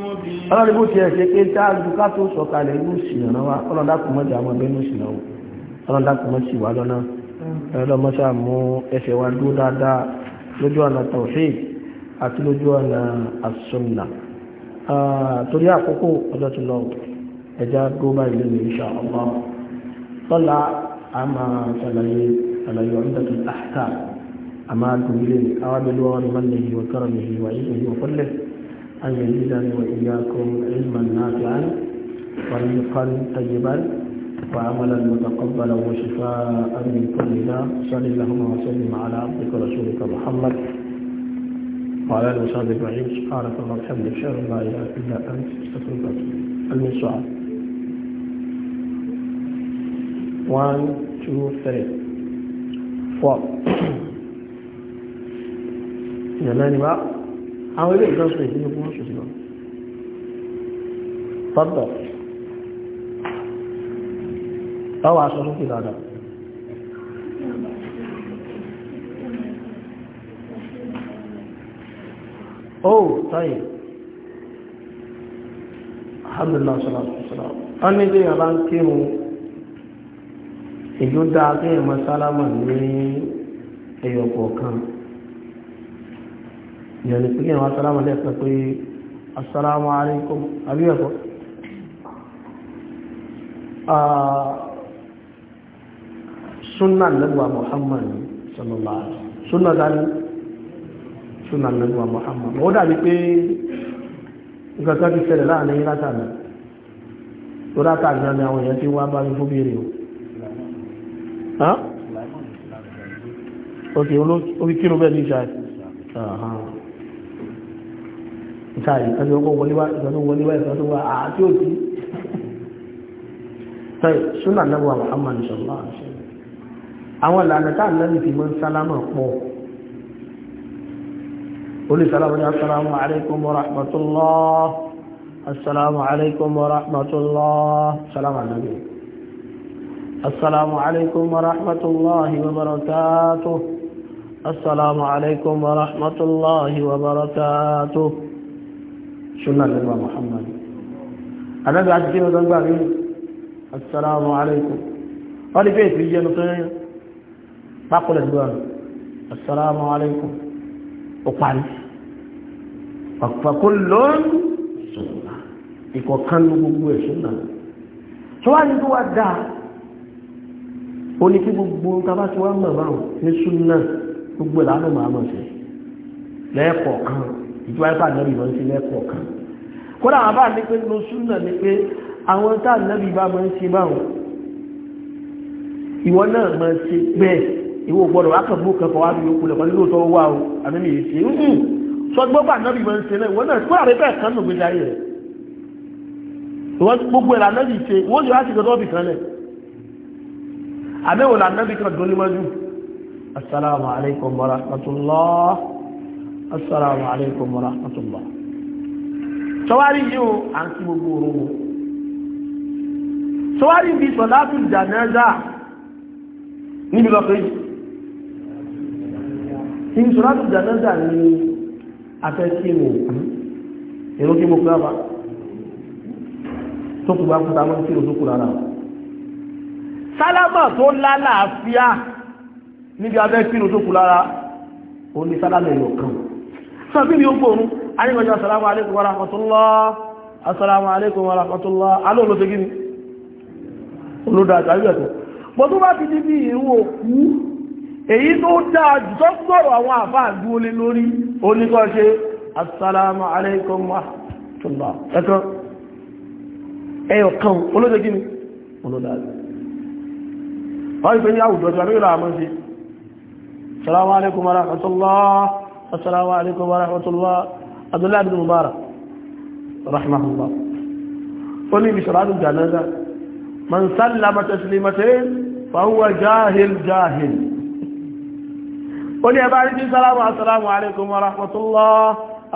ọlọ́run bó ti ẹ̀ ṣe pé dáàbù ká tó sọ̀kalẹ̀ inú ìsìnà wa ọlọ́run dákun mọ́jà ọmọ ẹgbẹ́ inú ìsìnà o ọlọ́run dákun mọ́ sí wa lọ́nà ọlọ́run mọ́ṣá mú ẹsẹ̀ wa dúró dáadáa lójú ọ̀nà tawhid àti lójú ọ̀nà as-sunnah torí àkókò ọjọ́ ti lọ ẹja dúró báyìí lónìí insha Allah lọ́la a máa ṣàlàyé àlàyé Umdatul Ahkam a أن يزيدني وإياكم علما نافعا ورزقا طيبا وعملا متقبلا وشفاء من كل داء صل اللهم وسلم على عبدك ورسولك محمد وعلى اله وصحبه اجمعين سبحانك اللهم وبحمدك شهر لا اله الا انت استغفرك المصعب 1 2 3 4 يا ماني بقى àwọn ilé ìjọsìn ìdí ní kí wọ́n ṣùgbọ́n fọ́dọ̀ báwọn aṣọ sókè dáadáa ó tọ́yì alhamdulillah salatu wasalam wọ́n ní ilé ìyàbá ń kírun ìjó dáa kí èèyàn sálámà ní ẹyọ kọ̀ọ̀kan ìyẹn ni pé kí wọ́n sálámà lẹ́sẹ̀ pé assalamu alaikum àbí ẹ̀kọ́ sunna nabuwa muhammad sallallahu alaihi wasallam sunna dani sunna muhammad ó dàbí pé nǹkan kan ti ṣẹlẹ̀ láàrin yín látàmì tó látàmì náà ni àwọn èèyàn ti wá bá mi fún o ok olókìrò bẹ́ẹ̀ ní ìṣáà ìta ìtàjú ọkọ̀ wọléwá ìtàjú wọléwá ìtàjú wà àti òtí tẹ́ súnà lẹ́wọ̀ Muhammad sọ̀rọ̀ àṣẹ àwọn ìlànà tá àlẹ́ ìfi mọ́ sálámà pọ̀ olùsálámà ní asalaamu alaykum wa rahmatulah asalaamu alaykum sálámà nàbẹ̀ asalaamu alaykum wa rahmatulah wa barakatuh asalaamu alaykum wa rahmatulah sunna lẹ́gbà muhammad adájọ́ àti kíni ọdọ́gbà rí assalamu alaikum wọ́n ni fèsì yẹnu tó yẹn pápọ̀lẹ̀ gbà assalamu alaikum ó parí ọ̀pọ̀kún lọ́n sunna ìkọ̀kan ló gbogbo ẹ̀ sunna tó wá ní tó wá dáa ó ní kí gbogbo nǹkan bá ti wá mọ̀ ìtura ẹ̀fà nẹ́bí máa ń ṣe lẹ́kọ̀ọ́ kan kódà àwọn bá ní pé ló súnà ní pé àwọn tá nẹ́bí bá máa ń ṣe báwọn ìwọ náà máa ṣe bẹ́ẹ̀ ìwọ gbọ́dọ̀ akọ̀gbó kẹfọ́ wá bí okùn lẹ́kọ̀ọ́ tó wà o àmì mi ṣe ń hù sọgbọ́n bá nẹ́bí máa ń ṣe náà ìwọ náà kódà rẹ bẹ́ẹ̀ kan nù gbé jáde rẹ̀ ìwọ gbogbo ẹ̀ lànẹ́bí ṣe wọ́n yóò láti gbọ́dọ̀ bì kan lẹ̀ àmẹ́wò assalamu alaikum warahmatullah assalamu alaikum wa rahmatullah sọwárí yìí ó à ń kí gbogbo orúwó sọwárí bí sọ̀látù janaza níbi lọ́pẹ́ yìí ní sọ̀látù janaza ní afẹ́ kí mo èrò kí mo pẹ́ bá tó kù bá kúta mọ́ sí òṣùkú rárá sálámà tó lálàáfíà níbi abẹ́ kí òṣùkú lára ó ní sálámà ẹ̀yọ̀ kan sọ́bí ni ó gbóòrùn arígbàjá assalamu alaikum wa rahmatullah assalamu alaikum wa rahmatullah alóòlóṣe gini olódàájá ìgbẹ̀tọ̀ bọ́ tó bá ti di bí ìrún òkú èyí tó dáa jù tó gbọ́rọ̀ àwọn àfáà gbóolé lórí oníkọ́ṣe assalamu alaikum wa rahmatullah ẹ̀kọ́ ẹ̀yọ̀ kan olóṣe gini olódàájá wọ́n ìpé assalamu alaikum wa rahmatullah abdullahi bin mubarak rahimahullah ó ní ibi salatu janaza man sallama taslimatain fa huwa jahil jahil ó ní ẹbá rí tí salamu assalamu alaikum wa rahmatullah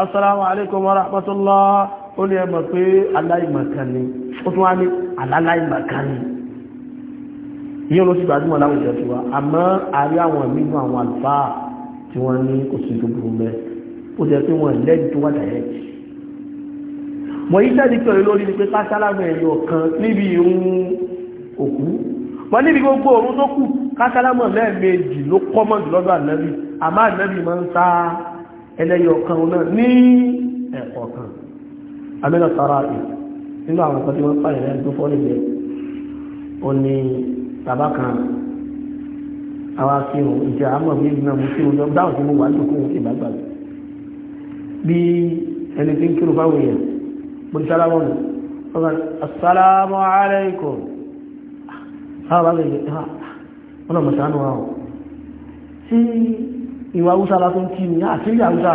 assalamu alaikum wa rahmatullah ó ní ẹmọ̀ pé aláìmọ̀kánni ó tún wá ní aláìmọ̀kánni yíò ló sì gbàdúmọ̀ láwùjọ tiwa àmọ́ àrí àwọn mímú àwọn àlùfáà tí wọ́n ní kò sí tó burú mẹ́ ó jẹ́ pé wọ́n lẹ́yìn tó wà dàrẹ́ jì mọ̀ yí sẹ́ni pẹ̀lú lórí ni pé kásálámù ẹ̀yọ kan níbi irun òkú wọ́n níbi gbogbo òun tó kù kásálámù lẹ́ẹ̀mejì ló kọ́ mọ́ jù lọ́dọ̀ ànábì àmọ́ ànábì máa ń sa ẹlẹ́yọ kan náà ní ẹ̀kọ́ kan amẹ́nà sára rẹ̀ nínú àwọn kan tí wọ́n pààyàn lẹ́yìn tó fọ́ níbẹ̀ ó ní bàbá kan àwọn akíhùn ìjà àmọ̀ mi ìgbìmọ̀ mú sí oúnjẹ dáhùn sí mú wà lókò òun sí ìbágbà bí ẹni tí ń kírù fáwọn èèyàn bó ti sára wọnù ọgbọ̀n assalamu alaikum àwọn àgbẹ̀ ìgbẹ̀ ah, wọn mọ̀ sánú wa sí ìwà haúsá la tó ń kí ni àti ìyà haúsá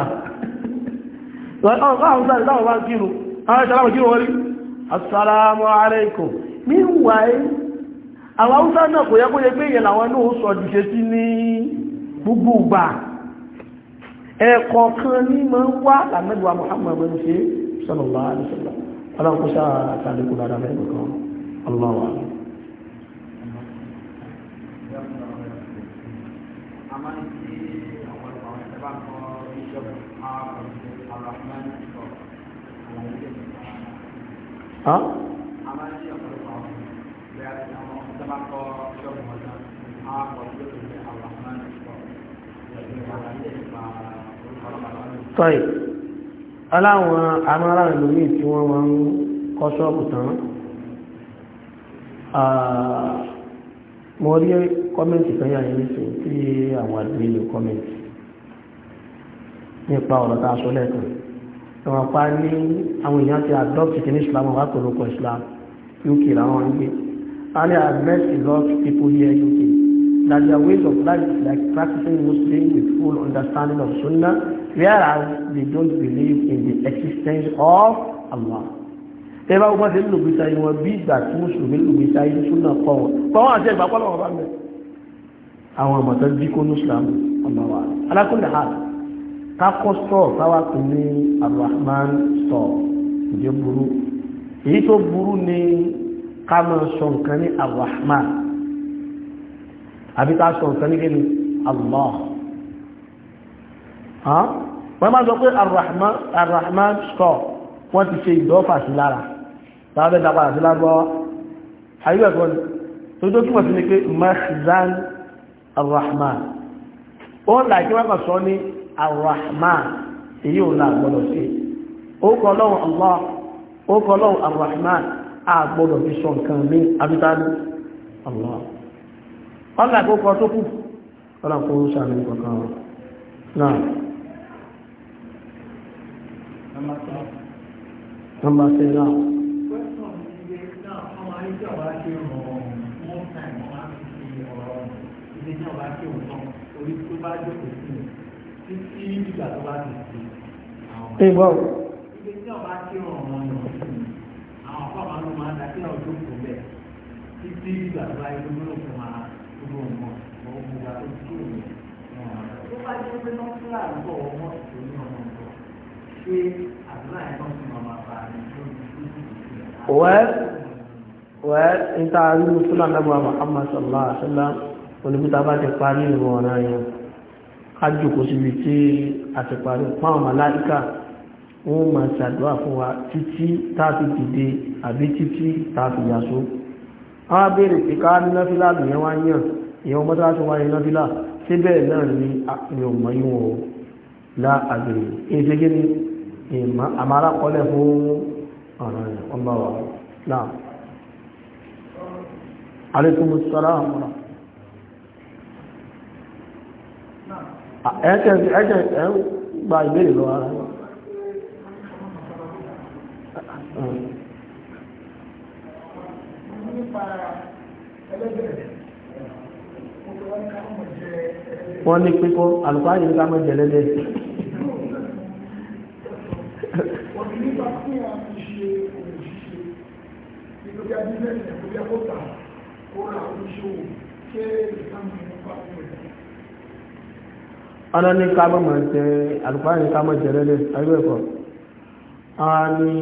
ọgbọ̀n haúsá ìdáhùn bá ń àwọn ìṣàlámọ̀ kírù wọlé àwọn haúsá náà kò yẹ yẹ pé èyàn làwọn náà ó sọ dìṣe sí ní gbogbo ìgbà ẹ̀kọ̀ kan ní máa ń wá làmẹ́lúwà Huh? bá kọ́ ṣọ́ọ̀bù mọ́tà á kọ́ sí òkè ní àwọn àmọ́ ìṣọ́ tọ́yì aláwọn amára ìlúmí tí wọ́n máa ń kọ́ ṣọ́ọ̀bù tán mo rí kọ́mẹ́ntì kan yà ní sí tí àwọn àdúgbò ìlú kọ́mẹ́ntì nípa ọ̀rọ̀ tá a sọ lẹ́ẹ̀kan ìwọ̀n pa ní àwọn èèyàn ti adopt kìíní Islam wà pẹ̀lú Islam UK làwọn ń gbé And I met a lot of people here in UK that their ways of life is like practicing Muslim with full understanding of Sunnah, whereas they don't believe in the existence of Allah. Ẹba wọ́n ti lùgbé sáyé wọn bí ìgbà tí Mùsùlùmí lùgbé sáyé Sunnah kọ́ wọn. Bọ́wọ́n àti ẹgbà pọ́lọ̀ wọn bá mẹ́. Àwọn àmọ̀tọ́ jí kó ní Ìsìlámù ọmọ wa. Alákùnlé ha kákọ́ stọ̀ọ̀ táwa kò ní Abdulrahman stọ̀ọ̀ ìdí burú. Èyí tó burú ni ká máa sọ nǹkan ní arrahman àbí ká sọ nǹkan ní kíni allah wọ́n máa sọ pé arrahman arrahman sọ wọ́n ti ṣe ìdọ́fà sí lára láwọn bẹ́ẹ̀ dápadà sí lárúbáwá ayé ẹ̀kọ́ ni tó tó túnmọ̀ sí ni pé mahzan arrahman ó ń láìkí wọ́n kàn sọ ní arrahman èyí ò náà gbọ́dọ̀ sí ó kọ́ allah ó kọ́ lọ́wọ́ arrahman àgbọ́dọ̀ fi sọ nǹkan mí abítálú Allah ọ̀nà àkókò tó kù ọ̀nà àkókò sàmì kankan náà nọmbà sẹ́lá Ìgbọ́n. Ilé tí ọba kí wọn àpapọ̀ àwọn ọmọ àdá kí tó kù títí ìgbà tó báyìí ló ló fún wa ló mọ mọ mo gba tó tó yẹ. tó bá jẹ́ pé wọ́n fún àgbọ̀ ọmọ ìtòlú ọmọ ọ̀dọ́ ṣé àdúrà ẹ̀ náà fún ọmọ àbá rẹ̀ tó ti tó ti tó wẹ́ẹ́ níta nínú fúlàní àgbà Muhammad sallallahu alaihi wa sallam olùbítà bá ti parí ìwọ̀n ọ̀ràn yẹn ká jòkó síbi tí a ti parí pàwọn màláìka wọ́n máa ṣàdúrà fún wa títí táàfi dìde àbí títí táàfi yàṣó a bèèrè pé ká ní náfílà lèyàn wá yàn èyàn ọmọ tàbí wáyé náfílà tí bẹ́ẹ̀ náà ní àpẹẹ ọmọ yíò lá àgbèrè ìṣẹ́gẹ́ ni àmàrà kọlẹ̀ fún ọ̀rọ̀ ọmọ wa náà alaikum salaam ẹ̀ẹ́kẹ̀ẹ́ gba ìbéèrè lọ ara wọ́n ní pípọ́ àlùkò ayé ká mọ̀ jẹ́lẹ́ lé. ọ̀nà ní ká mọ̀ jẹ́ àlùkò ayé ká mọ̀ jẹ́lẹ́ lé ayé ẹ̀kọ́ àwọn ni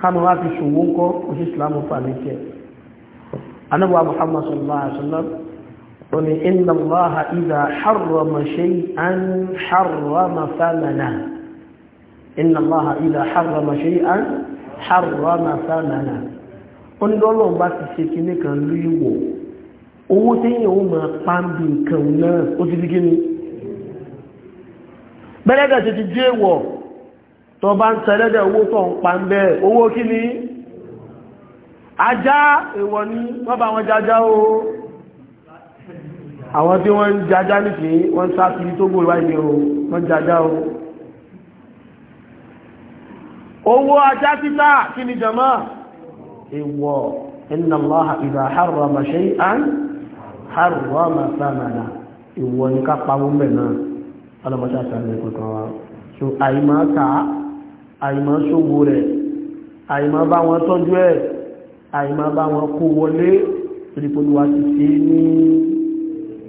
ká mọ̀ wá fi ṣòwò ńkọ́ oṣù ìsìlámù fà ní tiẹ̀ anábọ̀ Muhammad sallallahu alaihi wa ó ní inna Allaha idha harrama shay'an harrama thamanahu inna Allaha idha harrama shay'an harrama thamanahu ó ní lọ́lọ́run bá ti ṣe kinní kan lú ìwọ̀ owó téèyàn ó máa pàǹbì nǹkan náà ó ti di kíni bẹ́lẹ́dẹ̀ ti ti dé wọ̀ tó bá ń tẹ́lẹ́dẹ̀ owó tó ń pa ń bẹ́ owó kí ni ni wọ́n bá wọn jájá o àwọn tí wọ́n ń jajá nìfẹ́ wọ́n sá kiri tó gbòòrò wáyé o wọ́n jajá o owó ajá títà kí ni jama ewọ̀ inna Allaha idha harrama shay'an harrama thamana ewọ̀ ní ká pawó mẹ́ náà ọlọ́mọṣà sàmì kankan wa ti ṣe ní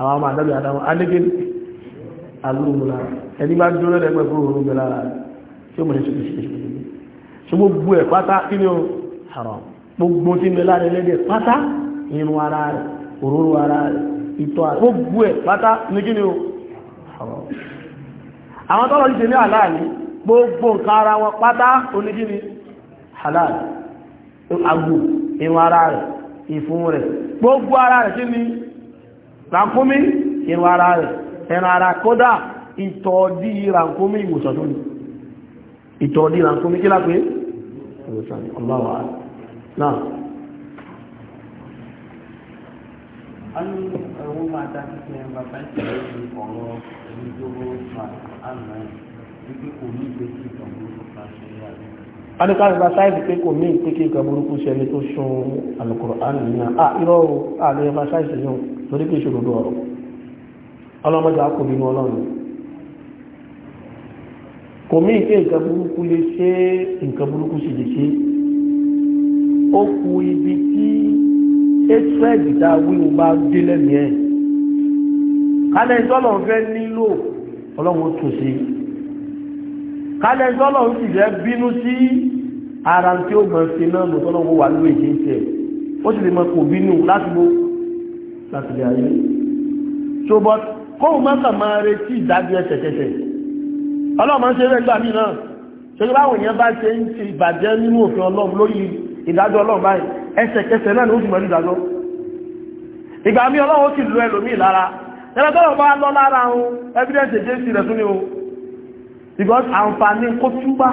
àwọn ọmọ àdábì àdáwọn alégé alúrùmù lára ẹni bá dúró lẹ́rẹ̀ pẹ̀lú òórùn bẹ lára tí ó mọ̀ sí ṣe gbogbo ẹ̀ pátá kí ni ó haram gbogbo tí mẹ lára ẹlẹ́dẹ̀ pátá irun ara rẹ̀ òróró ara rẹ̀ ìtọ́ ara gbogbo ẹ̀ pátá ní kí ni ó haram àwọn tọ́lọ ti ṣe ní àláàlì gbogbo nǹkan ara wọn pátá oníkíni halal agbo irun ara rẹ̀ ìfun rẹ̀ gbogbo ara rẹ̀ kí ràkúnmí ìrùn ara rẹ̀ ẹran ara kódà ìtọ̀ọ̀dí ràkúnmí ìwòsàn tó ní ìtọ̀ọ̀dí ràkúnmí kí lápé ìwòsàn ọlọ́wà náà Àwọn ọmọ àtàkì kò ní ìgbésí ìtọ̀gbọ́n adúgbàgbà sáìdì pé kò ní ìpínkì ìgbà burúkú sẹni tó sun Al-Qur'an nìyàn à irọ́ àlẹ́ ẹ̀fà sáìdì yàn torí pé ìṣòro ọ̀rọ̀ ọlọ́mọdé akọ̀bínú ọlọ́run kò mí ìpé nǹkan burúkú lè ṣe nǹkan burúkú sì lè ṣe ó kù ibi tí étrẹ́dì tá a wíwò bá dé lẹ́mìí ẹ̀ kálẹ̀ ìtọ́lọ̀ fẹ́ nílò ọlọ́run ó tún sí i kálẹ̀ tọ́lọ̀ ń fìfẹ́ bínú sí ara tí ó mọ̀ sí náà lò tọ́lọ̀ wà ló èdè tẹ̀ ó sì lè mọ̀ kò bínú láti bó láti lè ayé so but kóhùn mọ́kàn máa retí ìdájú ẹsẹ̀ kẹsẹ̀ ọlọ́run máa ń ṣe eré ìgbà mí náà ṣèjọba báwo yẹn bá ṣe ń ṣe ìbàjẹ́ nínú òfin ọlọ́run lórí ìdájọ́ ọlọ́run báyìí ẹsẹ̀ kẹsẹ̀ náà ni ó sì mọ̀ nídàjọ́ ìgbà mí ọlọ́run ó sì lu ẹlòmíì lára ẹ̀rọ tọ́lọ̀ bá lọ lára ohun evidence against rẹ̀ tún ni ohun because àǹfààní kó túbá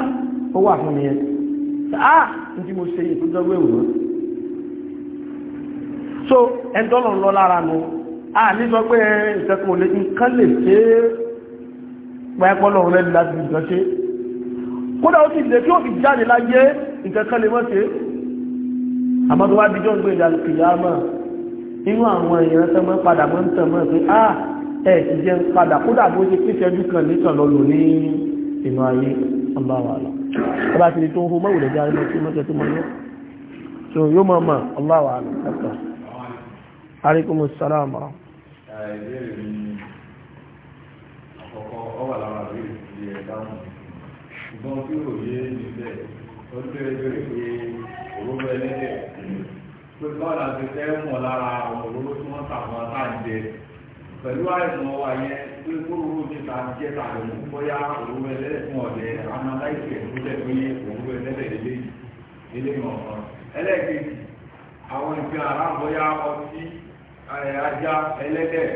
ó wà fún nìyẹn ah n tí mo ṣe yìí tó so ẹ̀ńtọ́lọ̀ ń lọ lára nu a ní sọ pé ìṣẹ́kùn òlé nǹkan lè ṣe é pẹ́ẹ́pọ́lọ̀ rẹ̀ láti ìjọ ṣe kódà ó ti lè tí ó fi jáde láyé nǹkan kan lè mọ́ ṣe àmọ́ tó wá bíjọ́ ń gbé ìdàlù kìyàmọ́ inú àwọn èèyàn tẹ́ mọ́ padà mọ́ ń tẹ̀ mọ́ pé ah ẹ̀ ti jẹ́ padà kódà bó ṣe pèsè ẹjú kan nìkan lọ lò ní inú ayé ọláwà àlọ́ ọba ti lè tó ń hó mọ́wùlẹ̀ járe lọ sí mọ́jọ tó mọ́ yọ so nílẹ̀ ó tẹ́ ẹgbẹ́ tẹ́ mọ̀ lára òróró tí wọ́n tà wọn láǹjẹ́ pẹ̀lú àìsàn wa yẹn pé kóróró ti ta jẹ́ tàbí mú bóyá òun ẹlẹ́dẹ̀ fún ọ̀dẹ amaláìsẹ̀ tó lẹ̀ pé òun ẹlẹ́dẹ̀ lélẹ́ eléyìn ọ̀kan ẹlẹ́ẹ̀kejì àwọn ìpín àrà bóyá ọtí ajá ẹlẹ́dẹ̀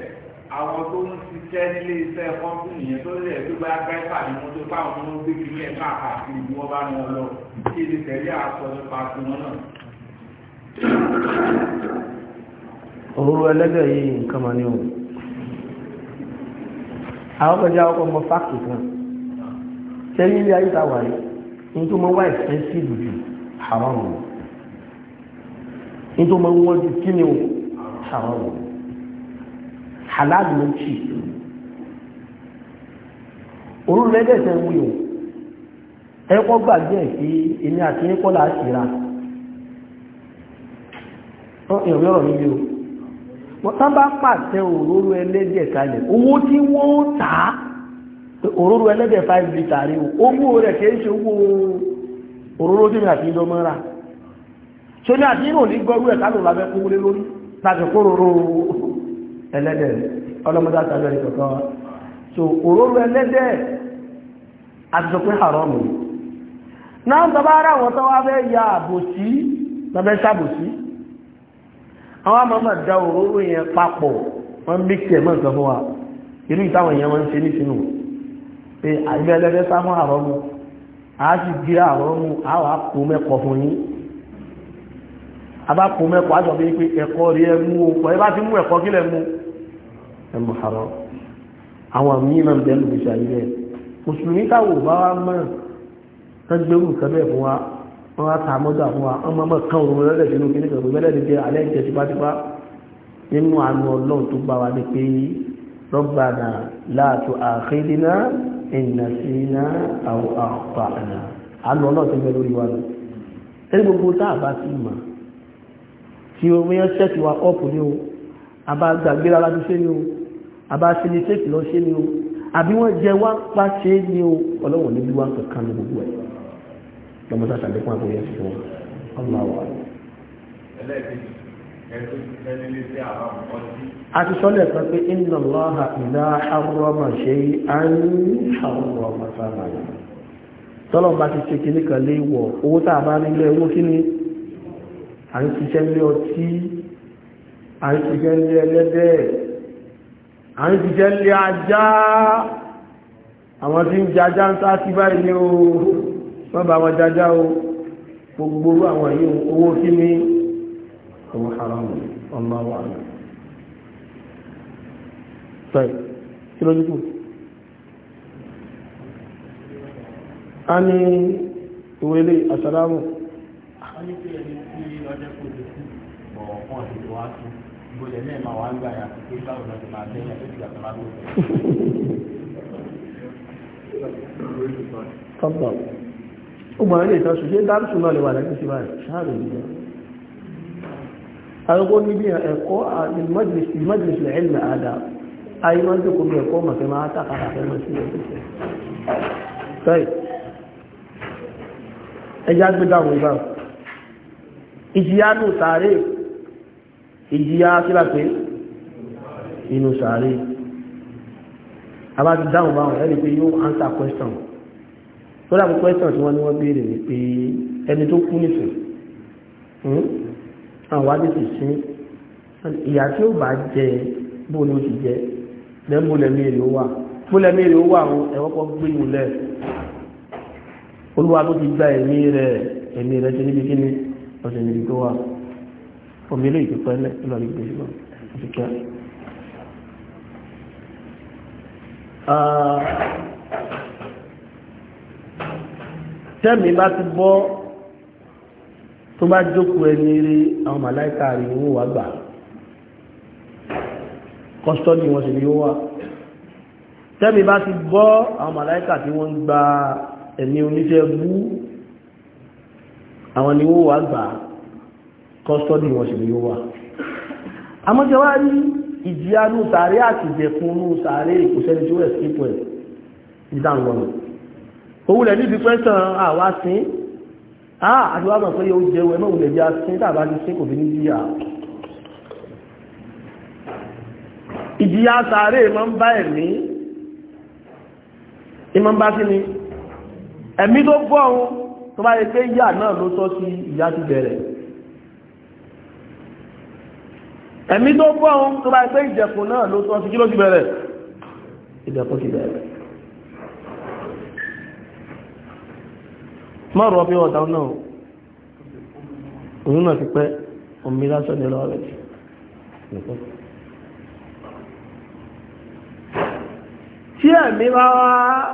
àwọn tó ń ṣiṣẹ́ nílé iṣẹ́ kọ́ńtùnì yẹn tó lẹ̀ tó bá gbẹ́fà ní mo tó fáwọn tó ń gbé kiri ẹ̀ káàkiri bí wọ́n bá ní wọn kí ilé tẹ̀lé àṣọ nípa tiwọn náà. òru ẹlẹ́dẹ̀ yìí nǹkan máa ní òun àwọn ọjà ọkọ̀ mọ fáàkì kan tẹ́lẹ̀ ilé ayé ta wà ní ní tó mọ wá expensive jù àwọn ọmọ ní tó mọ wọ́n ju kí ni o àwọn ọmọ halal ló ń tì òun rẹ̀ dẹ̀sẹ̀ ń wí o ẹ̀kọ́ gbàgbé ẹ̀ pé èmi àti ẹ̀kọ́ là á ṣe ra ìrọ̀lọ́rọ̀ níbi o. tán bá pàṣẹ òróró ẹlẹ́dẹ̀ kalẹ̀ owó tí wọ́n tà á òróró ẹlẹ́dẹ̀ five litre rí owó rẹ̀ kìí ṣe owó òróró tí ìrìn àti ìdọ́mọ́ rà ṣe ní àti ìrìn òní gbọ́rú ẹ̀ kálò lábẹ́ kó lórí láti kó ẹlẹ́dẹ̀ ọlọ́mọdé àtàlẹ́ ìkọ̀kọ́ àwọn àmàmà dá òróró yẹn papọ̀ wọ́n mixi ẹ̀mọ́ nǹkan fún wa irú ìtàwọn èèyàn wọ́n ń ṣe ní sínú pé àìbẹ́ ẹlẹ́dẹ́ sámọ́ àrọ́ mu a sì gbé àrọ́ mu a wà kó mẹ́kọ̀ fún yín a bá kó mẹ́kọ̀ a sọ pé pé ẹ̀kọ́ rí ẹ mú o pọ̀ ẹ bá ti mú ẹ̀kọ́ kílẹ̀ mú ẹ àrọ́ àwọn míín náà bẹ́ẹ̀ lùgbèsè àyè rẹ̀ mùsùlùmí táwọn ò bá wá mọ̀ wọ́n wá ta mọ́dọ̀ àwọn wa ọmọ ọmọ kan òun lọ́dẹ̀ sínú kí nìkan òun lọ́dẹ̀ jẹ́ alẹ́ jẹ́ tipátipá nínú àánú ọlọ́run tó bá wa ní pé rọ́bàdà láàtò àkíndínà ìnàsínà àwọn àpàànà àánú ọlọ́run tó bẹ lórí wa lọ. ẹni gbogbo tá a bá ti mọ̀ tí o wíyán ṣẹ́ẹ̀tì wa wá pa ṣe ni níbi wá kankan ní gbogbo ẹ̀ lọ́mọ sáà sàlékún àbò yẹn fún wọn ọlọ́wà. a ti sọ́lẹ̀ kan pé inna Allaha idha harrama shay'an harrama thamana tọ́lọ̀ bá ti ṣe kìíní kan lé wọ̀ owó tá a bá nílé owó kíní à ń ṣiṣẹ́ lé ọtí à ń ṣiṣẹ́ lé ẹlẹ́dẹ̀ à ń ṣiṣẹ́ lé ajá àwọn tí ń jajá ń sá sí báyìí ní ooo wọ́n bá wọn jájá o gbogbo àwọn yìí owó kí ni owó haramu ọmọ wa ni tọ́yì kí ló dúkù a ní ìwé ilé àsàlámù Tọ́pọ̀ ó gbọ́n ilé ìtọ́sù ṣe dárùsù náà lè wà lẹ́gbẹ́ sí báyìí ṣáàrù ìjọ àrùkọ́ níbi ẹ̀kọ́ ìmọ̀jìlìsì ẹ̀lẹ̀ àdá ayé máa ń tó kòmí ẹ̀kọ́ mọ̀fẹ́ máa tàkàrà fẹ́ mọ̀ sí ẹjá gbé dáwọn ìbá ìjìyà nù sàárè ìjìyà sílá pé inú sàárè a bá ti dáhùn báwọn ẹni pé yóò tó dàbí pẹ́sàn tí wọ́n ní wọ́n béèrè wípé ẹni tó kú nìsín hmm? àwọn wádìí sì sí ìyà tí ó bá jẹ bó ni ó ti jẹ lẹ́mú lẹ́mí èrè ó wà bó lẹ́mí èrè ó wà àwọn ẹ̀wọ́pọ̀ gbé ìwúlẹ̀ olúwa tó ti gba ẹ̀mí rẹ̀ ẹ̀mí rẹ̀ ṣe níbi kíní ọ̀sẹ̀ níbi tó wà omi ilé ìpínpẹ́ lẹ́ lọ́rí gbé ṣùgbọ́n àti kẹ́ ah, tẹ́mi bá ti bọ́ tó bá jókòó ẹni rí àwọn màláìka rí owó wà gbà kọ́sítọ́dì wọn sì ni ó wà tẹ́mi bá ti bọ́ àwọn màláìka tí wọ́n ń gba ẹ̀mí oníṣẹ́ bú àwọn ni ó wà gbà kọ́sítọ́dì wọn sì ni ó wà àmọ́jẹ́ wá ní ìjìyà ní sàárẹ́ àti ìjẹ̀kùn ní sàárẹ́ ìkòsẹ́ni tí ó rẹ̀ sí ipò ẹ̀ ìdáhùn wọn òun lẹ̀ níbi pẹ́sàn àwá sí àà àdúwà mọ̀ pé yóò jẹ́ ẹmọ́ òun lè jẹ́ sí tàbá ní sí kò fi ní ìyà ìjìyà sàárè ma ń bá ẹ̀mí ìmọ̀ ń bá ni ẹ̀mí tó gbọ́ ohun tó bá yẹ pé ìyà náà ló sọ sí ìyà ti bẹ̀rẹ̀ ẹ̀mí tó gbọ́ ohun tó bá yẹ pé ìjẹ̀kùn náà ló sọ sí kí ló ti bẹ̀rẹ̀ ìjẹ̀kùn ti bẹ̀rẹ̀ má rọ bí ọ̀dá náà òun náà ti pẹ́ omi lásán ní lọ́wọ́ rẹ̀ tí ẹ̀mí bá wá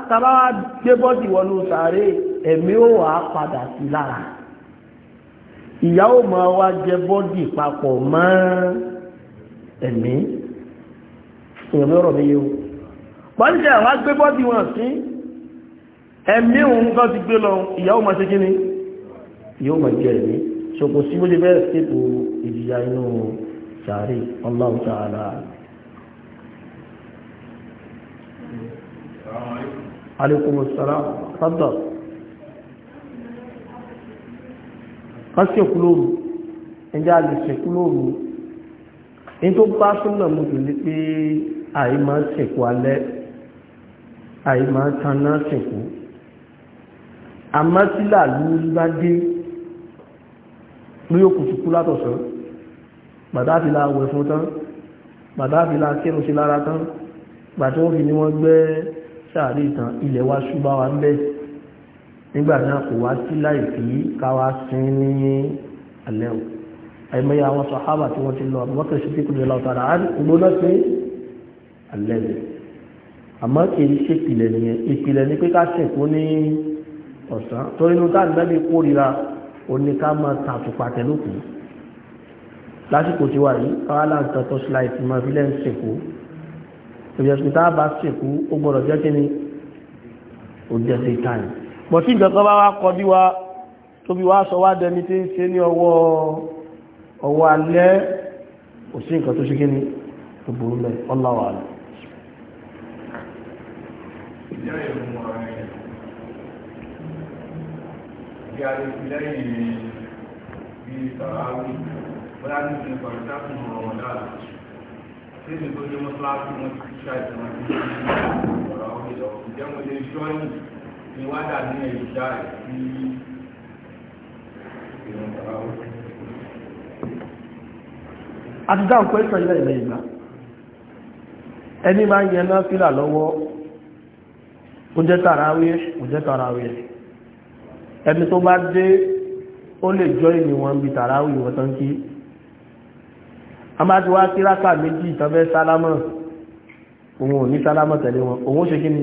tàbá wá gbé bọ́dì wọnú sàárè ẹ̀mí ó wà á padà sí lára ìyàwó máa wá jẹ bọ́dì papọ̀ mọ́ ẹ̀mí ìyàwó ọ̀rọ̀ mi yé o pọ́ńtẹ̀ wá gbé bọ́dì wọn sí ẹ̀mí òun bá ti gbé lọ ìyàwó máa ṣe kíní yóò máa jẹ ẹ̀mí ṣòkò sí bó ṣe bẹ́ẹ̀ sépò ìjìyà inú sàárè Allahu ta'ala. aleykum salaam fadda kásì òkúlóòrù ẹjẹ́ àlèṣe òkúlóòrù ní tó bá súnmọ̀ mú ní pé àìmá sìnkú alẹ́ àìmá taná sìnkú àmọ́ tí làlú orí bá dé lórí òkùnkùn látọ̀sán gbàdáfìlà wẹ̀ fún tán gbàdáfìlà kírun sí lára tán gbàtí wọ́n fi ní wọ́n gbẹ́ sáàrí ìtàn ilẹ̀ wa ṣúgbà wa ń bẹ nígbà náà kò wá sí láì fi káwa sin ní alẹ́ o àìmọye àwọn sàhábà tí wọ́n ti lọ àbúkọ́ sí pípọ̀ ìjọba ọ̀tàrà gbóná sí alẹ́ rẹ̀ àmọ́ kì í ṣèpìlẹ̀ nìyẹn ìpìlẹ̀ ni pé ká sìnkú ní ọ̀sán torí inú táà nígbàgbé kórìíra òní ká máa tàtùpà tẹ̀lókù lásìkò tí wà yìí káwá láǹtọ̀ tọ́síláìtì máa fi lẹ́yìn sèkú ìjọsìn tá a bá sèkú ó gbọ́dọ̀ jẹ́ kí ni ó jẹ́ sí táyì bọ̀ tí ìjọba bá wá kọjú wa tóbi wá sọ wá dẹni tí ń ṣe ní ọwọ́ ọwọ́ alẹ́ kò sí nǹkan tó ṣe kí ni tó burú lẹ̀ ọláwàá rẹ̀. ìyá ìrùn wa tí a lè fi lẹ́yìn bí sàráwì bóyá ní ìpínlẹ̀ pàtàkì fún ọmọdá tí èdè tó jẹ́ mọ́sálásí wọn ti ṣe àìsàn àti ọ̀rọ̀ àwọn ìlọ ìjẹ́ mo lè ṣọ́ yìí ni wá dà ní ẹ̀yìn ìjà rẹ̀ sí ìrìn sàráwì. àti dáhùn pé sọ ilé ìlẹ̀ ìgbà ẹni máa ń yẹn náà fílà lọ́wọ́ ó jẹ́ tàràwí ó jẹ́ tàràwí ẹni tó bá dé ó lè jọ ìní wọn bí tàràwì ìwọ̀n tán kí a máa ti wá tíráka méjì ìtànfẹ́ sálámọ̀ òun ò ní sálámọ̀ tẹ̀lé wọn òun ṣe kí ni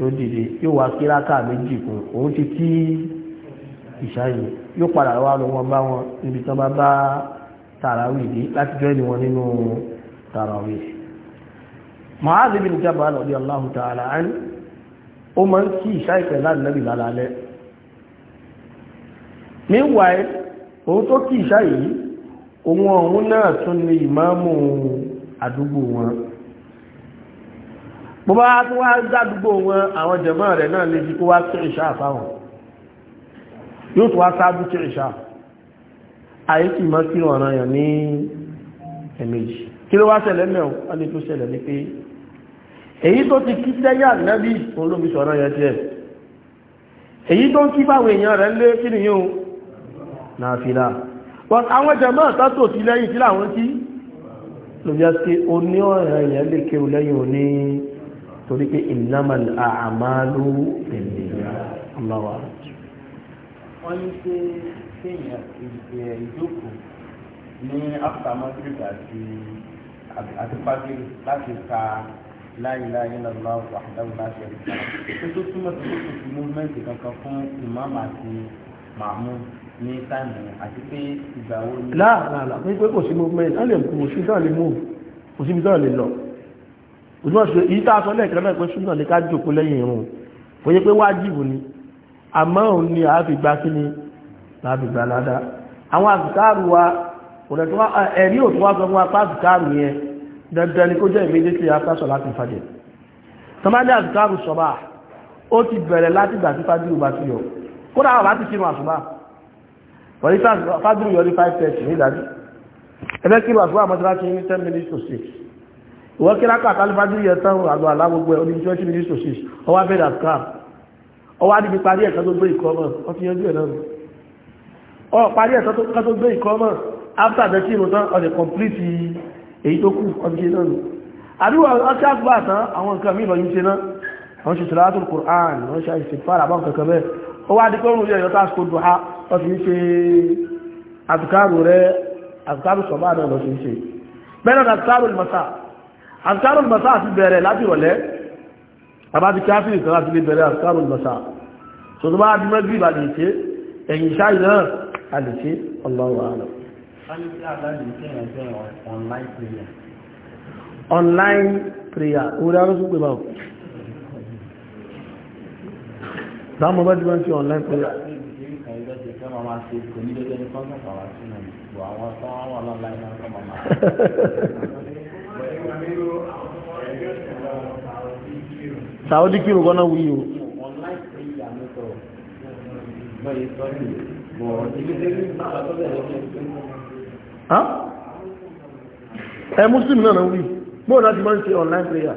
yóò dìde yóò wá tíráka méjì kún òun ti kí ìṣáyè yóò padà wá lọ wọn bá wọn níbi tán bá bá tàràwì dé láti jọ ìní wọn nínú tàràwì Mu'adh bin Jabal radiyallahu ta'ala anhu ó máa ń kí ìṣáyè pẹ̀lú àdínẹ́bì lálálẹ́ meanwhile òun tó kì í ṣáyìí òun ọ̀hún náà tún ni ìmáàmù àdúgbò wọn bó bá tó wá dádúgbò wọn àwọn jẹ̀mọ́ rẹ̀ náà lè fi kó wá kí ìṣá àfáwọn yóò tó wá sáájú kí ìṣá àyè kì í mọ́ kí ọ̀ràn yàn ní ẹ̀mejì kí ló wá ṣẹlẹ̀ mẹ́wọ̀n wọ́n tó ṣẹlẹ̀ ní pé èyí tó ti kí tẹ́yà nábì òun sọ̀rọ̀ yẹn tiẹ̀ èyí tó ń kí fáwọn èèyàn rẹ̀ lé kí nìyóò náàfílà but àwọn jẹmọ́ ìtàtò sí lẹ́yìn tí láwọn tí ló yá sí oní ọ̀rẹ́ yẹn lè kéwù lẹ́yìn oní torí pé innamal a'malu binniyat aláwà wọ́n ní pé kéèyàn ìjókòó ní after madrid àti àti fagiri láti ka láìláì lọ́lọ́ wàhálàwò láti ní táìmù àti pé ìgbà wo ni. láàlá pé pé kò sí movement á lè kò sí dáà lè move kò síbi dáà lè lọ òtún ọ̀sẹ̀ èyí tá a sọ lẹ́ẹ̀kan náà pé súnà ní ká jòkó lẹ́yìn irun kò yẹ pé wájìbù ni àmọ́ òun ni àá fi gba kí ni àá fi gba ládàá àwọn àbùkárù wa ọ̀nà tó wá ẹ̀rí òtún wá sọ fún wa pé àbùkárù yẹn dandan ni kó jẹ́ immediately after sọ̀lá ti fàjẹ̀ tọ́mádé àbùkárù sọ̀bà ó ti bẹ̀rẹ̀ láti gbà tí fájú ìgbà ti yọ kódà wà láti kírun àsùbá wọ́n ní fábírì yọ ní five thirty ní ìdájí ẹgbẹ́ kí wàásù àmọ́ tíra ní ten minutes to six ìwọ́n kí lákà àtàlù fábírì yẹ tán àlọ́ àlá gbogbo ẹ̀ oní minutes to six ọwọ́ abẹ́rẹ́ àtúkà ọwọ́ adìbí parí ẹ̀ka tó gbé ìkọ́ mọ́ ọ fi yanjú ẹ̀ náà ọ parí ẹ̀ka tó gbé ìkọ́ after the team tán ọ lè complete èyí tó kù ọ fi ṣe náà àdúrà ọtí àgbà tán àwọn nǹkan mí lọ́yún Qur'an wọ́n ṣe àìsè fara àbáwọn wọ́n fi ń ṣe àtùkárù rẹ̀ àtùkárù sọ̀bá náà lọ sí ṣe bẹ́ẹ̀ náà àtùkárù mọ̀sá àtùkárù mọ̀sá àti bẹ̀rẹ̀ láti rọ̀lẹ́ àbá ti káfí ìsọ́ láti lè bẹ̀rẹ̀ àtùkárù mọ̀sá tó tó bá dúmọ́ bí ìbàdì ṣe ẹ̀yìn ṣáì náà a lè ṣe ọlọ́wọ́ àlọ́ online prayer orí arọ́sùn online prayer tó máa máa ṣe kò ní lọ́jọ́ ní kọ́ńtàn kàwá sí náà gbogbo àwọn tó wá wà lọ́la iná tó máa máa. Saudi kiri gbọ́nà wuyi o. ẹ muslim náà náà wuyi bóun náà máa ń ṣe online prayer.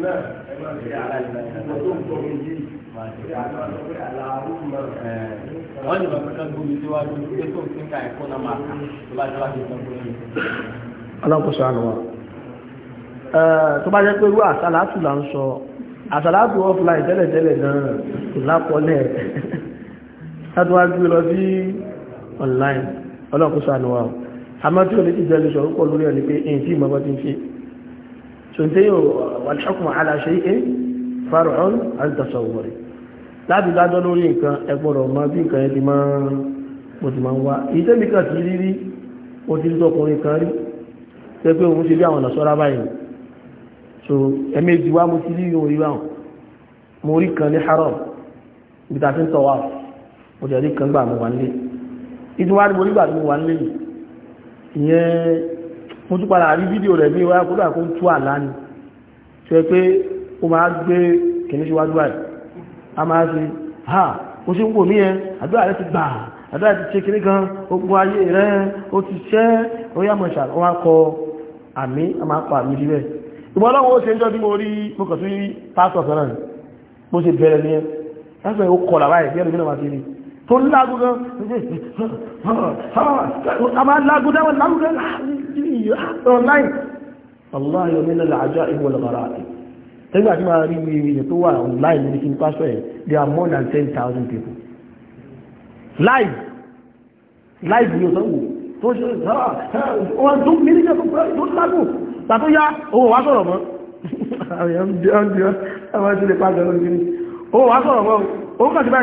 Yeah wọ́n ní bàbá kan gbóni síwájú pé tó ń ká ẹ̀kọ́ náà máa kà tó bá jẹ́ wá sí gbóni. alákòóso àná tó bá jẹ́ pé irú àsálàtù là ń sọ àsálàtù offline tẹ́lẹ̀tẹ́lẹ̀ náà kò lápọ̀lẹ̀ láti wá gbé lọ sí online ọlọ́kòóso àná àmọ́ tí o lè ti jẹ́ lè sọ̀rọ̀ pọ̀ lórí ẹ̀ ni pé èyí tí ìmọ̀ bá ti ń ṣe ṣùntẹ́ wàlṣọ́kùn aláṣẹ ike farahàn àtàṣọ̀wọ̀rẹ̀ láti dájọ́ lórí nǹkan ẹgbọ́rọ̀ ma bí nǹkan ẹni máa mo ti máa ń wá ìtẹ́mi kan ti rí rí o ti rí ọkùnrin kan rí pé pé òun ṣe bí àwọn ọ̀nàṣọ́ra báyìí so ẹ̀mẹ́jì wá mo ti rí òun ríra mo rí kan ní haram ibi tàbí ń tọ̀ mo jẹ̀ rí kan gbà mo wà nílé ìdúnwá ni mo rí mo wà nílé ìyẹn mo tún padà rí fídíò rẹ̀ ní ìwáyà kódà kó tú àlá ni tó yẹ pé ó máa gbé kìnní síwájú báyìí a máa ṣe ha ó ṣe ń wò mí ẹ àdúrà rẹ ti gbà àdúrà ti ṣe kìnní kan ogun ayé rẹ ó ti ṣẹ́ ó yá mọ̀ ṣàlọ́ wọn kọ àmì ni ẹ lásìkò tó ń lágúgán a máa lágúdá wọn lágúgán online allah yóò nílẹ̀ làájá ìwọ̀n lọ́gbàrá tẹ́gbà tí máa rí ìrìn tó wà online ní kíni pásọ̀ ẹ̀ there are more than ten thousand people live live ni o wò tó ṣe wọ́n tó mírí jẹ́ tó lágùn tàbí yá owó wá sọ̀rọ̀ mọ́ àwọn èèyàn ń bí ọ́n bí ọ́n àwọn ìṣẹ̀lẹ̀ pàdé lórí kíni owó wá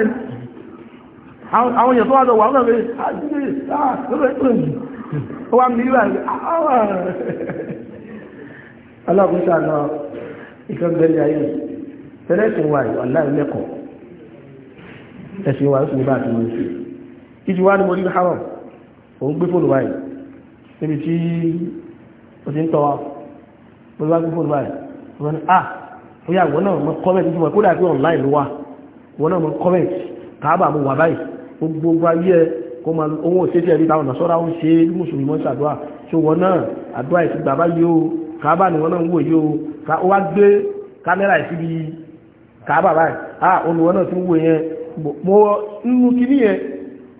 àwọn èèyàn tó wà lọ wà lọ́wọ́ rẹ̀ ah, ah, ó wà ní ìwà rẹ̀ aláàkúnṣà náà ìkẹ́gbẹ̀lẹ̀ ayé tẹ́lẹ̀sìn wà aláìlẹ́kọ̀ọ́ ẹ̀sìn wà ní bá ti wọ́n sí ìjú wá ní ah, mo rí haram òun gbé fóònù ah ó yà wọ́n náà mọ́ kọ́mẹ̀tì online wà wọ́n náà mọ́ kọ́mẹ̀tì kàábà báyìí gbogbo ayé ẹ kó máa owó òṣèṣẹ́ ẹ̀rí táwọn ọ̀nàṣọ́ra ń ṣe mùsùlùmí mọ́ ṣàdúrà ṣé wọn náà àdúrà ìsìn bàbá yìí o kàábà ni wọn náà ń wò yìí o wá gbé kámẹ́rà ìsíbi kàábà báyìí a olùwọ́n náà ti ń wò yẹn mo nínú kíní yẹn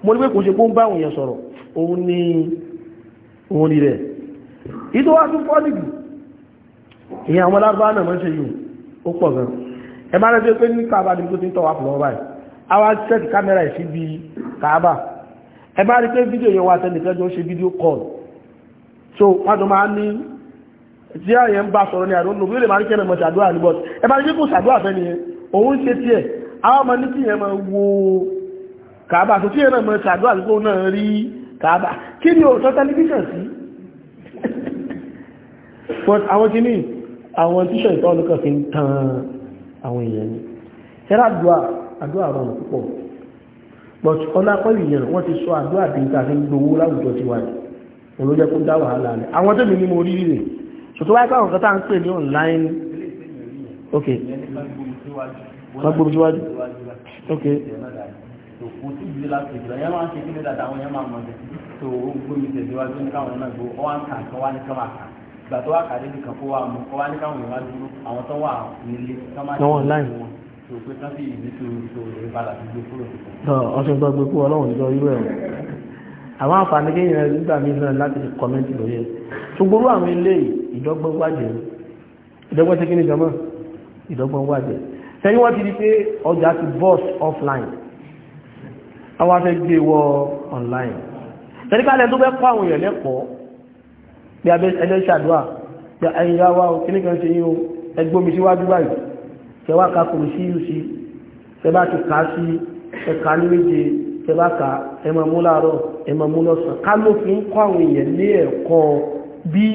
mo ní pé kò ṣe kó ń bá òun yẹn sọ̀rọ̀ òun ni òun ni rẹ̀ ìtò wá tún fọ́ nìgbì ìyẹn àwọn lárúbáwá náà mọ́ ṣe yìí ó pọ̀ gan ẹ bá rẹ́ pé ní àwa sẹ́ẹ̀tì kámẹ́rà ẹ̀ síbi kàábà ẹ bá rí pé fídíò yẹn wà tẹ́nìkan jọ ṣe fídíò call so wọ́n tó máa ní tí àyẹ̀ ń bá sọ̀rọ̀ ní àdúgbò bí ó lè máa rí kẹ́nà mọ̀ ṣàdúrà ní bọ́t ẹ bá rí pé kò ṣàdúrà fẹ́ nìyẹn òun ṣe tiẹ̀ àwọn ọmọ ní kí yẹn máa wo kàábà tó tí yẹn náà mọ̀ ṣàdúrà tó náà rí kàábà kí ni òótọ́ tẹlifíṣàn sí but àwọn kìíní àwọn tíṣọ̀ ìtọ́ ọlọ́kọ̀ fi ń tan àwọn èèyàn ni ṣẹ́ràdùà àdúrà rọrùn púpọ̀ but ọlápọ̀ ìyẹn wọ́n ti sọ àdúrà bí n tàbí gbowó láwùjọ ti wà ní olójẹ kó dá wàhálà rẹ̀ àwọn tó mi ní mo rí rẹ̀ ṣòtò wáyé káwọn kan tá ń pè ní online ok kan gbogbo síwájú ok kò sí ìdílé láti ìdílé yẹn máa ń ṣe kí ní dàda àwọn yẹn máa mọ̀ jẹ́ tó o ń gbómi tẹ̀síwájú ní káwọn yẹn náà gbó ọ wá ń kà kọ́ wá ní káwọn àkà gbà tó wá kà débi kan kó wá mú kọ́ wá ní káwọn yẹn ọ̀sẹ̀ gbọ́ gbé kú ọlọ́run níjọ irú ẹ̀rọ àwọn àǹfààní kéèyàn nígbà mìíràn láti fi kọ́mẹ́ntì lórí ẹ̀ ṣùgbọ́n àwọn ilé ìdọ́gbọ́n wájẹ̀ ìdọ́gbọ́n ṣe kí ni jọmọ́ ìdọ́gbọ́n wájẹ̀ sẹ́yìn wọ́n ti di pé ọjà ti bọ́s offline àwọn afẹ́ gbé wọ online sẹ́yìn kálẹ̀ tó fẹ́ kọ́ àwọn èèyàn lẹ́kọ̀ọ́ bí abẹ́ ẹlẹ́ṣàdúrà bí ẹ̀yìn yá wá kíníkan ṣe yín o ẹgbómi síwájú báyìí kẹwàá ká kùrù sí yìí sí tẹbá ti ká sí ẹ̀ka ní méje tẹbá ká ẹmọ mú láàárọ̀ ẹmọ mú lọ́sàn ká ló fi ń kọ́ àwọn èèyàn ní ẹ̀kọ́ bí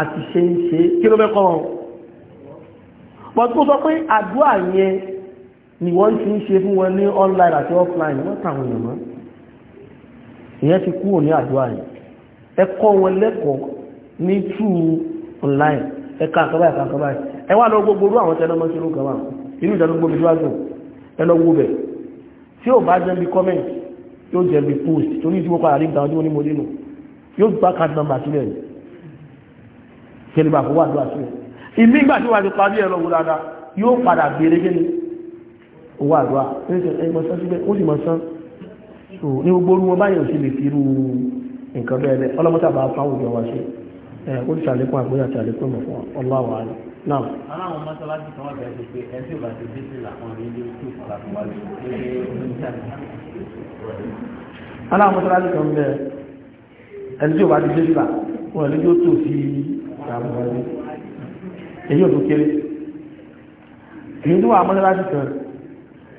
a ti ṣe ń ṣe kí ló fẹ́ wọn. bọ́n tó sọ pé àdúrà yẹn ni wọ́n ti ń ṣe fún wọn ní online àti offline wọ́n tàwọn èèyàn mọ́ ìyẹn ti kúrò ní àdúrà yẹn ẹ̀kọ́ wọn lẹ́kọ̀ọ́ ní true online ẹka àkọ́bá ẹ̀ka àkọ́bá ẹ̀ ẹ wá lọ gbogbo orú àwọn tẹ́lọ́mọ́ sí orúkọ wọn inú ìdájọ́ gbogbo ìjọ àjò ẹlọ́wọ́ bẹ̀ tí ó bá jẹ́bi comment yóò jẹ́bi post torí ìdíwọ́ padà rí ìdájọ́ ní mo nínú yóò gbá card number sílẹ̀ kẹlẹ́bà fún wàdúrà sílẹ̀ ìmí ìgbà tí wà ti parí ẹ̀rọ wò dáadáa yóò padà béèrè gẹ́ni owó àdúrà ẹgbẹ́ sán síbẹ̀ ó sì mọ̀ sán ní gbogbo orú wọn báyìí ò sí lè fi irú nǹkan bẹ́ẹ̀ lẹ́ ọlọ́mọ́tàbà fáwọn òjò wa ṣe ó ti sàlékún àgbóyà àti àlékún ìmọ̀ fún ọláwà rẹ̀ náà. aláwọn mọ́sálásí kan wà bẹ́ẹ̀ pé ẹtí ò bá ti dé sí làwọn ilé tó fara fún wa lè ṣe aláwọn mọ́sálásí kan bẹ́ẹ̀ ẹni tí ò bá ti dé sí là wọn ẹni tí ó tò sí àwọn ọmọdé èyí ò tó kéré èyí tó wà mọ́sálásí kan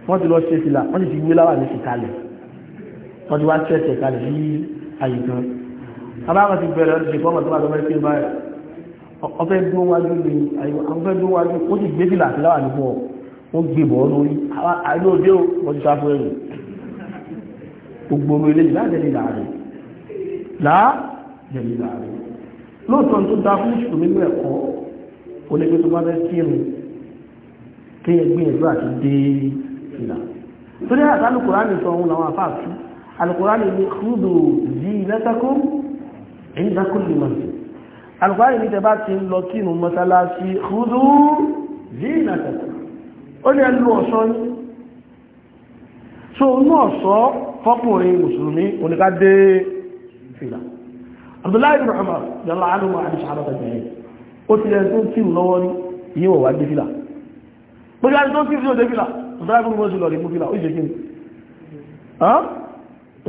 wọ́n ti lọ ṣe sí là wọ́n sì ti gbé láwà ní sí wọ́n ti wá ṣẹ̀ṣẹ̀ kalẹ̀ ní àyè kan abáwọn ti bẹ̀rẹ̀ ọdún ṣèkọ́ ọmọdé wájú mẹ́rin báyìí ọfẹ́ dún wájú ni ọfẹ́ dún wájú ó sì gbé fìlà síláwà nípò ó gbé bọ̀ ọ́ lórí àìlú òde ò wọ́n ti sáfẹ́ rẹ̀ gbogbo ilé ìlàjẹ̀lì láàrin láàjẹ̀lì láàrin lóòtọ́ tó dá fún ìṣòro nínú ẹ̀kọ́ onígbé tó bá fẹ́ kírun kí ẹgbìyànjú àti inda kulli masjid alùpàá ní tẹ́bá ti ń lọ kínú mọ́sálásí húdú zinatakum ó ní ẹlú ọ̀ṣọ́ ní so inú ọ̀ṣọ́ fọ́kùnrin mùsùlùmí oníkádé fìlà abdullahi ibn umar yàrá alùmọ̀ àdìsá alábàjẹ́ ó ti lẹ́yìn tó kírù lọ́wọ́ ní iye wọ̀wá dé fìlà mo ti lẹ́yìn tó kírù lọ́wọ́ dé fìlà abdullahi ibn umar sì lọ rí mú fìlà ó sì ṣe kí ni ó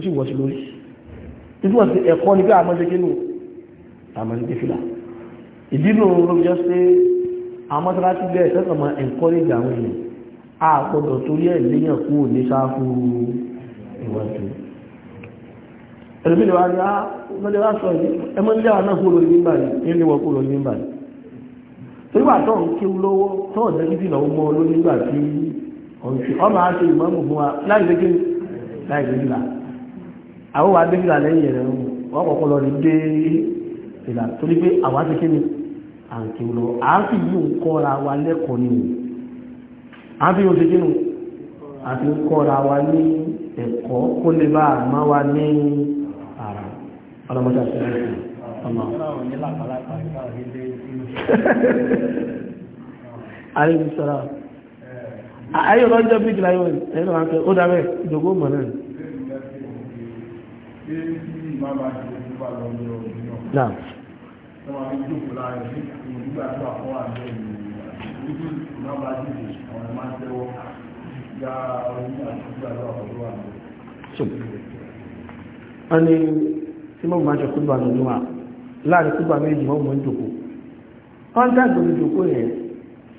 sì wọ̀ sí lórí ìdúwọ̀ sí ẹ̀kọ́ ní pé ah, àmọ́jẹ́gínú àmọ́jẹ́gínú ìdínú olóòjọ́ sí àmọ́tàlátí bẹ́ẹ̀ sẹ́kọ̀mọ́ encourage àwọn èèyàn àpọ̀dọ̀ torí ẹ̀ léyàn kú ní sáfú ìwọ̀jú ẹ̀lẹ́mìnira ni a mọ́lẹ́ wá sọ ẹmọ́ ilé àwọn náà kúrò ní báyìí ilé wọ kúrò ní báyìí torí wà tó ń kéwú lọ́wọ́ tó ọ̀dẹ́ títí lọ́wọ́ mọ́ lónígbà tí ọ̀rùn ọmọ àti ìmọ̀ mọ̀ fún wa láì àwọn wa gbé fìlà lẹ́yìn rẹ̀ wọ́n kọ̀kọ́ lọ rí dé fìlà torí pé àwa ti kí ni à ń kéwù lọ à ń fi yíò kọ́ra wa lẹ́kọ̀ọ́ ni à ń fi yíò ṣe kí ni à fi kọ́ra wa ní ẹ̀kọ́ kó lè bá àmá wa ní ara ọlọ́mọdé àti ẹ̀kọ́ ọmọ. ayélujára ayélujára jẹ́ bí kìláyọ̀ ẹ̀rọ àǹkẹ́ ó dábẹ́ ìdògbò mọ̀ náà pé kí ìmá bá ti lè nípa lọ ní ọdún náà. wọ́n máa fi jókòó láàrin ní ìwọ̀n nígbà tó àkọ́ àjọ ìlú nígbà ìmá bá ti lè àwọn ẹ̀ máa tẹ́wọ́ ya orí àtúgbà tó àkọ́jọ́ wà lọ. wọ́n ní tí mo máa jọ kúrò àná níwà láàrin kúrò méjì wọ́n mọ̀ ń jókòó. wọ́n dàgbò ní jókòó yẹn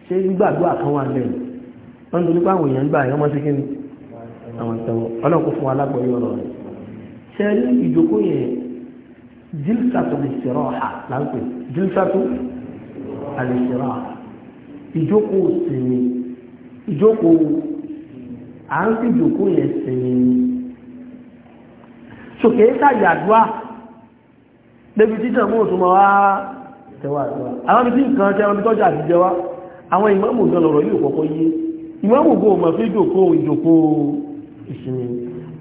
ṣé gbàdúrà kan wà lẹ́yìn wọ́n ń dojú pé àwọn èèyàn gbà yẹn wọ́n ti kí ni àwọn ìtẹ̀wọ̀ ọlọ́run kò fún wa lágbọ̀ọ́yọ̀ ọ̀rọ̀ rẹ̀. sẹ́rí ìjókòó yẹn jílsàtò al-istiraha láńpẹ́ jílsàtò al-istiraha ìjókòó sinmi ìjókòó si ń fi ìjókòó yẹn sinmi sòkè ṣàyàdúà débi títà mú òtúmọ̀ wá tẹwà àdúà àwọn ibi tí nǹkan tẹ́ ọmọ tọ́jà àti jẹwa àwọn ìmáàmù gan lọ̀rọ̀ yóò kọ́kọ́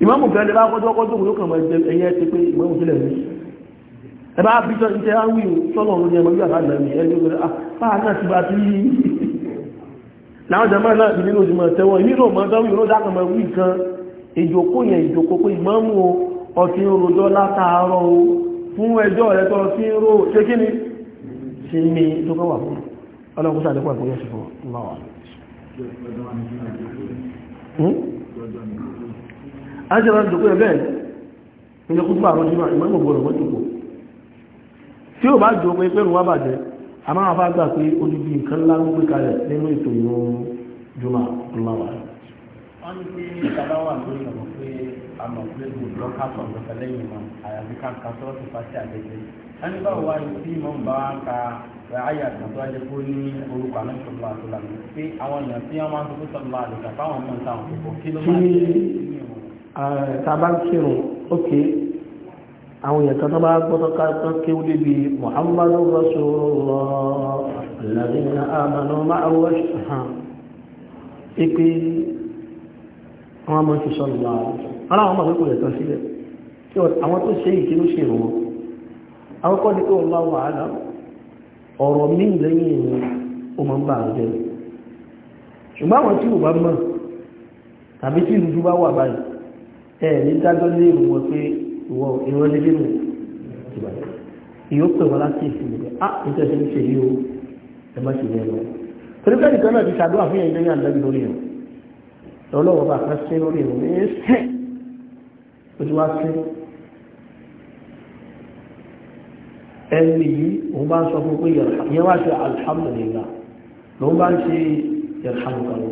ìmọ̀mù kan lẹ́bàá kọjọ́ kọjọ́ òun ló kàn mọ́ ẹyẹ ti pé ìmọ̀mù sílẹ̀ ní ẹbá bíjọ ìtẹ́ àwí sọ́lọ̀ òun ni ẹmọ yóò àbá ìlànà ẹni ó gbẹ̀rẹ̀ apá náà ti bá ti láwọn jẹ́mọ́ náà ti nínú ìmọ̀ tẹ́wọ̀n nínú ọmọ tọ́wọ́ ìró dákọ̀ mọ́ wí kan ìjòkó yẹn ìjòkó pé ìmọ̀mù ọtí ń rojọ́ látàárọ̀ o fún ẹjọ́ rẹ tó ti ń ro ṣé kí ni ṣe mi ajẹ́rọ ìjòkó ẹ̀bẹ́ ilẹ̀ kúrò àwọn jíma ìmọ̀ gbọ́rọ̀ wọ́n jùkó tí ó bá jò pé pẹ́rù wá bàjẹ́ a máa fà gbà pé odidi nǹkan ńlá ń gbé kalẹ̀ nínú ètò ìlú jùmọ̀ ọláwà ẹni bá wà ní tí mọ̀ ń bá ń ka ráyà tàbí wájú kó ní orúkọ àná ìṣòro àtúlà pé àwọn èèyàn tí wọ́n máa ń sọ pé sọ̀rọ̀ àdùkà fáwọn ọmọ ìta àwọn Ah, tàbá ń kírun ókè àwọn èèyàn tó bá gbọ́tọ̀ káàkiri kí ó muhammadu rasulullah alladhina amanu ma'ahu ṣùgbọ́n pípé ọmọ ti sọ̀rọ̀ ara àwọn ọmọ tó sílẹ̀ tí àwọn tó ṣe ìkínú ṣe wọn ní pé wọ́n bá ọ̀rọ̀ mí ẹ ní dájọ́ lé ìwọ̀n wọn pé ìwọ ìwọ́n lé lẹ́nu ìbàdàn ìyó wọn láti ah níta ṣe ń ṣe yìí o ẹ má ṣe yẹn lọ torí pé nìkan náà ti ṣàdó àfihàn ìdẹ́yìn àdájú lórí ẹ̀ lọ́lọ́wọ́ bá kan ṣe lórí ẹ̀ ẹni yìí òun bá ń sọ fún pé yẹn ṣe alhamdulillah lòun bá ń ṣe yẹn hàmùkàlù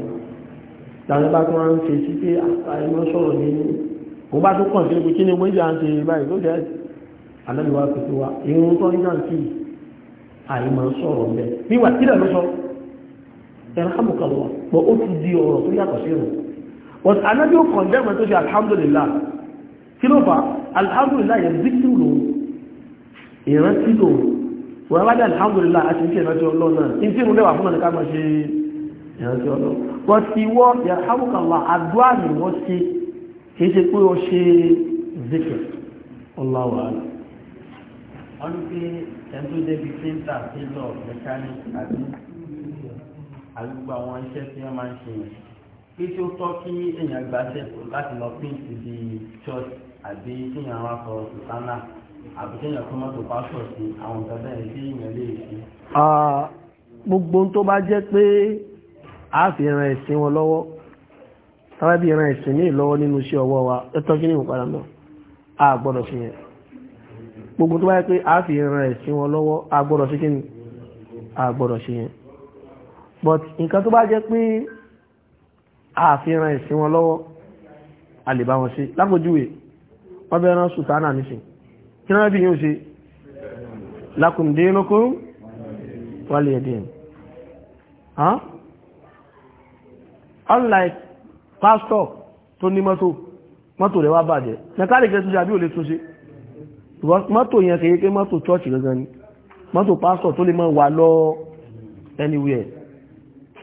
láti bá tó wá ń ṣe sí pé àìmọ́ ah, sọ̀rọ̀ nínú ó bá tún kàn sí ibi kí ni wọ́n yà ń ṣe báyìí ló jẹ́ anábìwá pèsè wa irun tó ń yàn sí àìmọ̀ sọ̀rọ̀ mẹ́ níwà tílẹ̀ ló sọ ẹ̀rọ hàmùkàlù wa pọ̀ ó ti di ọ̀rọ̀ tó yàtọ̀ sí irun but anábì ó kàn dẹ́gbẹ̀ẹ́ tó ṣe alhamdulillah kí ló fà alhamdulillah yẹn zikí lò ìrántí lò wọ́n bá dé alhamdulillah àti ní ìrántí ọlọ́run náà ní tí irun lẹ́wà fún ọ̀nà ká kìí ṣe pé ó ṣe zikr Allahu a'lam. wọ́n ní pé ẹni tó débi pínta tailor mechanic àti àgbègbè àwọn iṣẹ́ tí wọ́n máa ń ṣe yẹn kí tí ó tọ́ kí èèyàn gbàṣẹ láti lọ pínt di church àbí kí èèyàn wá sọ sùtánà àbí kí èèyàn tó mọ́tò pásọ̀ sí àwọn nǹkan bẹ́ẹ̀ kí èèyàn lè ṣe. Ah, gbogbo tó bá jẹ́ pé a fi ran ẹ̀sìn wọn lọ́wọ́ tàbí ìran ìsìn ní ìlọ́wọ́ nínú iṣẹ́ ọwọ́ wa ẹ̀tọ́ ní ìpàdà náà a gbọ́dọ̀ sí yẹn gbogbo tó bá yẹ pé a fi ìran ìsìn wọn lọ́wọ́ a gbọ́dọ̀ sí kí ní sí yẹn but nǹkan tó bá jẹ́ pé a fi ìran ìsìn wọn lọ́wọ́ a lè bá wọn ṣe lápòjúwe wọ́n fẹ́ rán sùtánà nísìn kí wọ́n fi yóò ṣe lákùndínlókún wálé ẹ̀dín unlike pásítọ̀ tó ní mọ́tò mọ́tò rẹ̀ wá bàjẹ́ mẹkáníkì tó jàbí ò lè túnṣe mọ́tò yẹn kìí pé mọ́tò Church gangan ni mọ́tò Pastor, tó lè mọ́ wà lọ anywhere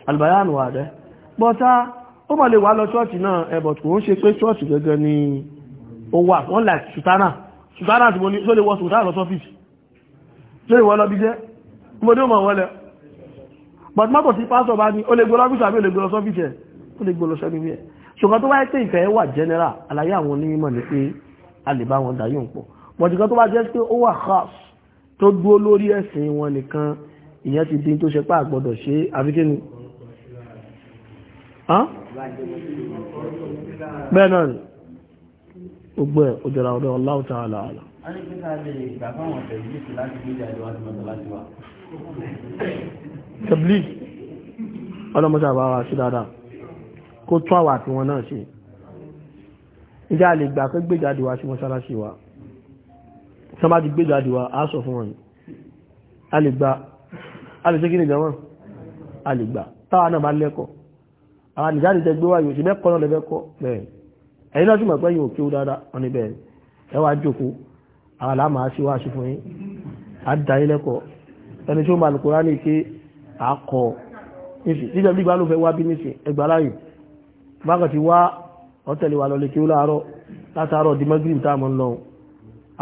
albayanu àdẹ́ bọ́tá ah, ó mọ̀ lè wà lọ chọ́ọ̀chì náà ẹ̀bọ̀ eh, tó ń ṣe pé chọ́ọ̀chì gangan ni ó wà wọ́n là sùtánà sùtánà tí mo ní tó lè wọ sùtánà lọ sọ́fíìsì tó lè wọ́ lọ bíjẹ́ mo dé mọ̀ wọlẹ̀ but mọ́tò tí pastor, bá ní ó lè gbọ́ lọ́fíìsì àbí ó lè gbọ́ ó lè gbọ́lọ sẹ́nu wíẹ̀ ṣùgbọ́n tó wáyé pé ìfẹ́ wà general àlàyé àwọn onímọ̀ ní pé a lè bá wọn dàyò ń pọ̀ mọ̀jùkan tó bá jẹ́ pé ó wà khas tó dúó lórí ẹ̀sìn wọn nìkan ìyẹn ti dín tó ṣe pá àgbọ́dọ̀ ṣe àfikínu bẹ́ẹ̀ náà ni sí dáadáa kó tún àwa àti wọn náà ṣe ìjà lè gbà pé gbéjáde wa sí mọ́ṣáláṣí wa tí wọ́n bá ti gbéjáde wa á fún wọn a lè gbà a lè ṣe kí ni jẹ́wọ́n a lè gbà táwa náà bá lẹ́kọ̀ọ́ àwọn àlìjáde tẹ gbé wáyé ni bẹ́ẹ̀ ẹ wá jókòó àwọn àlàmà á ṣe wá sí fún yín á da yín lẹ́kọ̀ọ́ ẹni tí ó máa lùkọ́ rá ní ike àkọ́ níṣẹ́ níjọba ìgbà ló fẹ́ wá bí níṣẹ́ ẹgbàá láyè bákan ti wá ọ̀tẹ̀lẹ̀ wa lọlé kíú láàárọ̀ látàárọ̀ di mọ́gírìm tá a mọ̀ ń lọ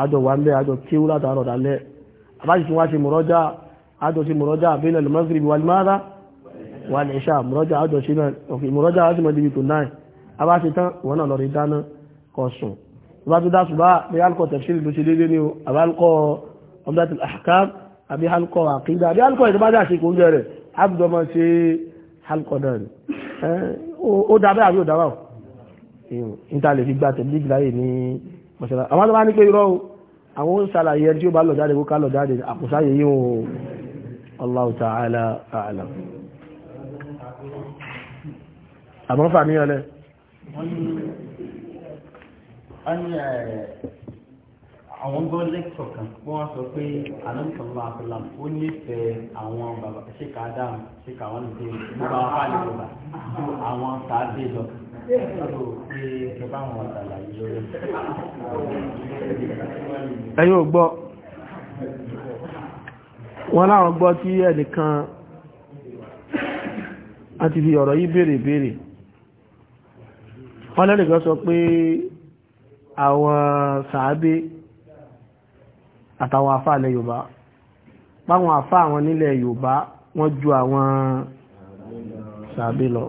àjọ wà ń bẹ́ àjọ kíú látàárọ̀ dálẹ́ àbájì tí wá ṣe mọ̀rọ́jà àjọ ṣe mọ̀rọ́jà bẹ́ẹ̀ lọ mọ́gírìm wà lmáàdá wà ní ìṣà mọ̀rọ́jà àjọ ṣe náà òfin mọ̀rọ́jà láti mọ̀ débi tó náà àbá ṣe tán wọn náà lọ rí ó dábẹ́ àbí ò dábà ò níta lè fi gba tẹ̀lé láyé ní mọ̀ṣálá àwọn tó bá ní pé irọ́ o àwọn ó ṣàlàyé ẹni tí ó bá lọ jáde kó ká lọ jáde àkùsáyé àwọn gbọ́n lẹ́kítọ̀ kan wọ́n sọ pé alonso asalam ó nífẹ̀ẹ́ àwọn bàbá ṣèkà adam ṣèkà wọn lè dé bàbá wọn fà lè bàbá àwọn tàbí lọ lọ pé ẹ bá wọn ṣàlàyé lórí. ẹ̀yin ò gbọ́ wọn láwọn gbọ́ tí ẹnìkan a ti fi ọ̀rọ̀ yìí béèrè béèrè wọn lẹ́nìkan sọ pé àwọn sàábé àtàwọn afá ilẹ̀ yorùbá báwọn afá àwọn nílẹ̀ yorùbá wọ́n ju àwọn sàbí lọ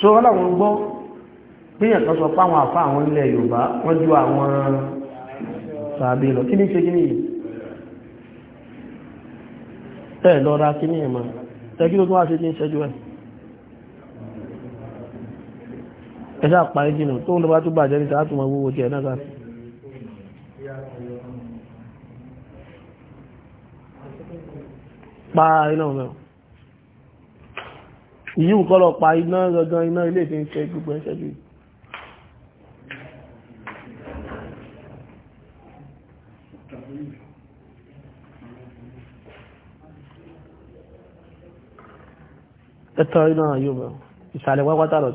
so wọ́n láwọn gbọ́ pínyàn tó sọ páwọn àfá àwọn ilẹ̀ yorùbá wọ́n ju àwọn sàbí lọ kí ní ṣe kí ní yìí ẹ̀ lọ́ra kí ní ẹ̀mọ́ tẹ́kí tó tó wá sí ní ìṣẹ́jú ẹ̀ ẹ̀ṣà parí jìnà tó ń lọ bá tó bàjẹ́ níta látùmọ̀ owó ti ẹ̀ náà sáà pa iná mẹ́rin ìyí ń kọ́lọ̀ pa iná gangan iná ilé ìfẹ́ ìṣẹ́ gbogbo ẹ̀ṣẹ́ jù ẹ̀tọ́ iná yóò mẹ́rin ìsàlẹ̀ wápátá lọ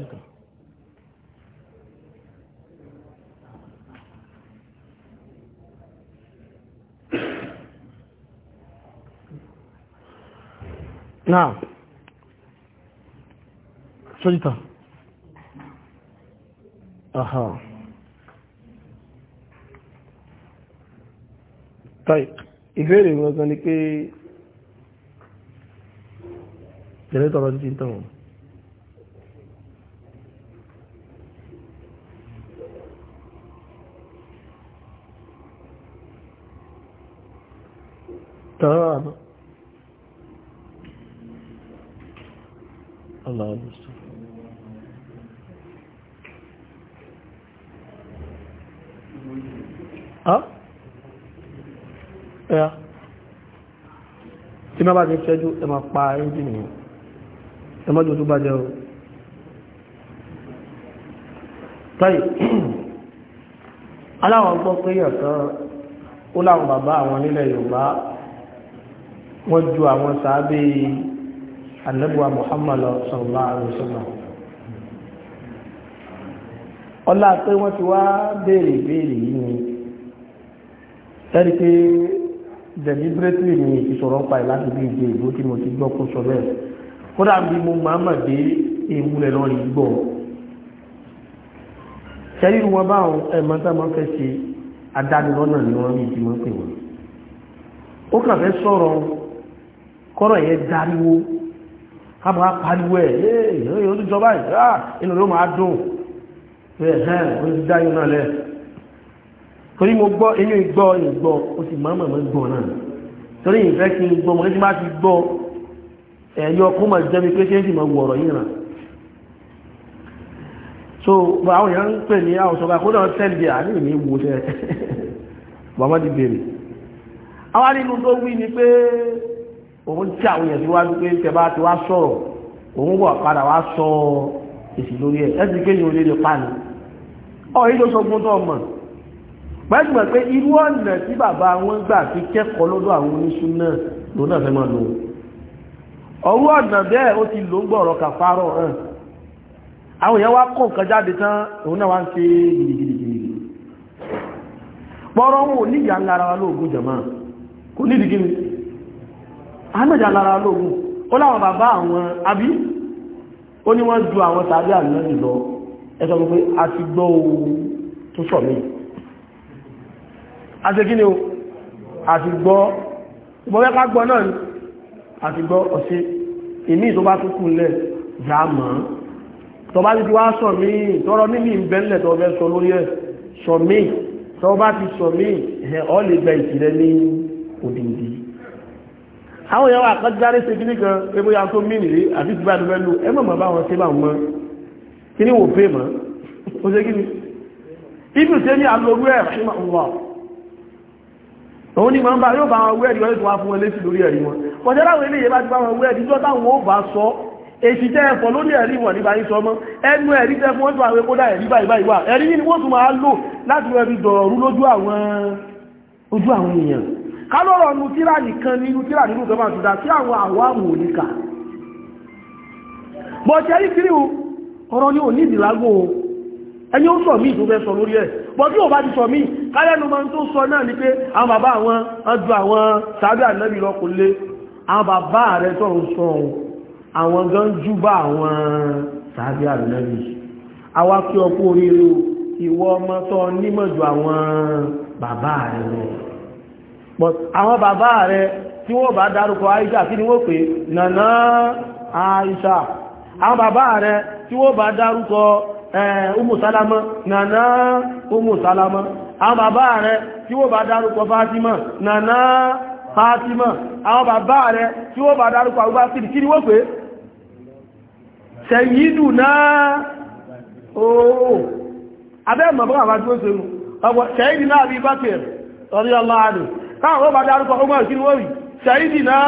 náà sójítà aha tai ìbéèrè gbogbo ni pé jẹ́lẹ́ tọrọ títí ń tọrọ àbọ̀ Allah olsun. Ha? Ẹ̀yà. Tí máa bá ti ṣẹ́jú, ẹ máa pa ẹ́ńjìnì yìí. Ẹ mọ́jú tó bá jẹ́ o. Tọ́yì, aláwọn gbọ́ pé ọ̀kan ó láwọn bàbá àwọn nílẹ̀ Yorùbá, wọ́n ju àwọn sàábé anabuwa muhammad sallallahu alaihi wasallam ọlá pé wọ́n ti wá béèrè béèrè yìí ni ẹ̀rí pé deliberately ni ìṣòro ń pa ẹ̀ láti bí ìdè ìlú tí mo ti gbọ́ kó sọ bẹ́ẹ̀ kódà bí mo máa mà dé ewu rẹ̀ lọ́rí gbọ́ sẹ́yìn ni wọ́n bá àwọn ẹ̀mọ́ tá máa fẹ́ ṣe adánilọ́nà ni wọ́n rí ìdímọ́ pè wọ́n ó kàn fẹ́ sọ̀rọ̀ kọ́rọ̀ yẹn dáríwó ká máa pariwo ẹ̀ yẹ́ olùjọba ìyá inú ló máa dùn ẹ̀hẹ́n olùdáyé náà lẹ́ torí mo gbọ́ inú ìgbọ́ ìgbọ́ ó sì máa mọ̀ gbọ́ náà torí ìfẹ́ kí n gbọ́ mọ̀ ní ti máa ti gbọ́ ẹ̀yọ kó máa jẹ́ mi pé ṣé ń sì máa wù ọ̀rọ̀ yìí ràn so àwọn èèyàn ń pè ní àwọn sọ̀rọ̀ àkódà tẹ́lẹ̀ àní ìní wo ṣe bàbá ti bèrè àwọn nínú tó wí ni pé òun tí àwọn èèyàn síwájú pé tẹ bá ti wá sọ̀rọ̀ òun wọ̀ padà wá sọ èsì lórí ẹ̀ ẹ́ ti ké ní olè lè pa ni ọ̀ yìí ló sọ fún tó ọmọ pẹ́sùmọ̀ pé irú ọ̀nà tí bàbá wọn gbà fi kẹ́kọ̀ọ́ lọ́dọ̀ àwọn oníṣun náà lòun náà fẹ́ máa lò ọ̀rú ọ̀nà bẹ́ẹ̀ ó ti lò ń gbọ́ kàfárọ̀ hàn àwọn èèyàn wá kó nǹkan jáde tán òun náà wá ń ṣe gidigidigidi pọ́rọ́ wọn ò ní ìyá ńlára wa lóògùn jẹ̀mọ́ kò ní ìdígí ahmed alára lóògùn ó láwọn bàbá àwọn abí ó ní wọ́n ju àwọn tàbí àmì lọ ẹ̀sọ́ pé a ti gbọ́ ohun tó sọ mí a ṣe kí ni o a ti gbọ́ ìbọ̀wẹ́ ká gbọ́ náà ni a ti gbọ́ ọ̀sẹ̀ èmi tó bá kúkú lẹ̀ já mọ́ àwọn èèyàn wà kan járe ṣe kí nìkan pé bóyá tó mí nìyí àti ti bá ti fẹ́ lù ẹ mọ̀mọ́ bá wọn ṣe bá wọn kí ni wò pé mọ́ ó ṣe kí ni ibi ṣe ní alórú ẹ̀ ṣe máa ń wà òun ni wọ́n bá yóò bá wọn wẹ́ẹ̀dì wọ́n tó wá fún wọn létí lórí ẹ̀rí wọn kọjá láwọn eléyìí bá ti bá wọn wẹ́ẹ̀dì tó táwọn ó bá sọ èsì tẹ́ ẹ̀fọ́ lórí ẹ̀rí wọn nígbà yín sọ mọ́ ẹnu ẹ̀rí tẹ́ fún wọn tó àwọn epo dá kálọ́rọ̀ nutíra nìkan ní nutíra nínú tó máa ti dá sí àwọn àwámù oníkà bọ̀tí ẹ̀rí kiri ọ̀rọ̀ ni ò ní ìdìlágbò ẹni ó sọ mí tó fẹ́ sọ lórí ẹ̀ bọ̀tí ò bá ti sọ mí kálẹ́nu ma ń tó sọ náà ni pé àwọn bàbá àwọn ọjọ́ àwọn sàábẹ́ ànábì lọ́kùn lé àwọn bàbá rẹ̀ sọ̀rọ̀ sọ àwọn gan júbà àwọn sàábẹ́ ànábì àwa kí ọkú oríire ìwọ ọmọ tọ́ nímọ̀ ju àwọn bàbá rẹ̀ lọ but àwọn bàbá rẹ̀ tí wọ́n bá dárúkọ Aisha kí ni wọ́n pè Aisha àwọn bàbá rẹ̀ tí wọ́n bá dárúkọ eh, Salama nànà Umu Salama àwọn bàbá rẹ̀ tí wọ́n bá dárúkọ nànà àwọn bàbá rẹ̀ tí wọ́n bá dárúkọ Abubakar kí ni ooo oh. táwọn ọba dárúkọ ọmọ ìkí ni wọ́n rí ṣàídì náà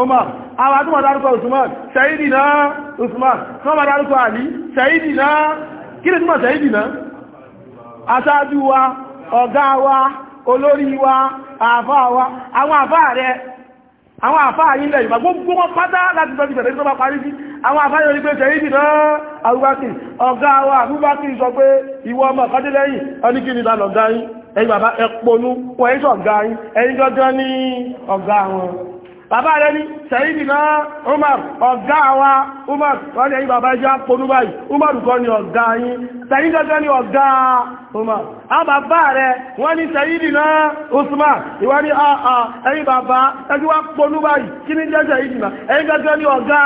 ọmọ àwọn àtúmọ̀ dárúkọ Usman ṣàídì náà Usman wọ́n bá dárúkọ Àlí ṣàídì náà kí ni túnmọ̀ ṣàídì náà aṣáájú wa ọ̀gá wa olórí wa àfá wa àwọn àfá rẹ̀ àwọn àfá yìí lẹ̀ ìgbà gbogbo wọn pátá láti tọ́jú bẹ̀rẹ̀ tó bá parí sí àwọn àfá yìí pé ṣàídì náà Abubakar ọ̀gá wa ẹ̀yìn bàbá ẹ̀pọ̀lú wọ́n ẹ́sọ̀ ọ̀gá yìí ẹ̀yìn gọ́gán ní ọ̀gá wọn bàbá rẹ̀ ní sẹ́yìnìná Umar ọ̀gá wa Umar wọ́n ní ẹ̀yìn bàbá ẹjọ́ pọ̀lú báyìí Umar kọ́ ni ọ̀gá yìí sẹ́yìn gọ́gán ní ọ̀gá Umar a ah, bàbá rẹ̀ wọ́n ní Sayyidina Usman ìwọ́n ní àà ah, ah, ẹ̀yìn bàbá ẹjú wá pọ̀lú báyìí kí ní jẹ́ Sayyidina ẹ̀yìn gẹ́gẹ́ ní ọ̀gá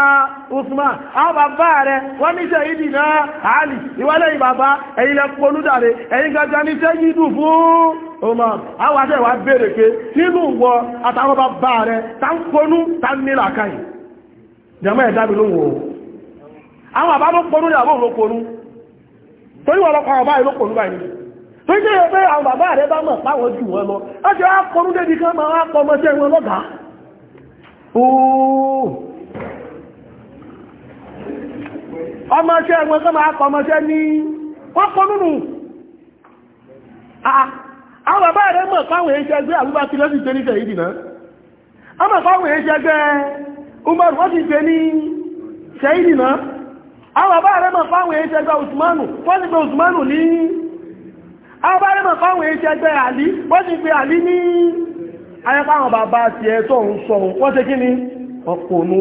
Usman a bàbá rẹ̀ wọ́n ní Sayyidina Ali bàbá ẹ̀yìn pọ̀lú dàrẹ ẹ̀yìn gẹ́gẹ́ ní fún Umar pé nínú wọ àtàwọn bàbá rẹ̀ tá ń pọnú tá ń nílà jẹ́mọ́ ẹ̀dá mi ló àwọn torí wọn ọba ìlú pọ̀lú báyìí tó ń jẹ́ pé àwọn bàbá rẹ̀ bá mọ̀ páwọn jù wọn lọ a ti wá kọrún débi kan máa wá pọ̀ mọ́sẹ́ wọn lọ́gàá ọmọṣẹ́ wọn kan máa pọ̀ mọ́sẹ́ ní wọ́n kọ nínú àwọn bàbá rẹ̀ mọ̀ páwọn Umar àwọn bàbá rẹ̀ mọ̀ fáwọn èyí tẹgbẹ́ Usmanu wọ́n ti pé Usmanu ní àwọn bàbá rẹ̀ mọ̀ fáwọn èyí tẹgbẹ́ Àlí wọ́n ti pé Àlí ní ayẹ́páwọn bàbá ti ẹ̀tọ́ ń sọ wọ́n ti kí ni ọkùnú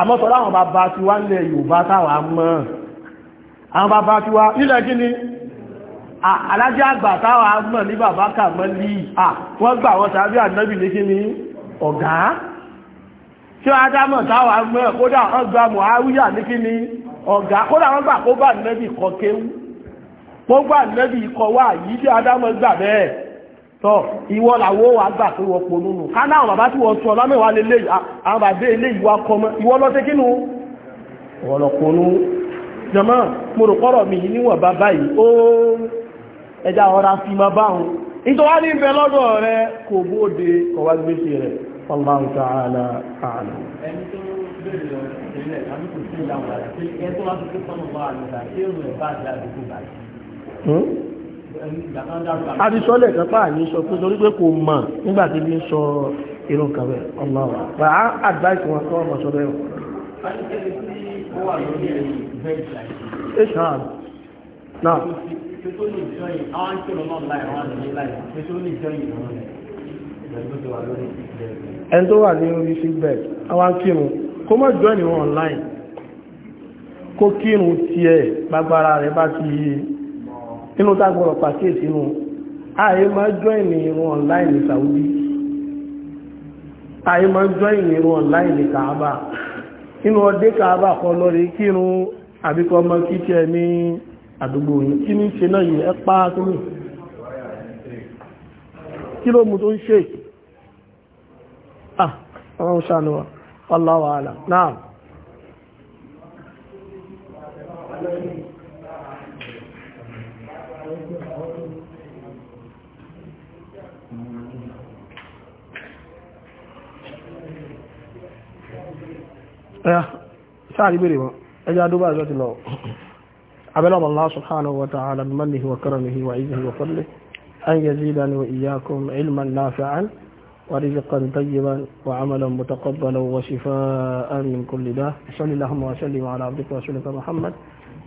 àmọ́sọ̀ láwọn bàbá ti wá nílẹ̀ Yorùbá táwà mọ́ àwọn bàbá ti wá nílẹ̀ kí ni alájẹ́ àgbà táwà mọ̀ ní bàbá kà mọ́ lì tí ádámọ̀ táwà mọ́ ẹ̀ kódà ọgbà mọ̀háwíyà ní kí ni ọ̀gá kódà gbà kó bá kọ kéwú kó gbà nẹ́bì ikọ̀ wà yìí tí gbà bẹ́ẹ̀ ìwọ wà gbà pé bàbá tí wọn tún ọlá mẹ́wàá lè léyìí àwọn bàbá eléyìí kọ ìwọ lọ sí mo rò mi bàbá rẹ Wallahu تعالى a'lam. ẹni tó bèrè lọ sílẹ̀ àmì kò sí ìyá wọn àti ẹni tó wá sí pé sọ́nà wà nígbà tí èrò ẹ̀ bá àti àdúgbò báyìí. Adisọ́lẹ̀ hmm? kan fáà ní sọ pé torí pé kò mọ̀ nígbà tí bí ń sọ irú nǹkan bẹ́ẹ̀ ọlọ́wà. Bá a advice wọn kọ́ ọmọ sọ bẹ́ẹ̀. Bá Náà ẹni tó wà ní orí feedback àwọn kírun kó mọ́ jọ ní wọn online kó kírun tiẹ̀ gbagbára rẹ̀ bá ti yí inú tágbọ́rọ̀ pàkíyèsí nù ààyè máa jọ ìrìn online ní Saudi ààyè máa jọ ìrìn online ní Kaaba inú ọdé Kaaba kọ lọ́rí kírun àbíkọ́ mọ́ kí tí ẹ ní àdúgbò yìí kí ní ṣe náà yìí ẹ pàá tó mì kí ló mú tó ń ṣe الله اعلم نعم يا ساري بريمو اجا دوبا زوتي لو ابل الله سبحانه وتعالى بمنه وكرمه وعزه وفضله ان يزيدني واياكم علما نافعا ورزقا طيبا وعملا متقبلا وشفاء من كل داء صلى اللهم وسلم على عبدك ورسولك محمد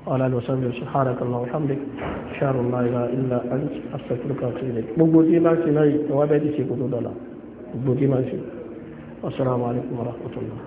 وعلى اله وصحبه سبحانك اللهم وبحمدك اشهد ان لا اله الا انت استغفرك واتوب اليك gbogbo tí máa ń ṣe láyé tó الله. bẹ́ẹ̀ ti ṣe kó tó dọ̀la gbogbo